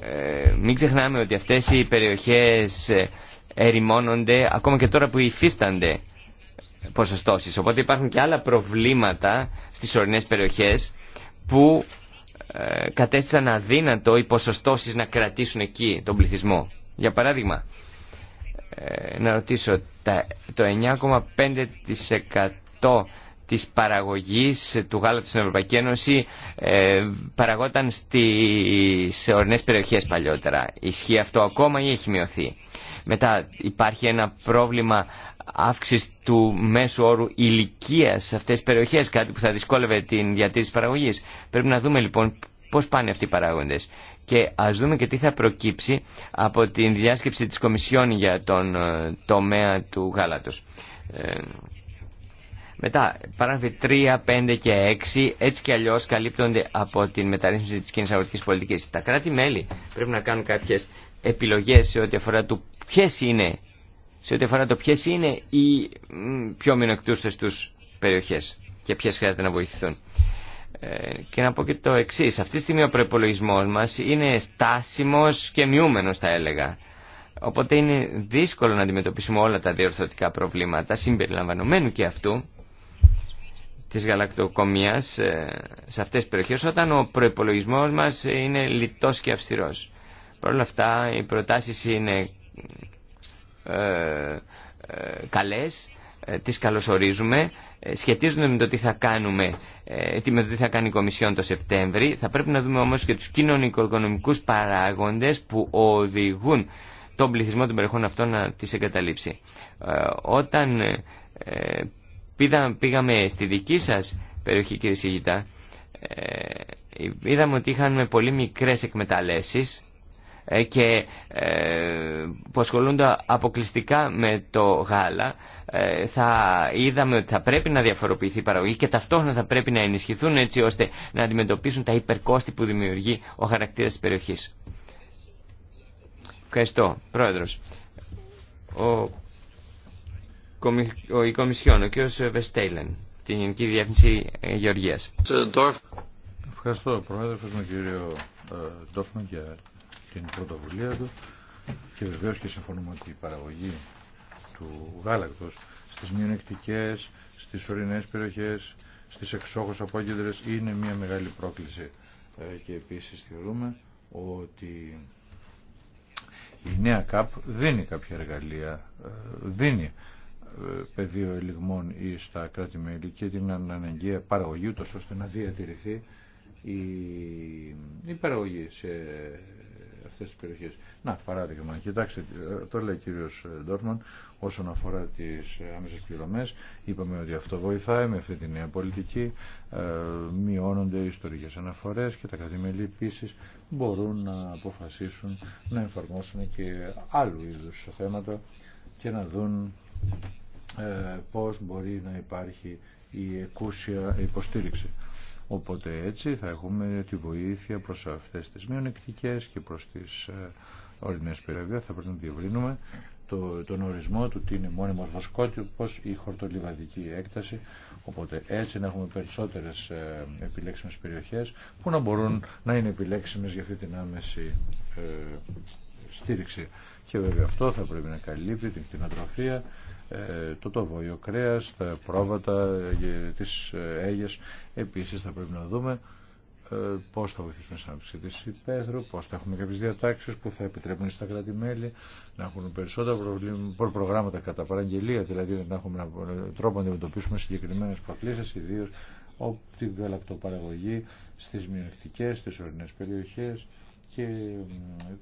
Ε, μην ξεχνάμε ότι αυτές οι περιοχές ε, ερημώνονται ακόμα και τώρα που υφίστανται ποσοστώσεις. Οπότε υπάρχουν και άλλα προβλήματα στις ορεινές περιοχές που ε, κατέστησαν αδύνατο οι ποσοστώσεις να κρατήσουν εκεί τον πληθυσμό. Για παράδειγμα, ε, να ρωτήσω, το 9,5% της παραγωγής του γάλατος στην Ευρωπαϊκή Ένωση ε, παραγόταν στις ορεινές περιοχές παλιότερα. Ισχύει αυτό ακόμα ή έχει μειωθεί. Μετά υπάρχει ένα πρόβλημα αύξηση του μέσου όρου ηλικία σε αυτές τις περιοχές, κάτι που θα δυσκόλευε την διατήρηση της παραγωγής. Πρέπει να δούμε λοιπόν πώς πάνε αυτοί οι παράγοντες. Και ας δούμε και τι θα προκύψει από την διάσκεψη της Κομισιόν για τον ε, τομέα του γάλατος. Ε, μετά, παράγραφοι 3, 5 και 6 έτσι και αλλιώ καλύπτονται από την μεταρρύθμιση τη κοινή αγροτική πολιτική. Τα κράτη-μέλη πρέπει να κάνουν κάποιε επιλογέ σε ό,τι αφορά το ποιε είναι σε ό,τι αφορά το ποιε είναι οι πιο μειονεκτούσε του περιοχέ και ποιε χρειάζεται να βοηθηθούν. Ε, και να πω και το εξή. Αυτή τη στιγμή ο προπολογισμό μα είναι στάσιμο και μειούμενο, θα έλεγα. Οπότε είναι δύσκολο να αντιμετωπίσουμε όλα τα διορθωτικά προβλήματα, συμπεριλαμβανομένου και αυτού της γαλακτοκομίας ε, σε αυτές τις περιοχές όταν ο προϋπολογισμός μας είναι λιτός και αυστηρός. Παρ' όλα αυτά οι προτάσεις είναι ε, ε, καλές, ε, τις καλωσορίζουμε, ε, σχετίζονται με το τι θα κάνουμε, με το τι θα κάνει η Κομισιόν το Σεπτέμβρη. Θα πρέπει να δούμε όμως και τους κοινωνικο-οικονομικούς παράγοντες που οδηγούν τον πληθυσμό των περιοχών αυτών να τις εγκαταλείψει. Όταν Πήγαμε, πήγαμε στη δική σας περιοχή κύριε Σιγητά, ε, είδαμε ότι είχαν πολύ μικρές εκμεταλλεύσεις ε, και ε, που ασχολούνται αποκλειστικά με το γάλα θα είδαμε ότι θα πρέπει να διαφοροποιηθεί η παραγωγή και ταυτόχρονα θα πρέπει να ενισχυθούν έτσι ώστε να αντιμετωπίσουν τα υπερκόστη που δημιουργεί ο χαρακτήρας της περιοχής. Ευχαριστώ, Πρόεδρος. Ο η Κομισιόν, ο κ. Βεστέιλεν, την Γενική Διεύθυνση ε, Γεωργίας. Ευχαριστώ, Πρόεδρε, ευχαριστώ τον κύριο ε, Ντόφμαν για την πρωτοβουλία του και βεβαίω και συμφωνούμε ότι η παραγωγή του γάλακτο στι μειονεκτικέ, στι ορεινέ περιοχέ, στι εξόχω απόγεντρε είναι μια μεγάλη πρόκληση ε, και επίση θεωρούμε ότι η νέα ΚΑΠ δίνει κάποια εργαλεία, δίνει πεδίο ελιγμών ή στα κράτη-μέλη και την αναγκαία παραγωγή ούτως ώστε να διατηρηθεί η, η παραγωγή σε αυτές τις περιοχές. Να, παράδειγμα, κοιτάξτε, το λέει ο κύριος Ντόρμαν όσον αφορά τις άμεσες πληρωμές, είπαμε ότι αυτό βοηθάει με αυτή τη νέα πολιτική, ε, μειώνονται οι ιστορικές αναφορές και τα κράτη-μέλη επίσης μπορούν να αποφασίσουν να εφαρμόσουν και άλλου είδους θέματα και να δουν ε, πώς μπορεί να υπάρχει η εκούσια υποστήριξη. Οπότε έτσι θα έχουμε τη βοήθεια προς αυτές τις μειονεκτικές και προς τις ε, ορεινές περιοχές. Θα πρέπει να διευρύνουμε το, τον ορισμό του τι είναι μόνιμος βοσκότυπος ή χορτολιβαδική έκταση. Οπότε έτσι να έχουμε περισσότερες ε, επιλέξιμες περιοχές που να μπορούν να είναι επιλέξιμες για αυτή την άμεση στήριξη. Και βέβαια αυτό θα πρέπει να καλύπτει την κτηνοτροφία, ε, το τοβόιο κρέας, τα πρόβατα, ε, τις αίγες. Ε, Επίσης θα πρέπει να δούμε πώς θα βοηθήσουμε σαν ανάπτυξη της πώ πώς θα έχουμε κάποιες διατάξεις που θα επιτρέπουν στα κράτη-μέλη να έχουν περισσότερα προγράμματα κατά παραγγελία, δηλαδή να έχουμε τρόπο να αντιμετωπίσουμε συγκεκριμένες προκλήσεις, ιδίως από την γαλακτοπαραγωγή στις μειονεκτικές, στις ορεινές περιοχές και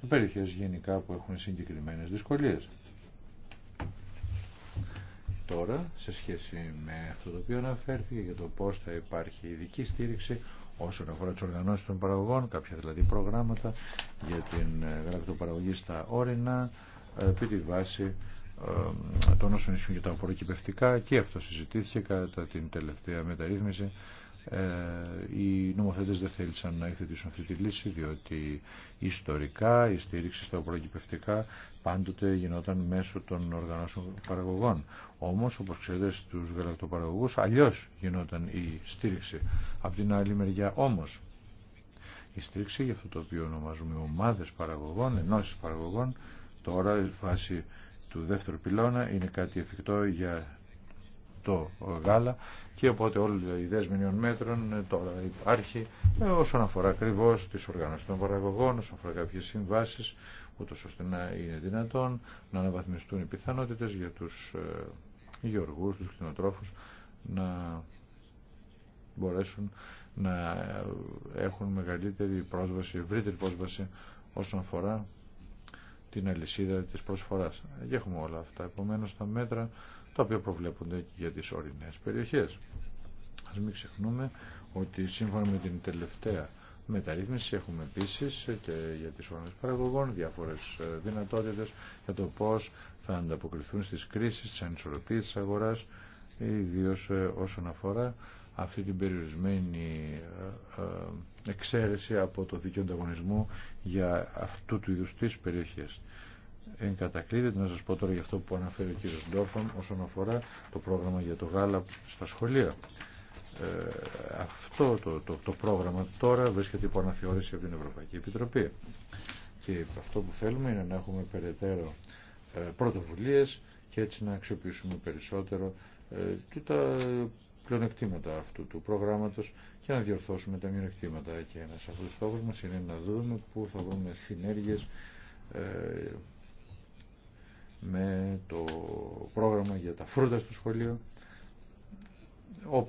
περιοχές γενικά που έχουν συγκεκριμένες δυσκολίες. Τώρα, σε σχέση με αυτό το οποίο αναφέρθηκε για το πώς θα υπάρχει ειδική στήριξη όσον αφορά τις οργανώσεις των παραγωγών, κάποια δηλαδή προγράμματα για την ε, γαλακτοπαραγωγή στα όρινα, ε, επί τη βάση ε, των όσων ισχύουν για τα απορροκυπευτικά και αυτό συζητήθηκε κατά την τελευταία μεταρρύθμιση ε, οι νομοθέτες δεν θέλησαν να εκθετήσουν αυτή τη λύση διότι ιστορικά η στήριξη στα προκυπευτικά πάντοτε γινόταν μέσω των οργανώσεων παραγωγών. Όμως, όπως ξέρετε, στους γαλακτοπαραγωγούς αλλιώς γινόταν η στήριξη. Από την άλλη μεριά όμως η στήριξη για αυτό το οποίο ονομάζουμε ομάδες παραγωγών, ενώσεις παραγωγών, τώρα βάσει του δεύτερου πυλώνα είναι κάτι εφικτό για το γάλα και οπότε όλοι οι δέσμενιων μέτρων ε, τώρα υπάρχει ε, όσον αφορά ακριβώ τις οργανώσεις των παραγωγών, όσον αφορά κάποιε συμβάσει ούτω ώστε να είναι δυνατόν να αναβαθμιστούν οι πιθανότητες για τους ε, γεωργού, τους κτηνοτρόφου να μπορέσουν να έχουν μεγαλύτερη πρόσβαση, ευρύτερη πρόσβαση όσον αφορά την αλυσίδα της προσφοράς. έχουμε όλα αυτά. Επομένως τα μέτρα τα οποία προβλέπονται και για τις ορεινές περιοχές. Ας μην ξεχνούμε ότι σύμφωνα με την τελευταία μεταρρύθμιση έχουμε επίσης και για τις ορεινές παραγωγών διάφορες ε, δυνατότητες για το πώς θα ανταποκριθούν στις κρίσεις, της ανισορροπίες της αγοράς, ιδίω ε, όσον αφορά αυτή την περιορισμένη ε, εξαίρεση από το δίκαιο ανταγωνισμού για αυτού του είδους τις περιοχές. Εν να σας πω τώρα για αυτό που αναφέρει ο κύριος Ντόρφαμ όσον αφορά το πρόγραμμα για το γάλα στα σχολεία. Ε, αυτό το, το, το πρόγραμμα τώρα βρίσκεται υπό αναθεώρηση από την Ευρωπαϊκή Επιτροπή. Και αυτό που θέλουμε είναι να έχουμε περαιτέρω ε, πρωτοβουλίες και έτσι να αξιοποιήσουμε περισσότερο ε, τα πλεονεκτήματα αυτού του προγράμματος και να διορθώσουμε τα μειονεκτήματα. Και ένας από τους στόχους μας είναι να δούμε πού θα βρούμε συνέργειες ε, με το πρόγραμμα για τα φρούτα στο σχολείο. Ο,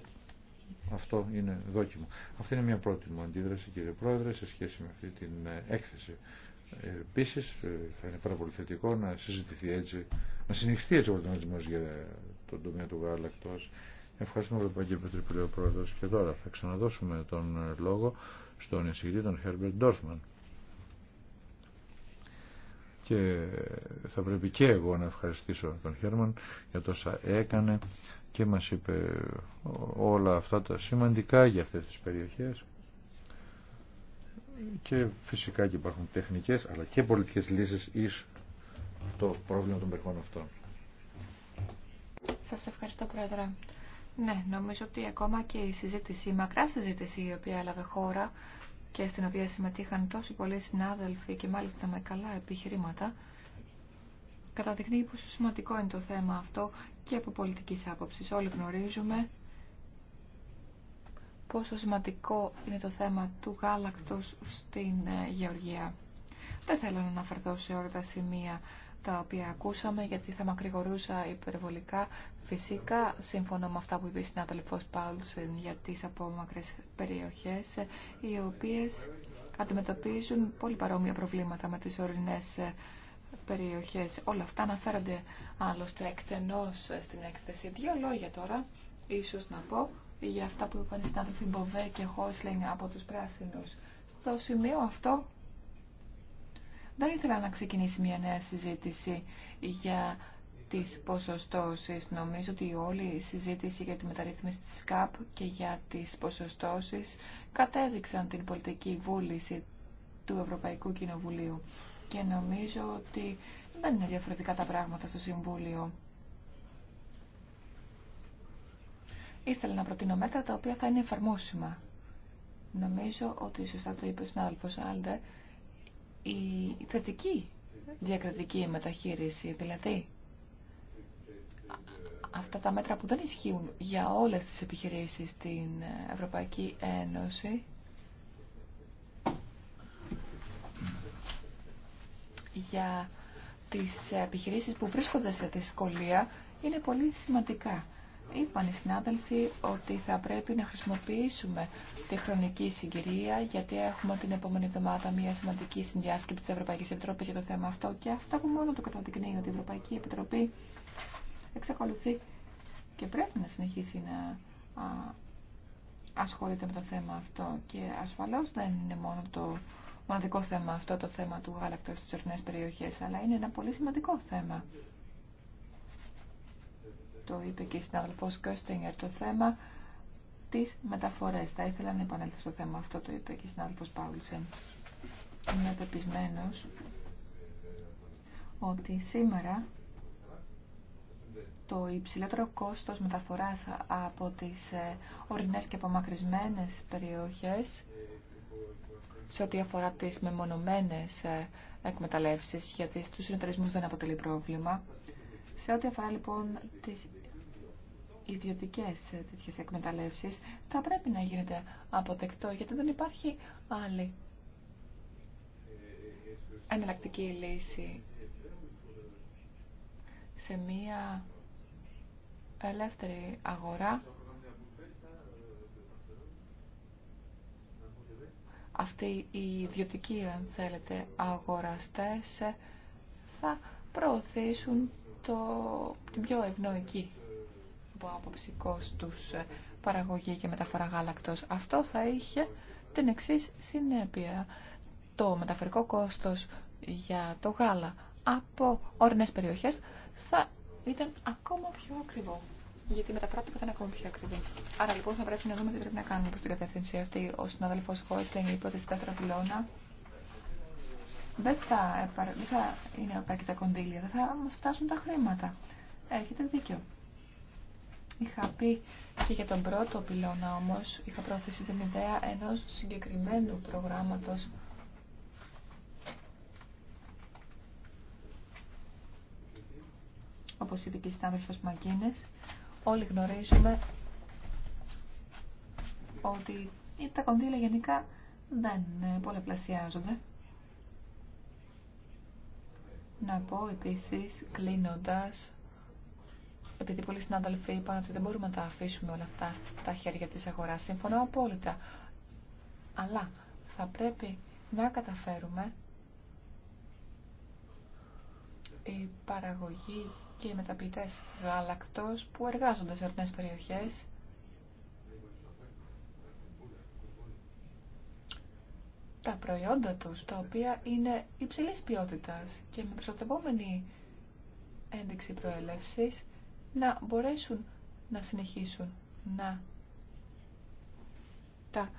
αυτό είναι δόκιμο. Αυτή είναι μια πρώτη μου αντίδραση κύριε Πρόεδρε σε σχέση με αυτή την ε, έκθεση. Επίση, ε, θα είναι πάρα πολύ θετικό να συζητηθεί έτσι, να συνεχιστεί έτσι ο οργανισμό για τον τομέα του γάλακτο. Ευχαριστούμε πολύ, Παγκή ο Πρόεδρο. Και τώρα θα ξαναδώσουμε τον ε, λόγο στον εισηγητή, τον Herbert Dorfman και θα πρέπει και εγώ να ευχαριστήσω τον Χέρμαν για τόσα έκανε και μας είπε όλα αυτά τα σημαντικά για αυτές τις περιοχές και φυσικά και υπάρχουν τεχνικές αλλά και πολιτικές λύσεις εις το πρόβλημα των περιοχών αυτών. Σας ευχαριστώ Πρόεδρε. Ναι, νομίζω ότι ακόμα και η συζήτηση, η μακρά συζήτηση η οποία έλαβε χώρα και στην οποία συμμετείχαν τόσοι πολλοί συνάδελφοι και μάλιστα με καλά επιχειρήματα, καταδεικνύει πόσο σημαντικό είναι το θέμα αυτό και από πολιτική άποψη, Όλοι γνωρίζουμε πόσο σημαντικό είναι το θέμα του γάλακτος στην ε, Γεωργία. Δεν θέλω να αναφερθώ σε όλα σημεία τα οποία ακούσαμε γιατί θα μακρηγορούσα υπερβολικά. Φυσικά, σύμφωνα με αυτά που είπε στην συνάδελφος Πάουλσεν για τις απόμακρες περιοχές, οι οποίες αντιμετωπίζουν πολύ παρόμοια προβλήματα με τις ορεινές περιοχές. Όλα αυτά αναφέρονται άλλωστε εκτενώς στην έκθεση. Δύο λόγια τώρα, ίσως να πω, για αυτά που είπαν οι συνάδελφοι Μποβέ και Χόσλινγκ από τους Πράσινους. Στο σημείο αυτό δεν ήθελα να ξεκινήσει μια νέα συζήτηση για τις ποσοστώσεις. Νομίζω ότι όλη η συζήτηση για τη μεταρρύθμιση της ΚΑΠ και για τις ποσοστώσεις κατέδειξαν την πολιτική βούληση του Ευρωπαϊκού Κοινοβουλίου. Και νομίζω ότι δεν είναι διαφορετικά τα πράγματα στο Συμβούλιο. Ήθελα να προτείνω μέτρα τα οποία θα είναι εφαρμόσιμα. Νομίζω ότι σωστά το είπε ο συνάδελφος Άλντε, η θετική διακρατική μεταχείριση, δηλαδή αυτά τα μέτρα που δεν ισχύουν για όλες τις επιχειρήσεις στην Ευρωπαϊκή Ένωση για τις επιχειρήσεις που βρίσκονται σε δυσκολία είναι πολύ σημαντικά. Είπαν οι συνάδελφοι ότι θα πρέπει να χρησιμοποιήσουμε τη χρονική συγκυρία, γιατί έχουμε την επόμενη εβδομάδα μια σημαντική συνδιάσκεψη τη Ευρωπαϊκή Επιτροπή για το θέμα αυτό και αυτό που μόνο το καταδεικνύει ότι η Ευρωπαϊκή Επιτροπή εξακολουθεί και πρέπει να συνεχίσει να ασχολείται με το θέμα αυτό και ασφαλώς δεν είναι μόνο το μοναδικό θέμα αυτό το θέμα του γάλακτος στις ορεινές περιοχές αλλά είναι ένα πολύ σημαντικό θέμα το είπε και η συνάδελφος το θέμα τις μεταφορές. Θα ήθελα να επανέλθω στο θέμα αυτό, το είπε και η συνάδελφος Πάουλσεν. Είμαι πεπισμένο ότι σήμερα το υψηλότερο κόστος μεταφοράς από τις ε, ορεινές και απομακρυσμένες περιοχές σε ό,τι αφορά τις μεμονωμένες ε, εκμεταλλεύσεις, γιατί στους συνεταιρισμούς δεν αποτελεί πρόβλημα, σε ό,τι αφορά λοιπόν τις ιδιωτικές ε, τέτοιες εκμεταλλεύσεις θα πρέπει να γίνεται αποδεκτό γιατί δεν υπάρχει άλλη εναλλακτική λύση σε μία ελεύθερη αγορά αυτοί οι ιδιωτικοί αν θέλετε αγοραστές ε, θα προωθήσουν το, την πιο ευνοϊκή από άποψη κόστους ε, παραγωγή και μεταφορά γάλακτος. Αυτό θα είχε την εξή συνέπεια. Το μεταφορικό κόστος για το γάλα από ορεινές περιοχές θα ήταν ακόμα πιο ακριβό. Γιατί η μεταφορά του θα ήταν ακόμα πιο ακριβή. Άρα λοιπόν θα πρέπει να δούμε τι πρέπει να κάνουμε προ την κατεύθυνση αυτή. Ο συνάδελφο Χόισλινγκ είπε ότι τέταρτη πυλώνα δεν θα, δεν θα είναι τα κονδύλια, δεν θα μας φτάσουν τα χρήματα. Έχετε δίκιο. Είχα πει και για τον πρώτο πυλώνα όμως, είχα προωθήσει την ιδέα ενός συγκεκριμένου προγράμματος όπως είπε και η συνάδελφος Μαγκίνες, όλοι γνωρίζουμε ότι τα κονδύλια γενικά δεν πολλαπλασιάζονται. Να πω επίσης, κλείνοντας, επειδή πολλοί συνάδελφοι είπαν ότι δεν μπορούμε να τα αφήσουμε όλα αυτά στα χέρια της αγοράς, συμφωνώ απόλυτα. Αλλά θα πρέπει να καταφέρουμε η παραγωγή και οι μεταποιητές γάλακτος που εργάζονται σε ορεινές περιοχές τα προϊόντα τους, τα οποία είναι υψηλής ποιότητας και με προστατευόμενη ένδειξη προέλευσης, να μπορέσουν να συνεχίσουν να τα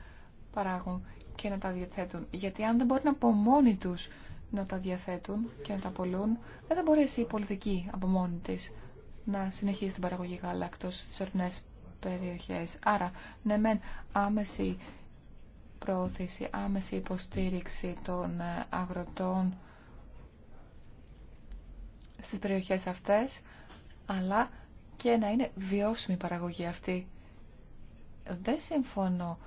παράγουν και να τα διαθέτουν. Γιατί αν δεν μπορεί από μόνοι τους να τα διαθέτουν και να τα πολλούν, δεν θα μπορέσει η πολιτική από μόνη να συνεχίσει την παραγωγή γάλακτος στις ορεινές περιοχές. Άρα, ναι μεν άμεση προώθηση, άμεση υποστήριξη των αγροτών στις περιοχές αυτές, αλλά και να είναι βιώσιμη η παραγωγή αυτή. Δεν συμφωνώ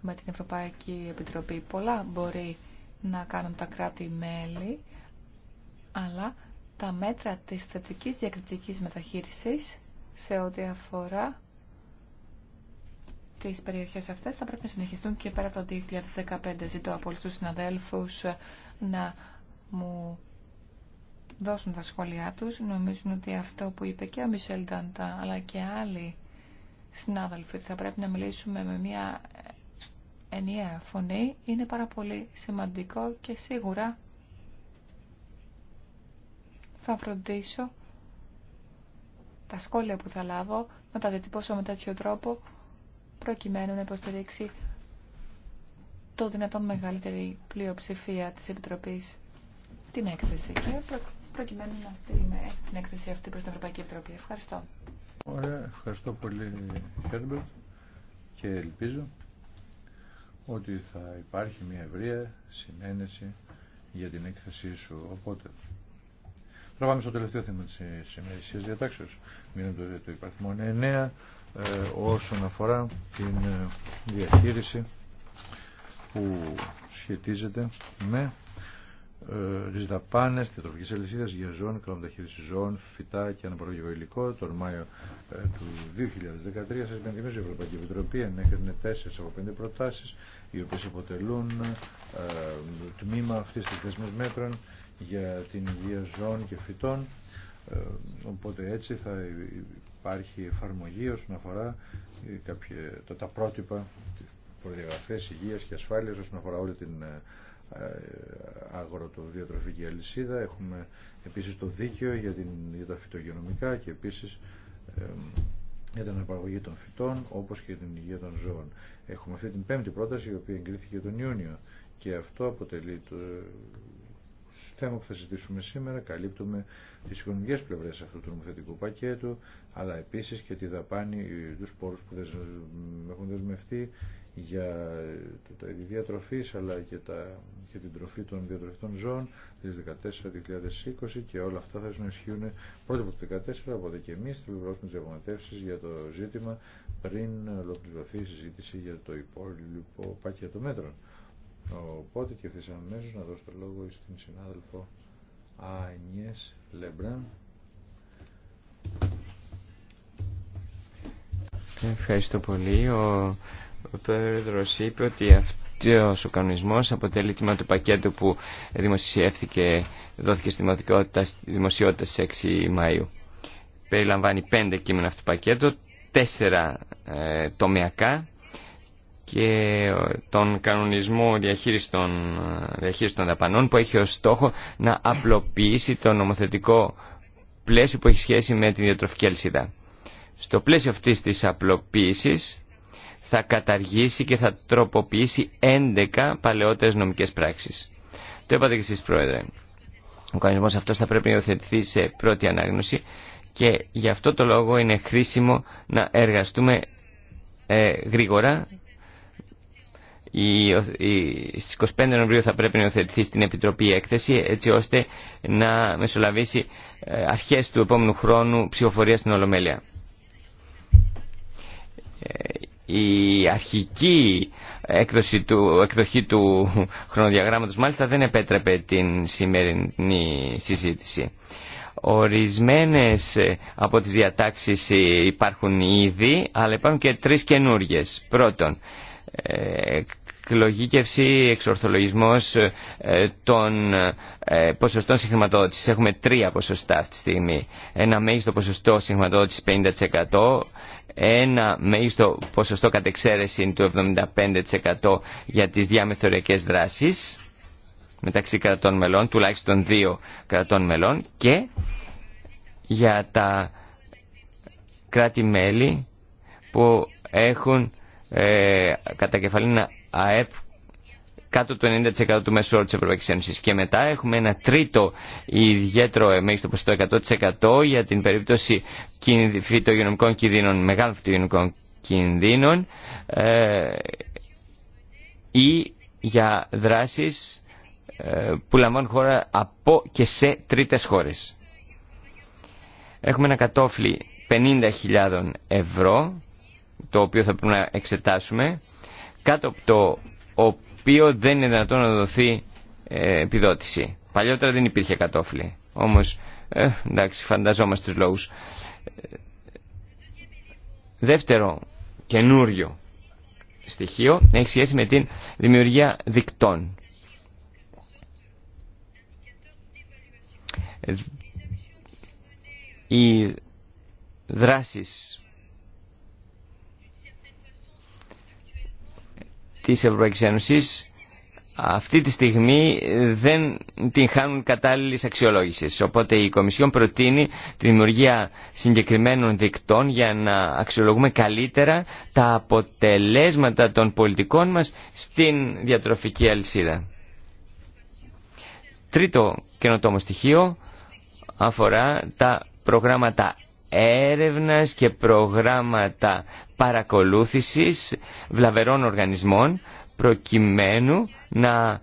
με την Ευρωπαϊκή Επιτροπή. Πολλά μπορεί να κάνουν τα κράτη-μέλη, αλλά τα μέτρα της θετικής διακριτικής μεταχείρισης σε ό,τι αφορά τις περιοχές αυτές θα πρέπει να συνεχιστούν και πέρα από το 2015. Ζητώ από όλους τους συναδέλφους να μου δώσουν τα σχόλιά τους. Νομίζουν ότι αυτό που είπε και ο Μισελ Νταντά αλλά και άλλοι συνάδελφοι ότι θα πρέπει να μιλήσουμε με μια ενιαία φωνή είναι πάρα πολύ σημαντικό και σίγουρα θα φροντίσω τα σχόλια που θα λάβω να τα διατυπώσω με τέτοιο τρόπο προκειμένου να υποστηρίξει το δυνατόν μεγαλύτερη πλειοψηφία της Επιτροπής την έκθεση και προκειμένου να στείλουμε την έκθεση αυτή προς την Ευρωπαϊκή Επιτροπή. Ευχαριστώ. Ωραία, ευχαριστώ πολύ Χέρμπερτ και ελπίζω ότι θα υπάρχει μια ευρεία συνένεση για την έκθεσή σου. Οπότε, τώρα πάμε στο τελευταίο θέμα της σημερισίας διατάξεως. Μείνουμε το, το 9 ε, όσον αφορά την ε, διαχείριση που σχετίζεται με τι ε, δαπάνε τη τροφική αλυσίδα για ζώων, καλομεταχείριση ζώων, φυτά και αναπαραγωγικό υλικό. Τον Μάιο του 2013, σας πενθυμίζω η Ευρωπαϊκή Επιτροπή ενέκρινε 4 από πέντε προτάσεις οι οποίε αποτελούν ε, τμήμα αυτή τη θεσμής μέτρων για την υγεία ζώων και φυτών. οπότε έτσι θα υπάρχει εφαρμογή όσον αφορά ε, κάποια, τα πρότυπα, προδιαγραφέ, υγεία και ασφάλεια όσον αφορά όλη την ε, ε, αγροτοδιατροφική αλυσίδα. Έχουμε επίσης το δίκαιο για, την, τα φυτογενομικά και επίσης ε, για την απαγωγή των φυτών όπως και την υγεία των ζώων. Έχουμε αυτή την πέμπτη πρόταση η οποία εγκρίθηκε τον Ιούνιο και αυτό αποτελεί το, θέμα που θα συζητήσουμε σήμερα. Καλύπτουμε τις οικονομικές πλευρές αυτού του νομοθετικού πακέτου, αλλά επίσης και τη δαπάνη, τους πόρους που έχουν δεσμευτεί για τα διατροφή αλλά και, τα, και την τροφή των διατροφικών ζώων τις 14-2020 και όλα αυτά θα συνεχίσουν πρώτα από το 2014 οπότε και εμείς θα πληρώσουμε τις για το ζήτημα πριν ολοκληρωθεί η συζήτηση για το υπόλοιπο πακέτο μέτρων. Οπότε και θες αμέσω να δώσω το λόγο στην συνάδελφο Ανιές Λεμπράν. Ευχαριστώ πολύ. Ο, ο είπε ότι αυτός ο κανονισμός αποτελεί τίμα του πακέτου που δημοσιεύθηκε, δόθηκε στη δημοσιότητα, δημοσιότητα στις 6 Μαΐου. Περιλαμβάνει πέντε κείμενα αυτού του πακέτου, τέσσερα ε, τομεακά και τον κανονισμό διαχείρισης των, δαπανών που έχει ως στόχο να απλοποιήσει το νομοθετικό πλαίσιο που έχει σχέση με την διατροφική αλυσίδα. Στο πλαίσιο αυτής της απλοποίησης θα καταργήσει και θα τροποποιήσει 11 παλαιότερες νομικές πράξεις. Το είπατε και εσείς Πρόεδρε. Ο κανονισμός αυτός θα πρέπει να υιοθετηθεί σε πρώτη ανάγνωση και γι' αυτό το λόγο είναι χρήσιμο να εργαστούμε ε, γρήγορα στις 25 Νοεμβρίου θα πρέπει να υιοθετηθεί στην Επιτροπή έκθεση έτσι ώστε να μεσολαβήσει ε, αρχές του επόμενου χρόνου ψηφοφορία στην Ολομέλεια. Ε, η αρχική έκδοση του, εκδοχή του χρονοδιαγράμματος μάλιστα δεν επέτρεπε την σημερινή συζήτηση. Ορισμένες ε, από τις διατάξεις υπάρχουν ήδη, αλλά υπάρχουν και τρεις καινούργιες. Πρώτον, εκλογήκευση, εξορθολογισμός ε, των ε, ποσοστών συγχρηματοδότησης. Έχουμε τρία ποσοστά αυτή τη στιγμή. Ένα μέγιστο ποσοστό συγχρηματοδότησης 50%, ένα μέγιστο ποσοστό κατεξαίρεση του 75% για τις διαμεθοριακές δράσεις μεταξύ κρατών μελών, τουλάχιστον δύο κρατών μελών και για τα κράτη-μέλη που έχουν ε, κατακεφαλήνα ΑΕΠ κάτω του 90% του μέσου όρου της Ευρωπαϊκής Ένωσης. Και μετά έχουμε ένα τρίτο ιδιαίτερο μέγιστο ποσοστό 100% για την περίπτωση φυτογενομικών κινδύνων, μεγάλων φυτογενομικών κινδύνων ε, ή για δράσεις ε, που λαμβάνουν χώρα από και σε τρίτες χώρες. Έχουμε ένα κατόφλι 50.000 ευρώ, το οποίο θα πρέπει να εξετάσουμε κάτω από το οποίο δεν είναι δυνατόν να δοθεί ε, επιδότηση. Παλιότερα δεν υπήρχε κατόφλι. Όμως, ε, εντάξει, φανταζόμαστε του λόγους. Ε, δεύτερο καινούριο στοιχείο έχει σχέση με την δημιουργία δικτών. Ε, οι δράσεις της Ευρωπαϊκής Ένωσης αυτή τη στιγμή δεν την χάνουν κατάλληλη αξιολόγηση. Οπότε η Κομισιόν προτείνει τη δημιουργία συγκεκριμένων δικτών για να αξιολογούμε καλύτερα τα αποτελέσματα των πολιτικών μας στην διατροφική αλυσίδα. Τρίτο καινοτόμο στοιχείο αφορά τα προγράμματα έρευνας και προγράμματα παρακολούθησης βλαβερών οργανισμών προκειμένου να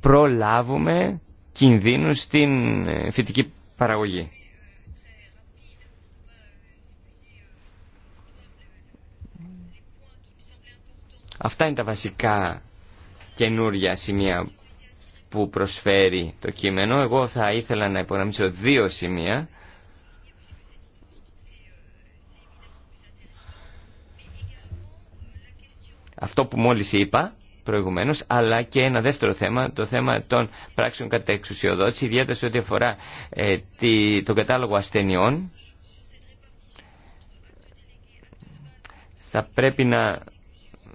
προλάβουμε κινδύνους στην ε, φυτική παραγωγή. Αυτά είναι τα βασικά καινούρια σημεία που προσφέρει το κείμενο. Εγώ θα ήθελα να υπογραμμίσω δύο σημεία. αυτό που μόλις είπα προηγουμένως, αλλά και ένα δεύτερο θέμα, το θέμα των πράξεων κατά εξουσιοδότηση, ιδιαίτερα σε ό,τι αφορά ε, τον κατάλογο ασθενειών. Θα πρέπει να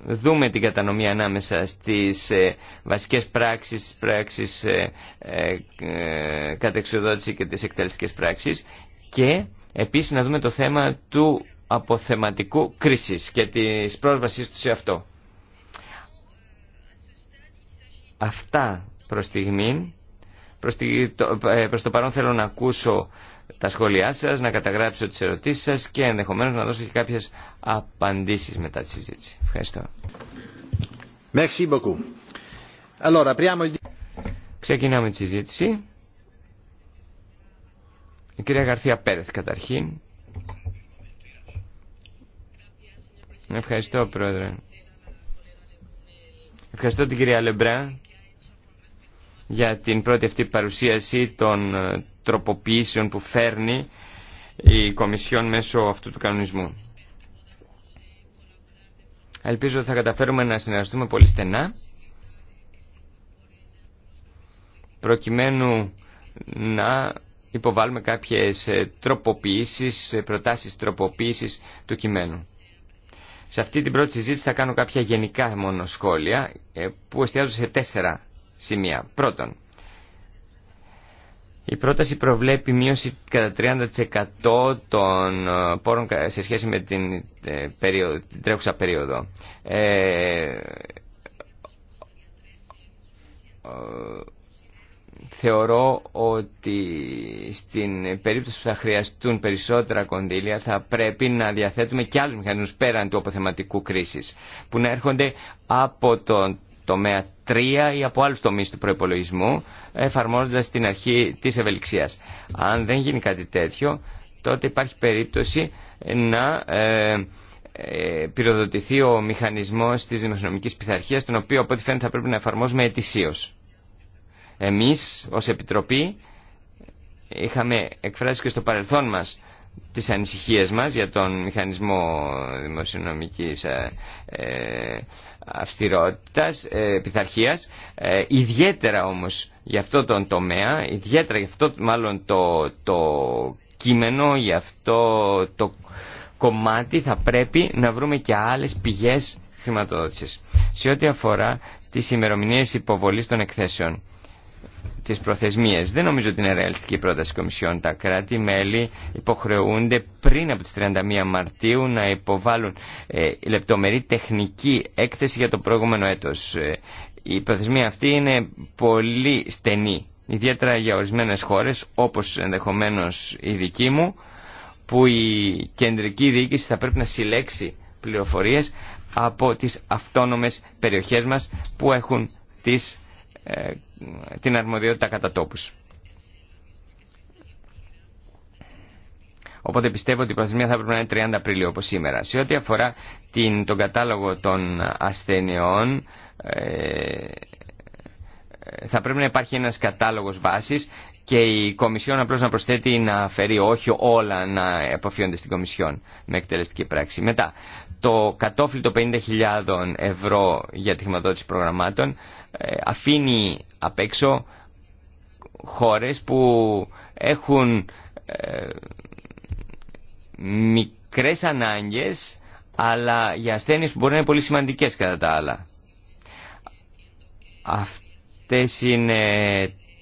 δούμε την κατανομή ανάμεσα στις ε, βασικές πράξεις, πράξεις ε, ε και τις εκτελεστικές πράξεις και επίσης να δούμε το θέμα του αποθεματικού κρίσης και της πρόσβασής του σε αυτό. Αυτά προς στιγμή. Ε, προς το παρόν θέλω να ακούσω τα σχόλιά σας, να καταγράψω τις ερωτήσεις σας και ενδεχομένως να δώσω και κάποιες απαντήσεις μετά τη συζήτηση. Ευχαριστώ. Merci beaucoup. Ξεκινάμε τη συζήτηση. Η κυρία Γαρθία Πέρεθ καταρχήν. Ευχαριστώ πρόεδρε. Ευχαριστώ την κυρία Λεμπρά για την πρώτη αυτή παρουσίαση των ε, τροποποιήσεων που φέρνει η Κομισιόν μέσω αυτού του κανονισμού. Ελπίζω ότι θα καταφέρουμε να συνεργαστούμε πολύ στενά προκειμένου να υποβάλουμε κάποιες ε, τροποποιήσεις, ε, προτάσεις τροποποίησης του κειμένου. Σε αυτή την πρώτη συζήτηση θα κάνω κάποια γενικά μόνο σχόλια ε, που εστιάζουν σε τέσσερα σημεία. Πρώτον, η πρόταση προβλέπει μείωση κατά 30% των ε, πόρων σε σχέση με την, ε, περίοδο, την τρέχουσα περίοδο. Ε, θεωρώ ότι στην περίπτωση που θα χρειαστούν περισσότερα κονδύλια θα πρέπει να διαθέτουμε και άλλους μηχανισμούς πέραν του αποθεματικού κρίσης που να έρχονται από τον τομέα 3 ή από άλλους τομείς του προϋπολογισμού εφαρμόζοντας την αρχή της ευελιξίας. Αν δεν γίνει κάτι τέτοιο τότε υπάρχει περίπτωση να ε, ε, πυροδοτηθεί ο μηχανισμός της δημοσιονομικής πειθαρχίας τον οποίο από ό,τι φαίνεται θα πρέπει να εφαρμόζουμε ετησίως. Εμείς ως Επιτροπή είχαμε εκφράσει και στο παρελθόν μας τις ανησυχίες μας για τον μηχανισμό δημοσιονομικής ε, ε, αυστηρότητας, ε, πειθαρχίας. Ιδιαίτερα όμως για αυτό τον τομέα, ιδιαίτερα για αυτό μάλλον το, το κείμενο, για αυτό το κομμάτι θα πρέπει να βρούμε και άλλες πηγές χρηματοδότησης. Σε ό,τι αφορά τις ημερομηνίες υποβολής των εκθέσεων τις προθεσμίες. Δεν νομίζω ότι είναι ρεαλιστική πρόταση Κομισιόν. Τα κράτη-μέλη υποχρεούνται πριν από τις 31 Μαρτίου να υποβάλουν ε, λεπτομερή τεχνική έκθεση για το προηγούμενο έτος. Ε, η προθεσμία αυτή είναι πολύ στενή, ιδιαίτερα για ορισμένες χώρες όπως ενδεχομένως η δική μου που η κεντρική διοίκηση θα πρέπει να συλλέξει πληροφορίες από τις αυτόνομες περιοχές μας που έχουν τις την αρμοδιότητα κατά τόπους. Οπότε πιστεύω ότι η προθεσμία θα πρέπει να είναι 30 Απριλίου όπως σήμερα. Σε ό,τι αφορά την, τον κατάλογο των ασθενειών, ε, ε θα πρέπει να υπάρχει ένας κατάλογος βάσης και η Κομισιόν απλώς να προσθέτει να φέρει όχι όλα να αποφύονται στην Κομισιόν με εκτελεστική πράξη. Μετά, το κατόφλιτο 50.000 ευρώ για τη χρηματοδότηση προγραμμάτων ε, αφήνει απ' έξω χώρες που έχουν ε, μικρές ανάγκες αλλά για ασθένειες που μπορεί να είναι πολύ σημαντικές κατά τα άλλα. Αυτές είναι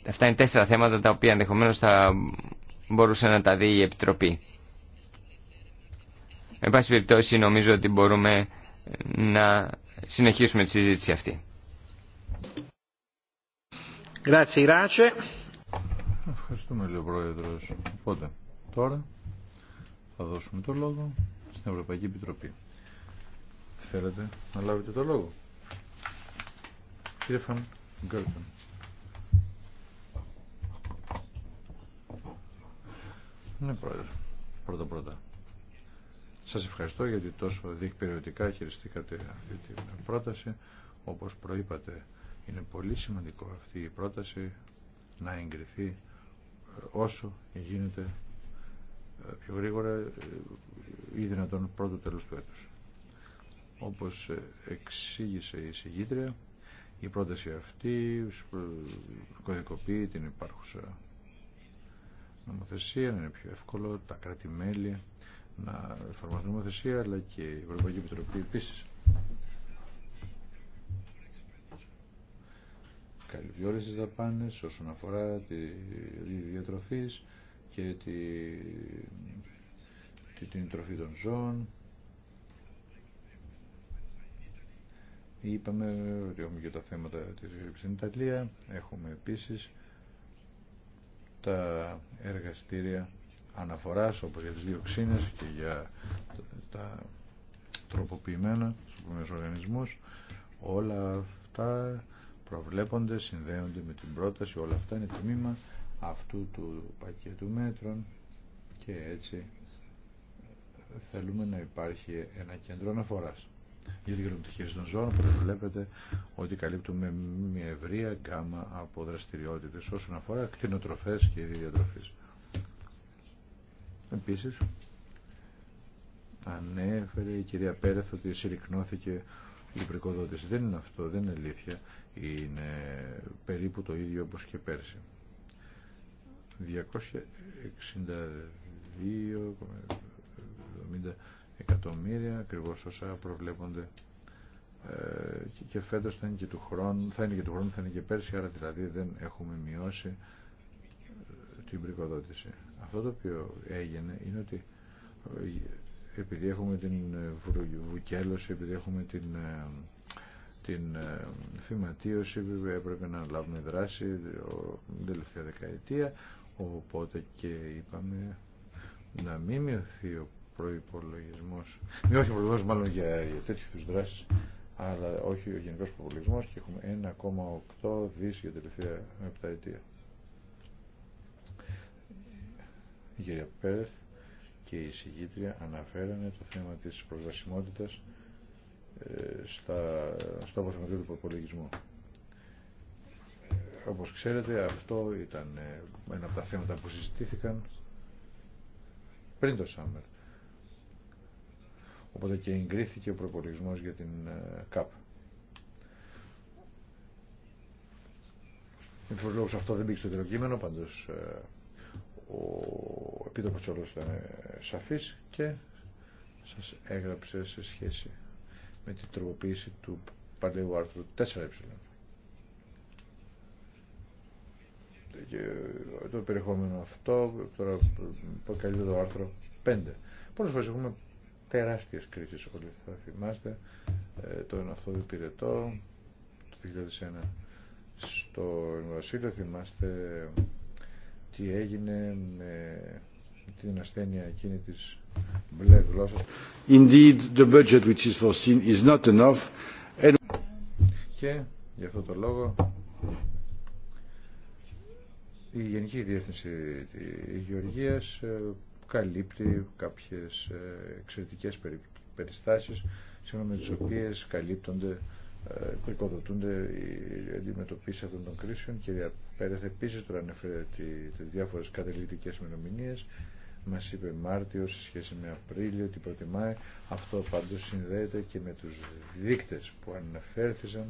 Αυτά είναι τέσσερα θέματα τα οποία ενδεχομένως θα μπορούσε να τα δει η Επιτροπή. Εν πάση περιπτώσει νομίζω ότι μπορούμε να συνεχίσουμε τη συζήτηση αυτή. Ευχαριστούμε λέει ο Οπότε τώρα θα δώσουμε το λόγο στην Ευρωπαϊκή Επιτροπή. Θέλετε να λάβετε το λόγο. Κύριε Φαν Γκέρτον. Ναι, Πρόεδρε. Πρώτα πρώτα. Σας ευχαριστώ γιατί τόσο διεκπαιρεωτικά χειριστήκατε αυτή την πρόταση. Όπως προείπατε, είναι πολύ σημαντικό αυτή η πρόταση να εγκριθεί ε, όσο γίνεται ε, πιο γρήγορα ε, ή δυνατόν πρώτο τέλος του έτους. Όπως εξήγησε η συγγήτρια, η πρόταση αυτή κωδικοποιεί την υπάρχουσα νομοθεσία, να είναι πιο εύκολο τα κράτη-μέλη να εφαρμόζουν νομοθεσία, αλλά και η Ευρωπαϊκή Επιτροπή επίσης. Καλύπτει όλες τις δαπάνες όσον αφορά τη διατροφή και τη, τη, την τροφή των ζώων. Είπαμε ότι έχουμε και τα θέματα της γρήπης στην Ιταλία. Έχουμε επίσης τα εργαστήρια αναφοράς όπως για τις διοξίνες και για τα τροποποιημένα στους οργανισμούς όλα αυτά προβλέπονται, συνδέονται με την πρόταση όλα αυτά είναι τμήμα αυτού του πακέτου μέτρων και έτσι θέλουμε να υπάρχει ένα κέντρο αναφοράς για την καλοπτυχία των ζώων, που βλέπετε ότι καλύπτουμε μια ευρεία γκάμα από δραστηριότητε όσον αφορά κτηνοτροφέ και διατροφή. Επίση, ανέφερε η κυρία Πέρεθ ότι συρρυκνώθηκε η πρικοδότηση. Δεν είναι αυτό, δεν είναι αλήθεια. Είναι περίπου το ίδιο όπως και πέρσι. 262 εκατομμύρια, ακριβώς όσα προβλέπονται ε, και φέτος θα είναι και του χρόνου, θα είναι και του χρόνου, θα είναι και πέρσι, άρα δηλαδή δεν έχουμε μειώσει ε, την πρικοδότηση. Αυτό το οποίο έγινε είναι ότι ε, επειδή έχουμε την βουκέλωση, επειδή έχουμε την, την φυματίωση, έπρεπε να λάβουμε δράση την τελευταία δεκαετία, οπότε και είπαμε να μην μειωθεί ο Προπολογισμό. μη όχι μάλλον για, για τέτοιου δράσεις, αλλά όχι ο γενικό προπολογισμό και έχουμε 1,8 δις για τελευταία επταετία. Η κυρία Πέρεθ και η συγγήτρια αναφέρανε το θέμα της προσβασιμότητας ε, στα, στο αποθεματικό του προπολογισμού. Όπως ξέρετε αυτό ήταν ε, ένα από τα θέματα που συζητήθηκαν πριν το Σάμερ. Οπότε και εγκρίθηκε ο προπολογισμός για την ε, ΚΑΠ. Με τους λόγους αυτό δεν μπήκε στο τελοκείμενο, πάντως ε, ο Επίτροπος όλος ήταν ε, σαφής και σας έγραψε σε σχέση με την τροποποίηση του παλαιού άρθρου 4ε. το περιεχόμενο αυτό τώρα προκαλείται το άρθρο 5. Πολλές φορές έχουμε τεράστιες κρίσει όλοι θα θυμάστε ε, τον αυτό πυρετό το 2001 στο Βασίλειο θυμάστε τι έγινε με την ασθένεια εκείνη της μπλε Indeed, the budget which is foreseen is not enough. Και για αυτό το λόγο η Γενική Διεύθυνση Γεωργίας ε, καλύπτει κάποιες ε, εξαιρετικές περιστάσεις σύμφωνα με τις οποίες καλύπτονται πρικοδοτούνται ε, οι αντιμετωπίσει αυτών των κρίσεων και πέρεθε επίση τώρα ανέφερε τι διάφορε καταληκτικέ ημερομηνίε. Μα είπε Μάρτιο σε σχέση με Απρίλιο τι προτιμάει. Αυτό πάντω συνδέεται και με του δείκτε που αναφέρθησαν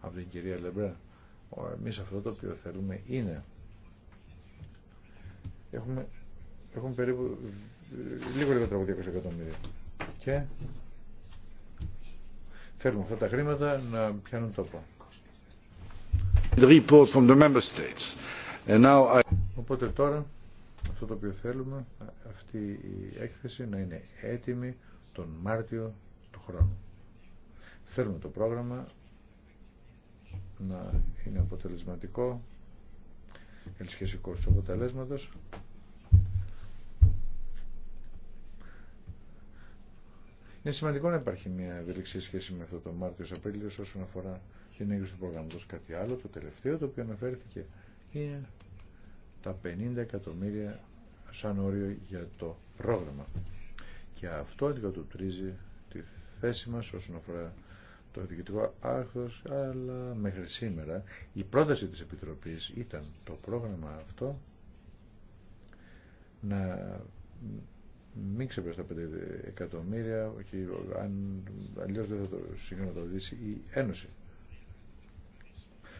από την κυρία Λεμπρά. Εμεί αυτό το οποίο θέλουμε είναι έχουμε έχουν περίπου λίγο λιγότερο από 200 εκατομμύρια. Και θέλουμε αυτά τα χρήματα να πιάνουν τόπο. Οπότε τώρα αυτό το οποίο θέλουμε, αυτή η έκθεση να είναι έτοιμη τον Μάρτιο του χρόνου. Θέλουμε το πρόγραμμα να είναι αποτελεσματικό, ελσχεσικό στους αποτελέσματος. Είναι σημαντικό να υπάρχει μια ευελιξή σχέση με αυτό το Μάρτιο-Απρίλιο όσον αφορά την έγκριση του προγράμματο. Κάτι άλλο, το τελευταίο το οποίο αναφέρθηκε είναι τα 50 εκατομμύρια σαν όριο για το πρόγραμμα. Και αυτό αντικατοπτρίζει τη θέση μας όσον αφορά το διοικητικό άρθρο, αλλά μέχρι σήμερα η πρόταση τη επιτροπή ήταν το πρόγραμμα αυτό να μην ξεπεράσει τα 5 εκατομμύρια, όχι, αν, αλλιώς δεν θα το η Ένωση.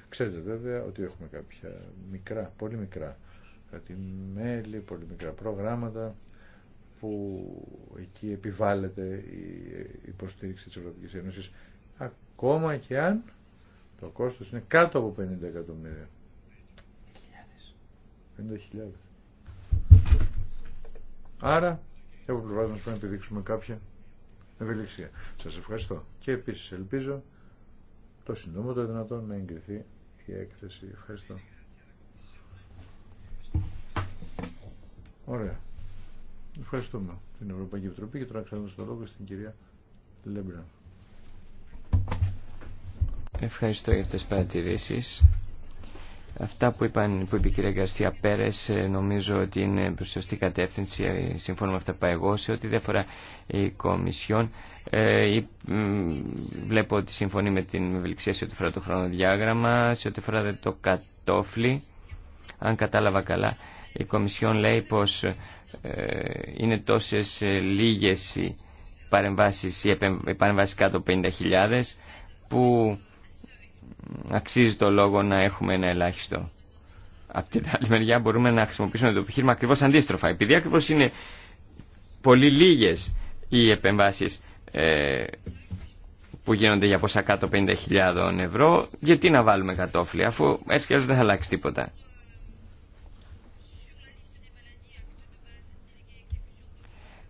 Ξέρετε βέβαια ότι έχουμε κάποια μικρά, πολύ μικρά μέλη, πολύ μικρά προγράμματα που εκεί επιβάλλεται η υποστήριξη της Ευρωπαϊκής Ένωσης ακόμα και αν το κόστος είναι κάτω από 50 εκατομμύρια. 50.000. Άρα και από πλευρά μα πρέπει να επιδείξουμε κάποια ευελιξία. Σα ευχαριστώ. Και επίση ελπίζω το συντομότερο δυνατόν να εγκριθεί η έκθεση. Ευχαριστώ. Ωραία. Ευχαριστούμε την Ευρωπαϊκή Επιτροπή και τώρα ξαναδούμε στο λόγο στην κυρία Λέμπρα. Ευχαριστώ για αυτές τις παρατηρήσεις. Αυτά που, είπαν, που είπε η κυρία Γκαρσία Πέρε, ε, νομίζω ότι είναι προσωστή σωστή κατεύθυνση ε, σύμφωνα με αυτά που είπα εγώ σε ό,τι δεν η Κομισιόν ε, βλέπω ότι συμφωνεί με την ευελιξία σε ό,τι φοράει το χρονοδιάγραμμα σε ό,τι φοράει το κατόφλι αν κατάλαβα καλά η Κομισιόν λέει πω είναι τόσε λίγε οι παρεμβάσεις, κάτω από 50.000 που αξίζει το λόγο να έχουμε ένα ελάχιστο. Απ' την άλλη μεριά μπορούμε να χρησιμοποιήσουμε το επιχείρημα ακριβώ αντίστροφα. Επειδή ακριβώ είναι πολύ λίγε οι επεμβάσει ε, που γίνονται για ποσά κάτω 50.000 ευρώ, γιατί να βάλουμε κατόφλι, αφού έτσι και δεν θα αλλάξει τίποτα.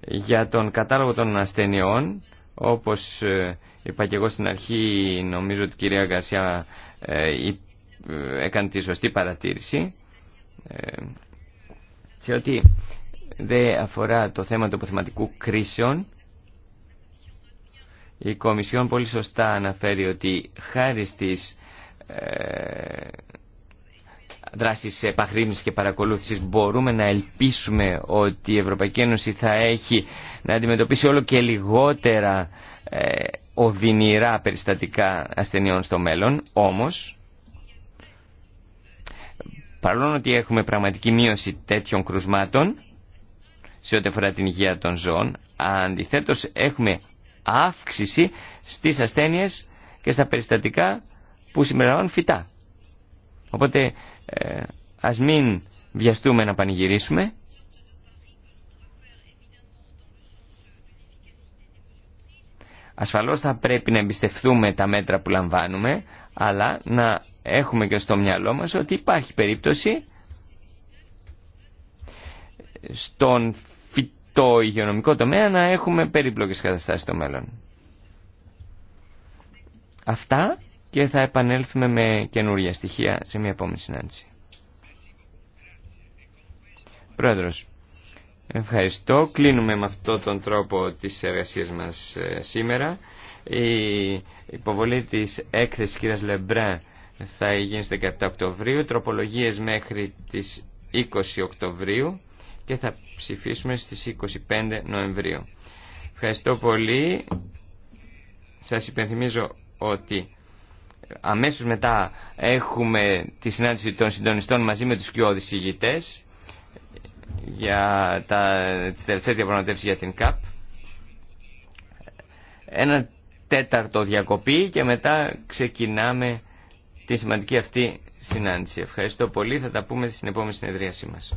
Για τον κατάλογο των ασθενειών, όπως ε, είπα και εγώ στην αρχή, νομίζω ότι η κυρία Γκαρσιά ε, ε, έκανε τη σωστή παρατήρηση και ότι δεν αφορά το θέμα του αποθεματικού κρίσεων. Η Κομισιόν πολύ σωστά αναφέρει ότι χάρη στις δράσεις επαχρήμησης και παρακολούθησης μπορούμε να ελπίσουμε ότι η Ευρωπαϊκή Ένωση θα έχει να αντιμετωπίσει όλο και λιγότερα ε, οδυνηρά περιστατικά ασθενειών στο μέλλον. Όμως, παρόλο ότι έχουμε πραγματική μείωση τέτοιων κρουσμάτων σε ό,τι αφορά την υγεία των ζώων, αντιθέτως έχουμε αύξηση στις ασθένειες και στα περιστατικά που συμπεριλαμβάνουν φυτά. Οπότε ε, ας μην βιαστούμε να πανηγυρίσουμε. Ασφαλώς θα πρέπει να εμπιστευτούμε τα μέτρα που λαμβάνουμε, αλλά να έχουμε και στο μυαλό μας ότι υπάρχει περίπτωση στον φυτο-υγειονομικό τομέα να έχουμε περίπλοκες καταστάσεις στο μέλλον. Αυτά και θα επανέλθουμε με καινούργια στοιχεία σε μια επόμενη συνάντηση. Πρόεδρος, ευχαριστώ. Κλείνουμε με αυτόν τον τρόπο τις εργασίες μας ε, σήμερα. Η υποβολή της έκθεσης κ. Λεμπρά θα γίνει στις 17 Οκτωβρίου, τροπολογίες μέχρι τις 20 Οκτωβρίου και θα ψηφίσουμε στις 25 Νοεμβρίου. Ευχαριστώ πολύ. Σας υπενθυμίζω ότι αμέσως μετά έχουμε τη συνάντηση των συντονιστών μαζί με τους κοιόδης ηγητές για τα, τις τελευταίες διαπραγματεύσεις για την ΚΑΠ. Ένα τέταρτο διακοπή και μετά ξεκινάμε τη σημαντική αυτή συνάντηση. Ευχαριστώ πολύ. Θα τα πούμε στην επόμενη συνεδρίασή μας.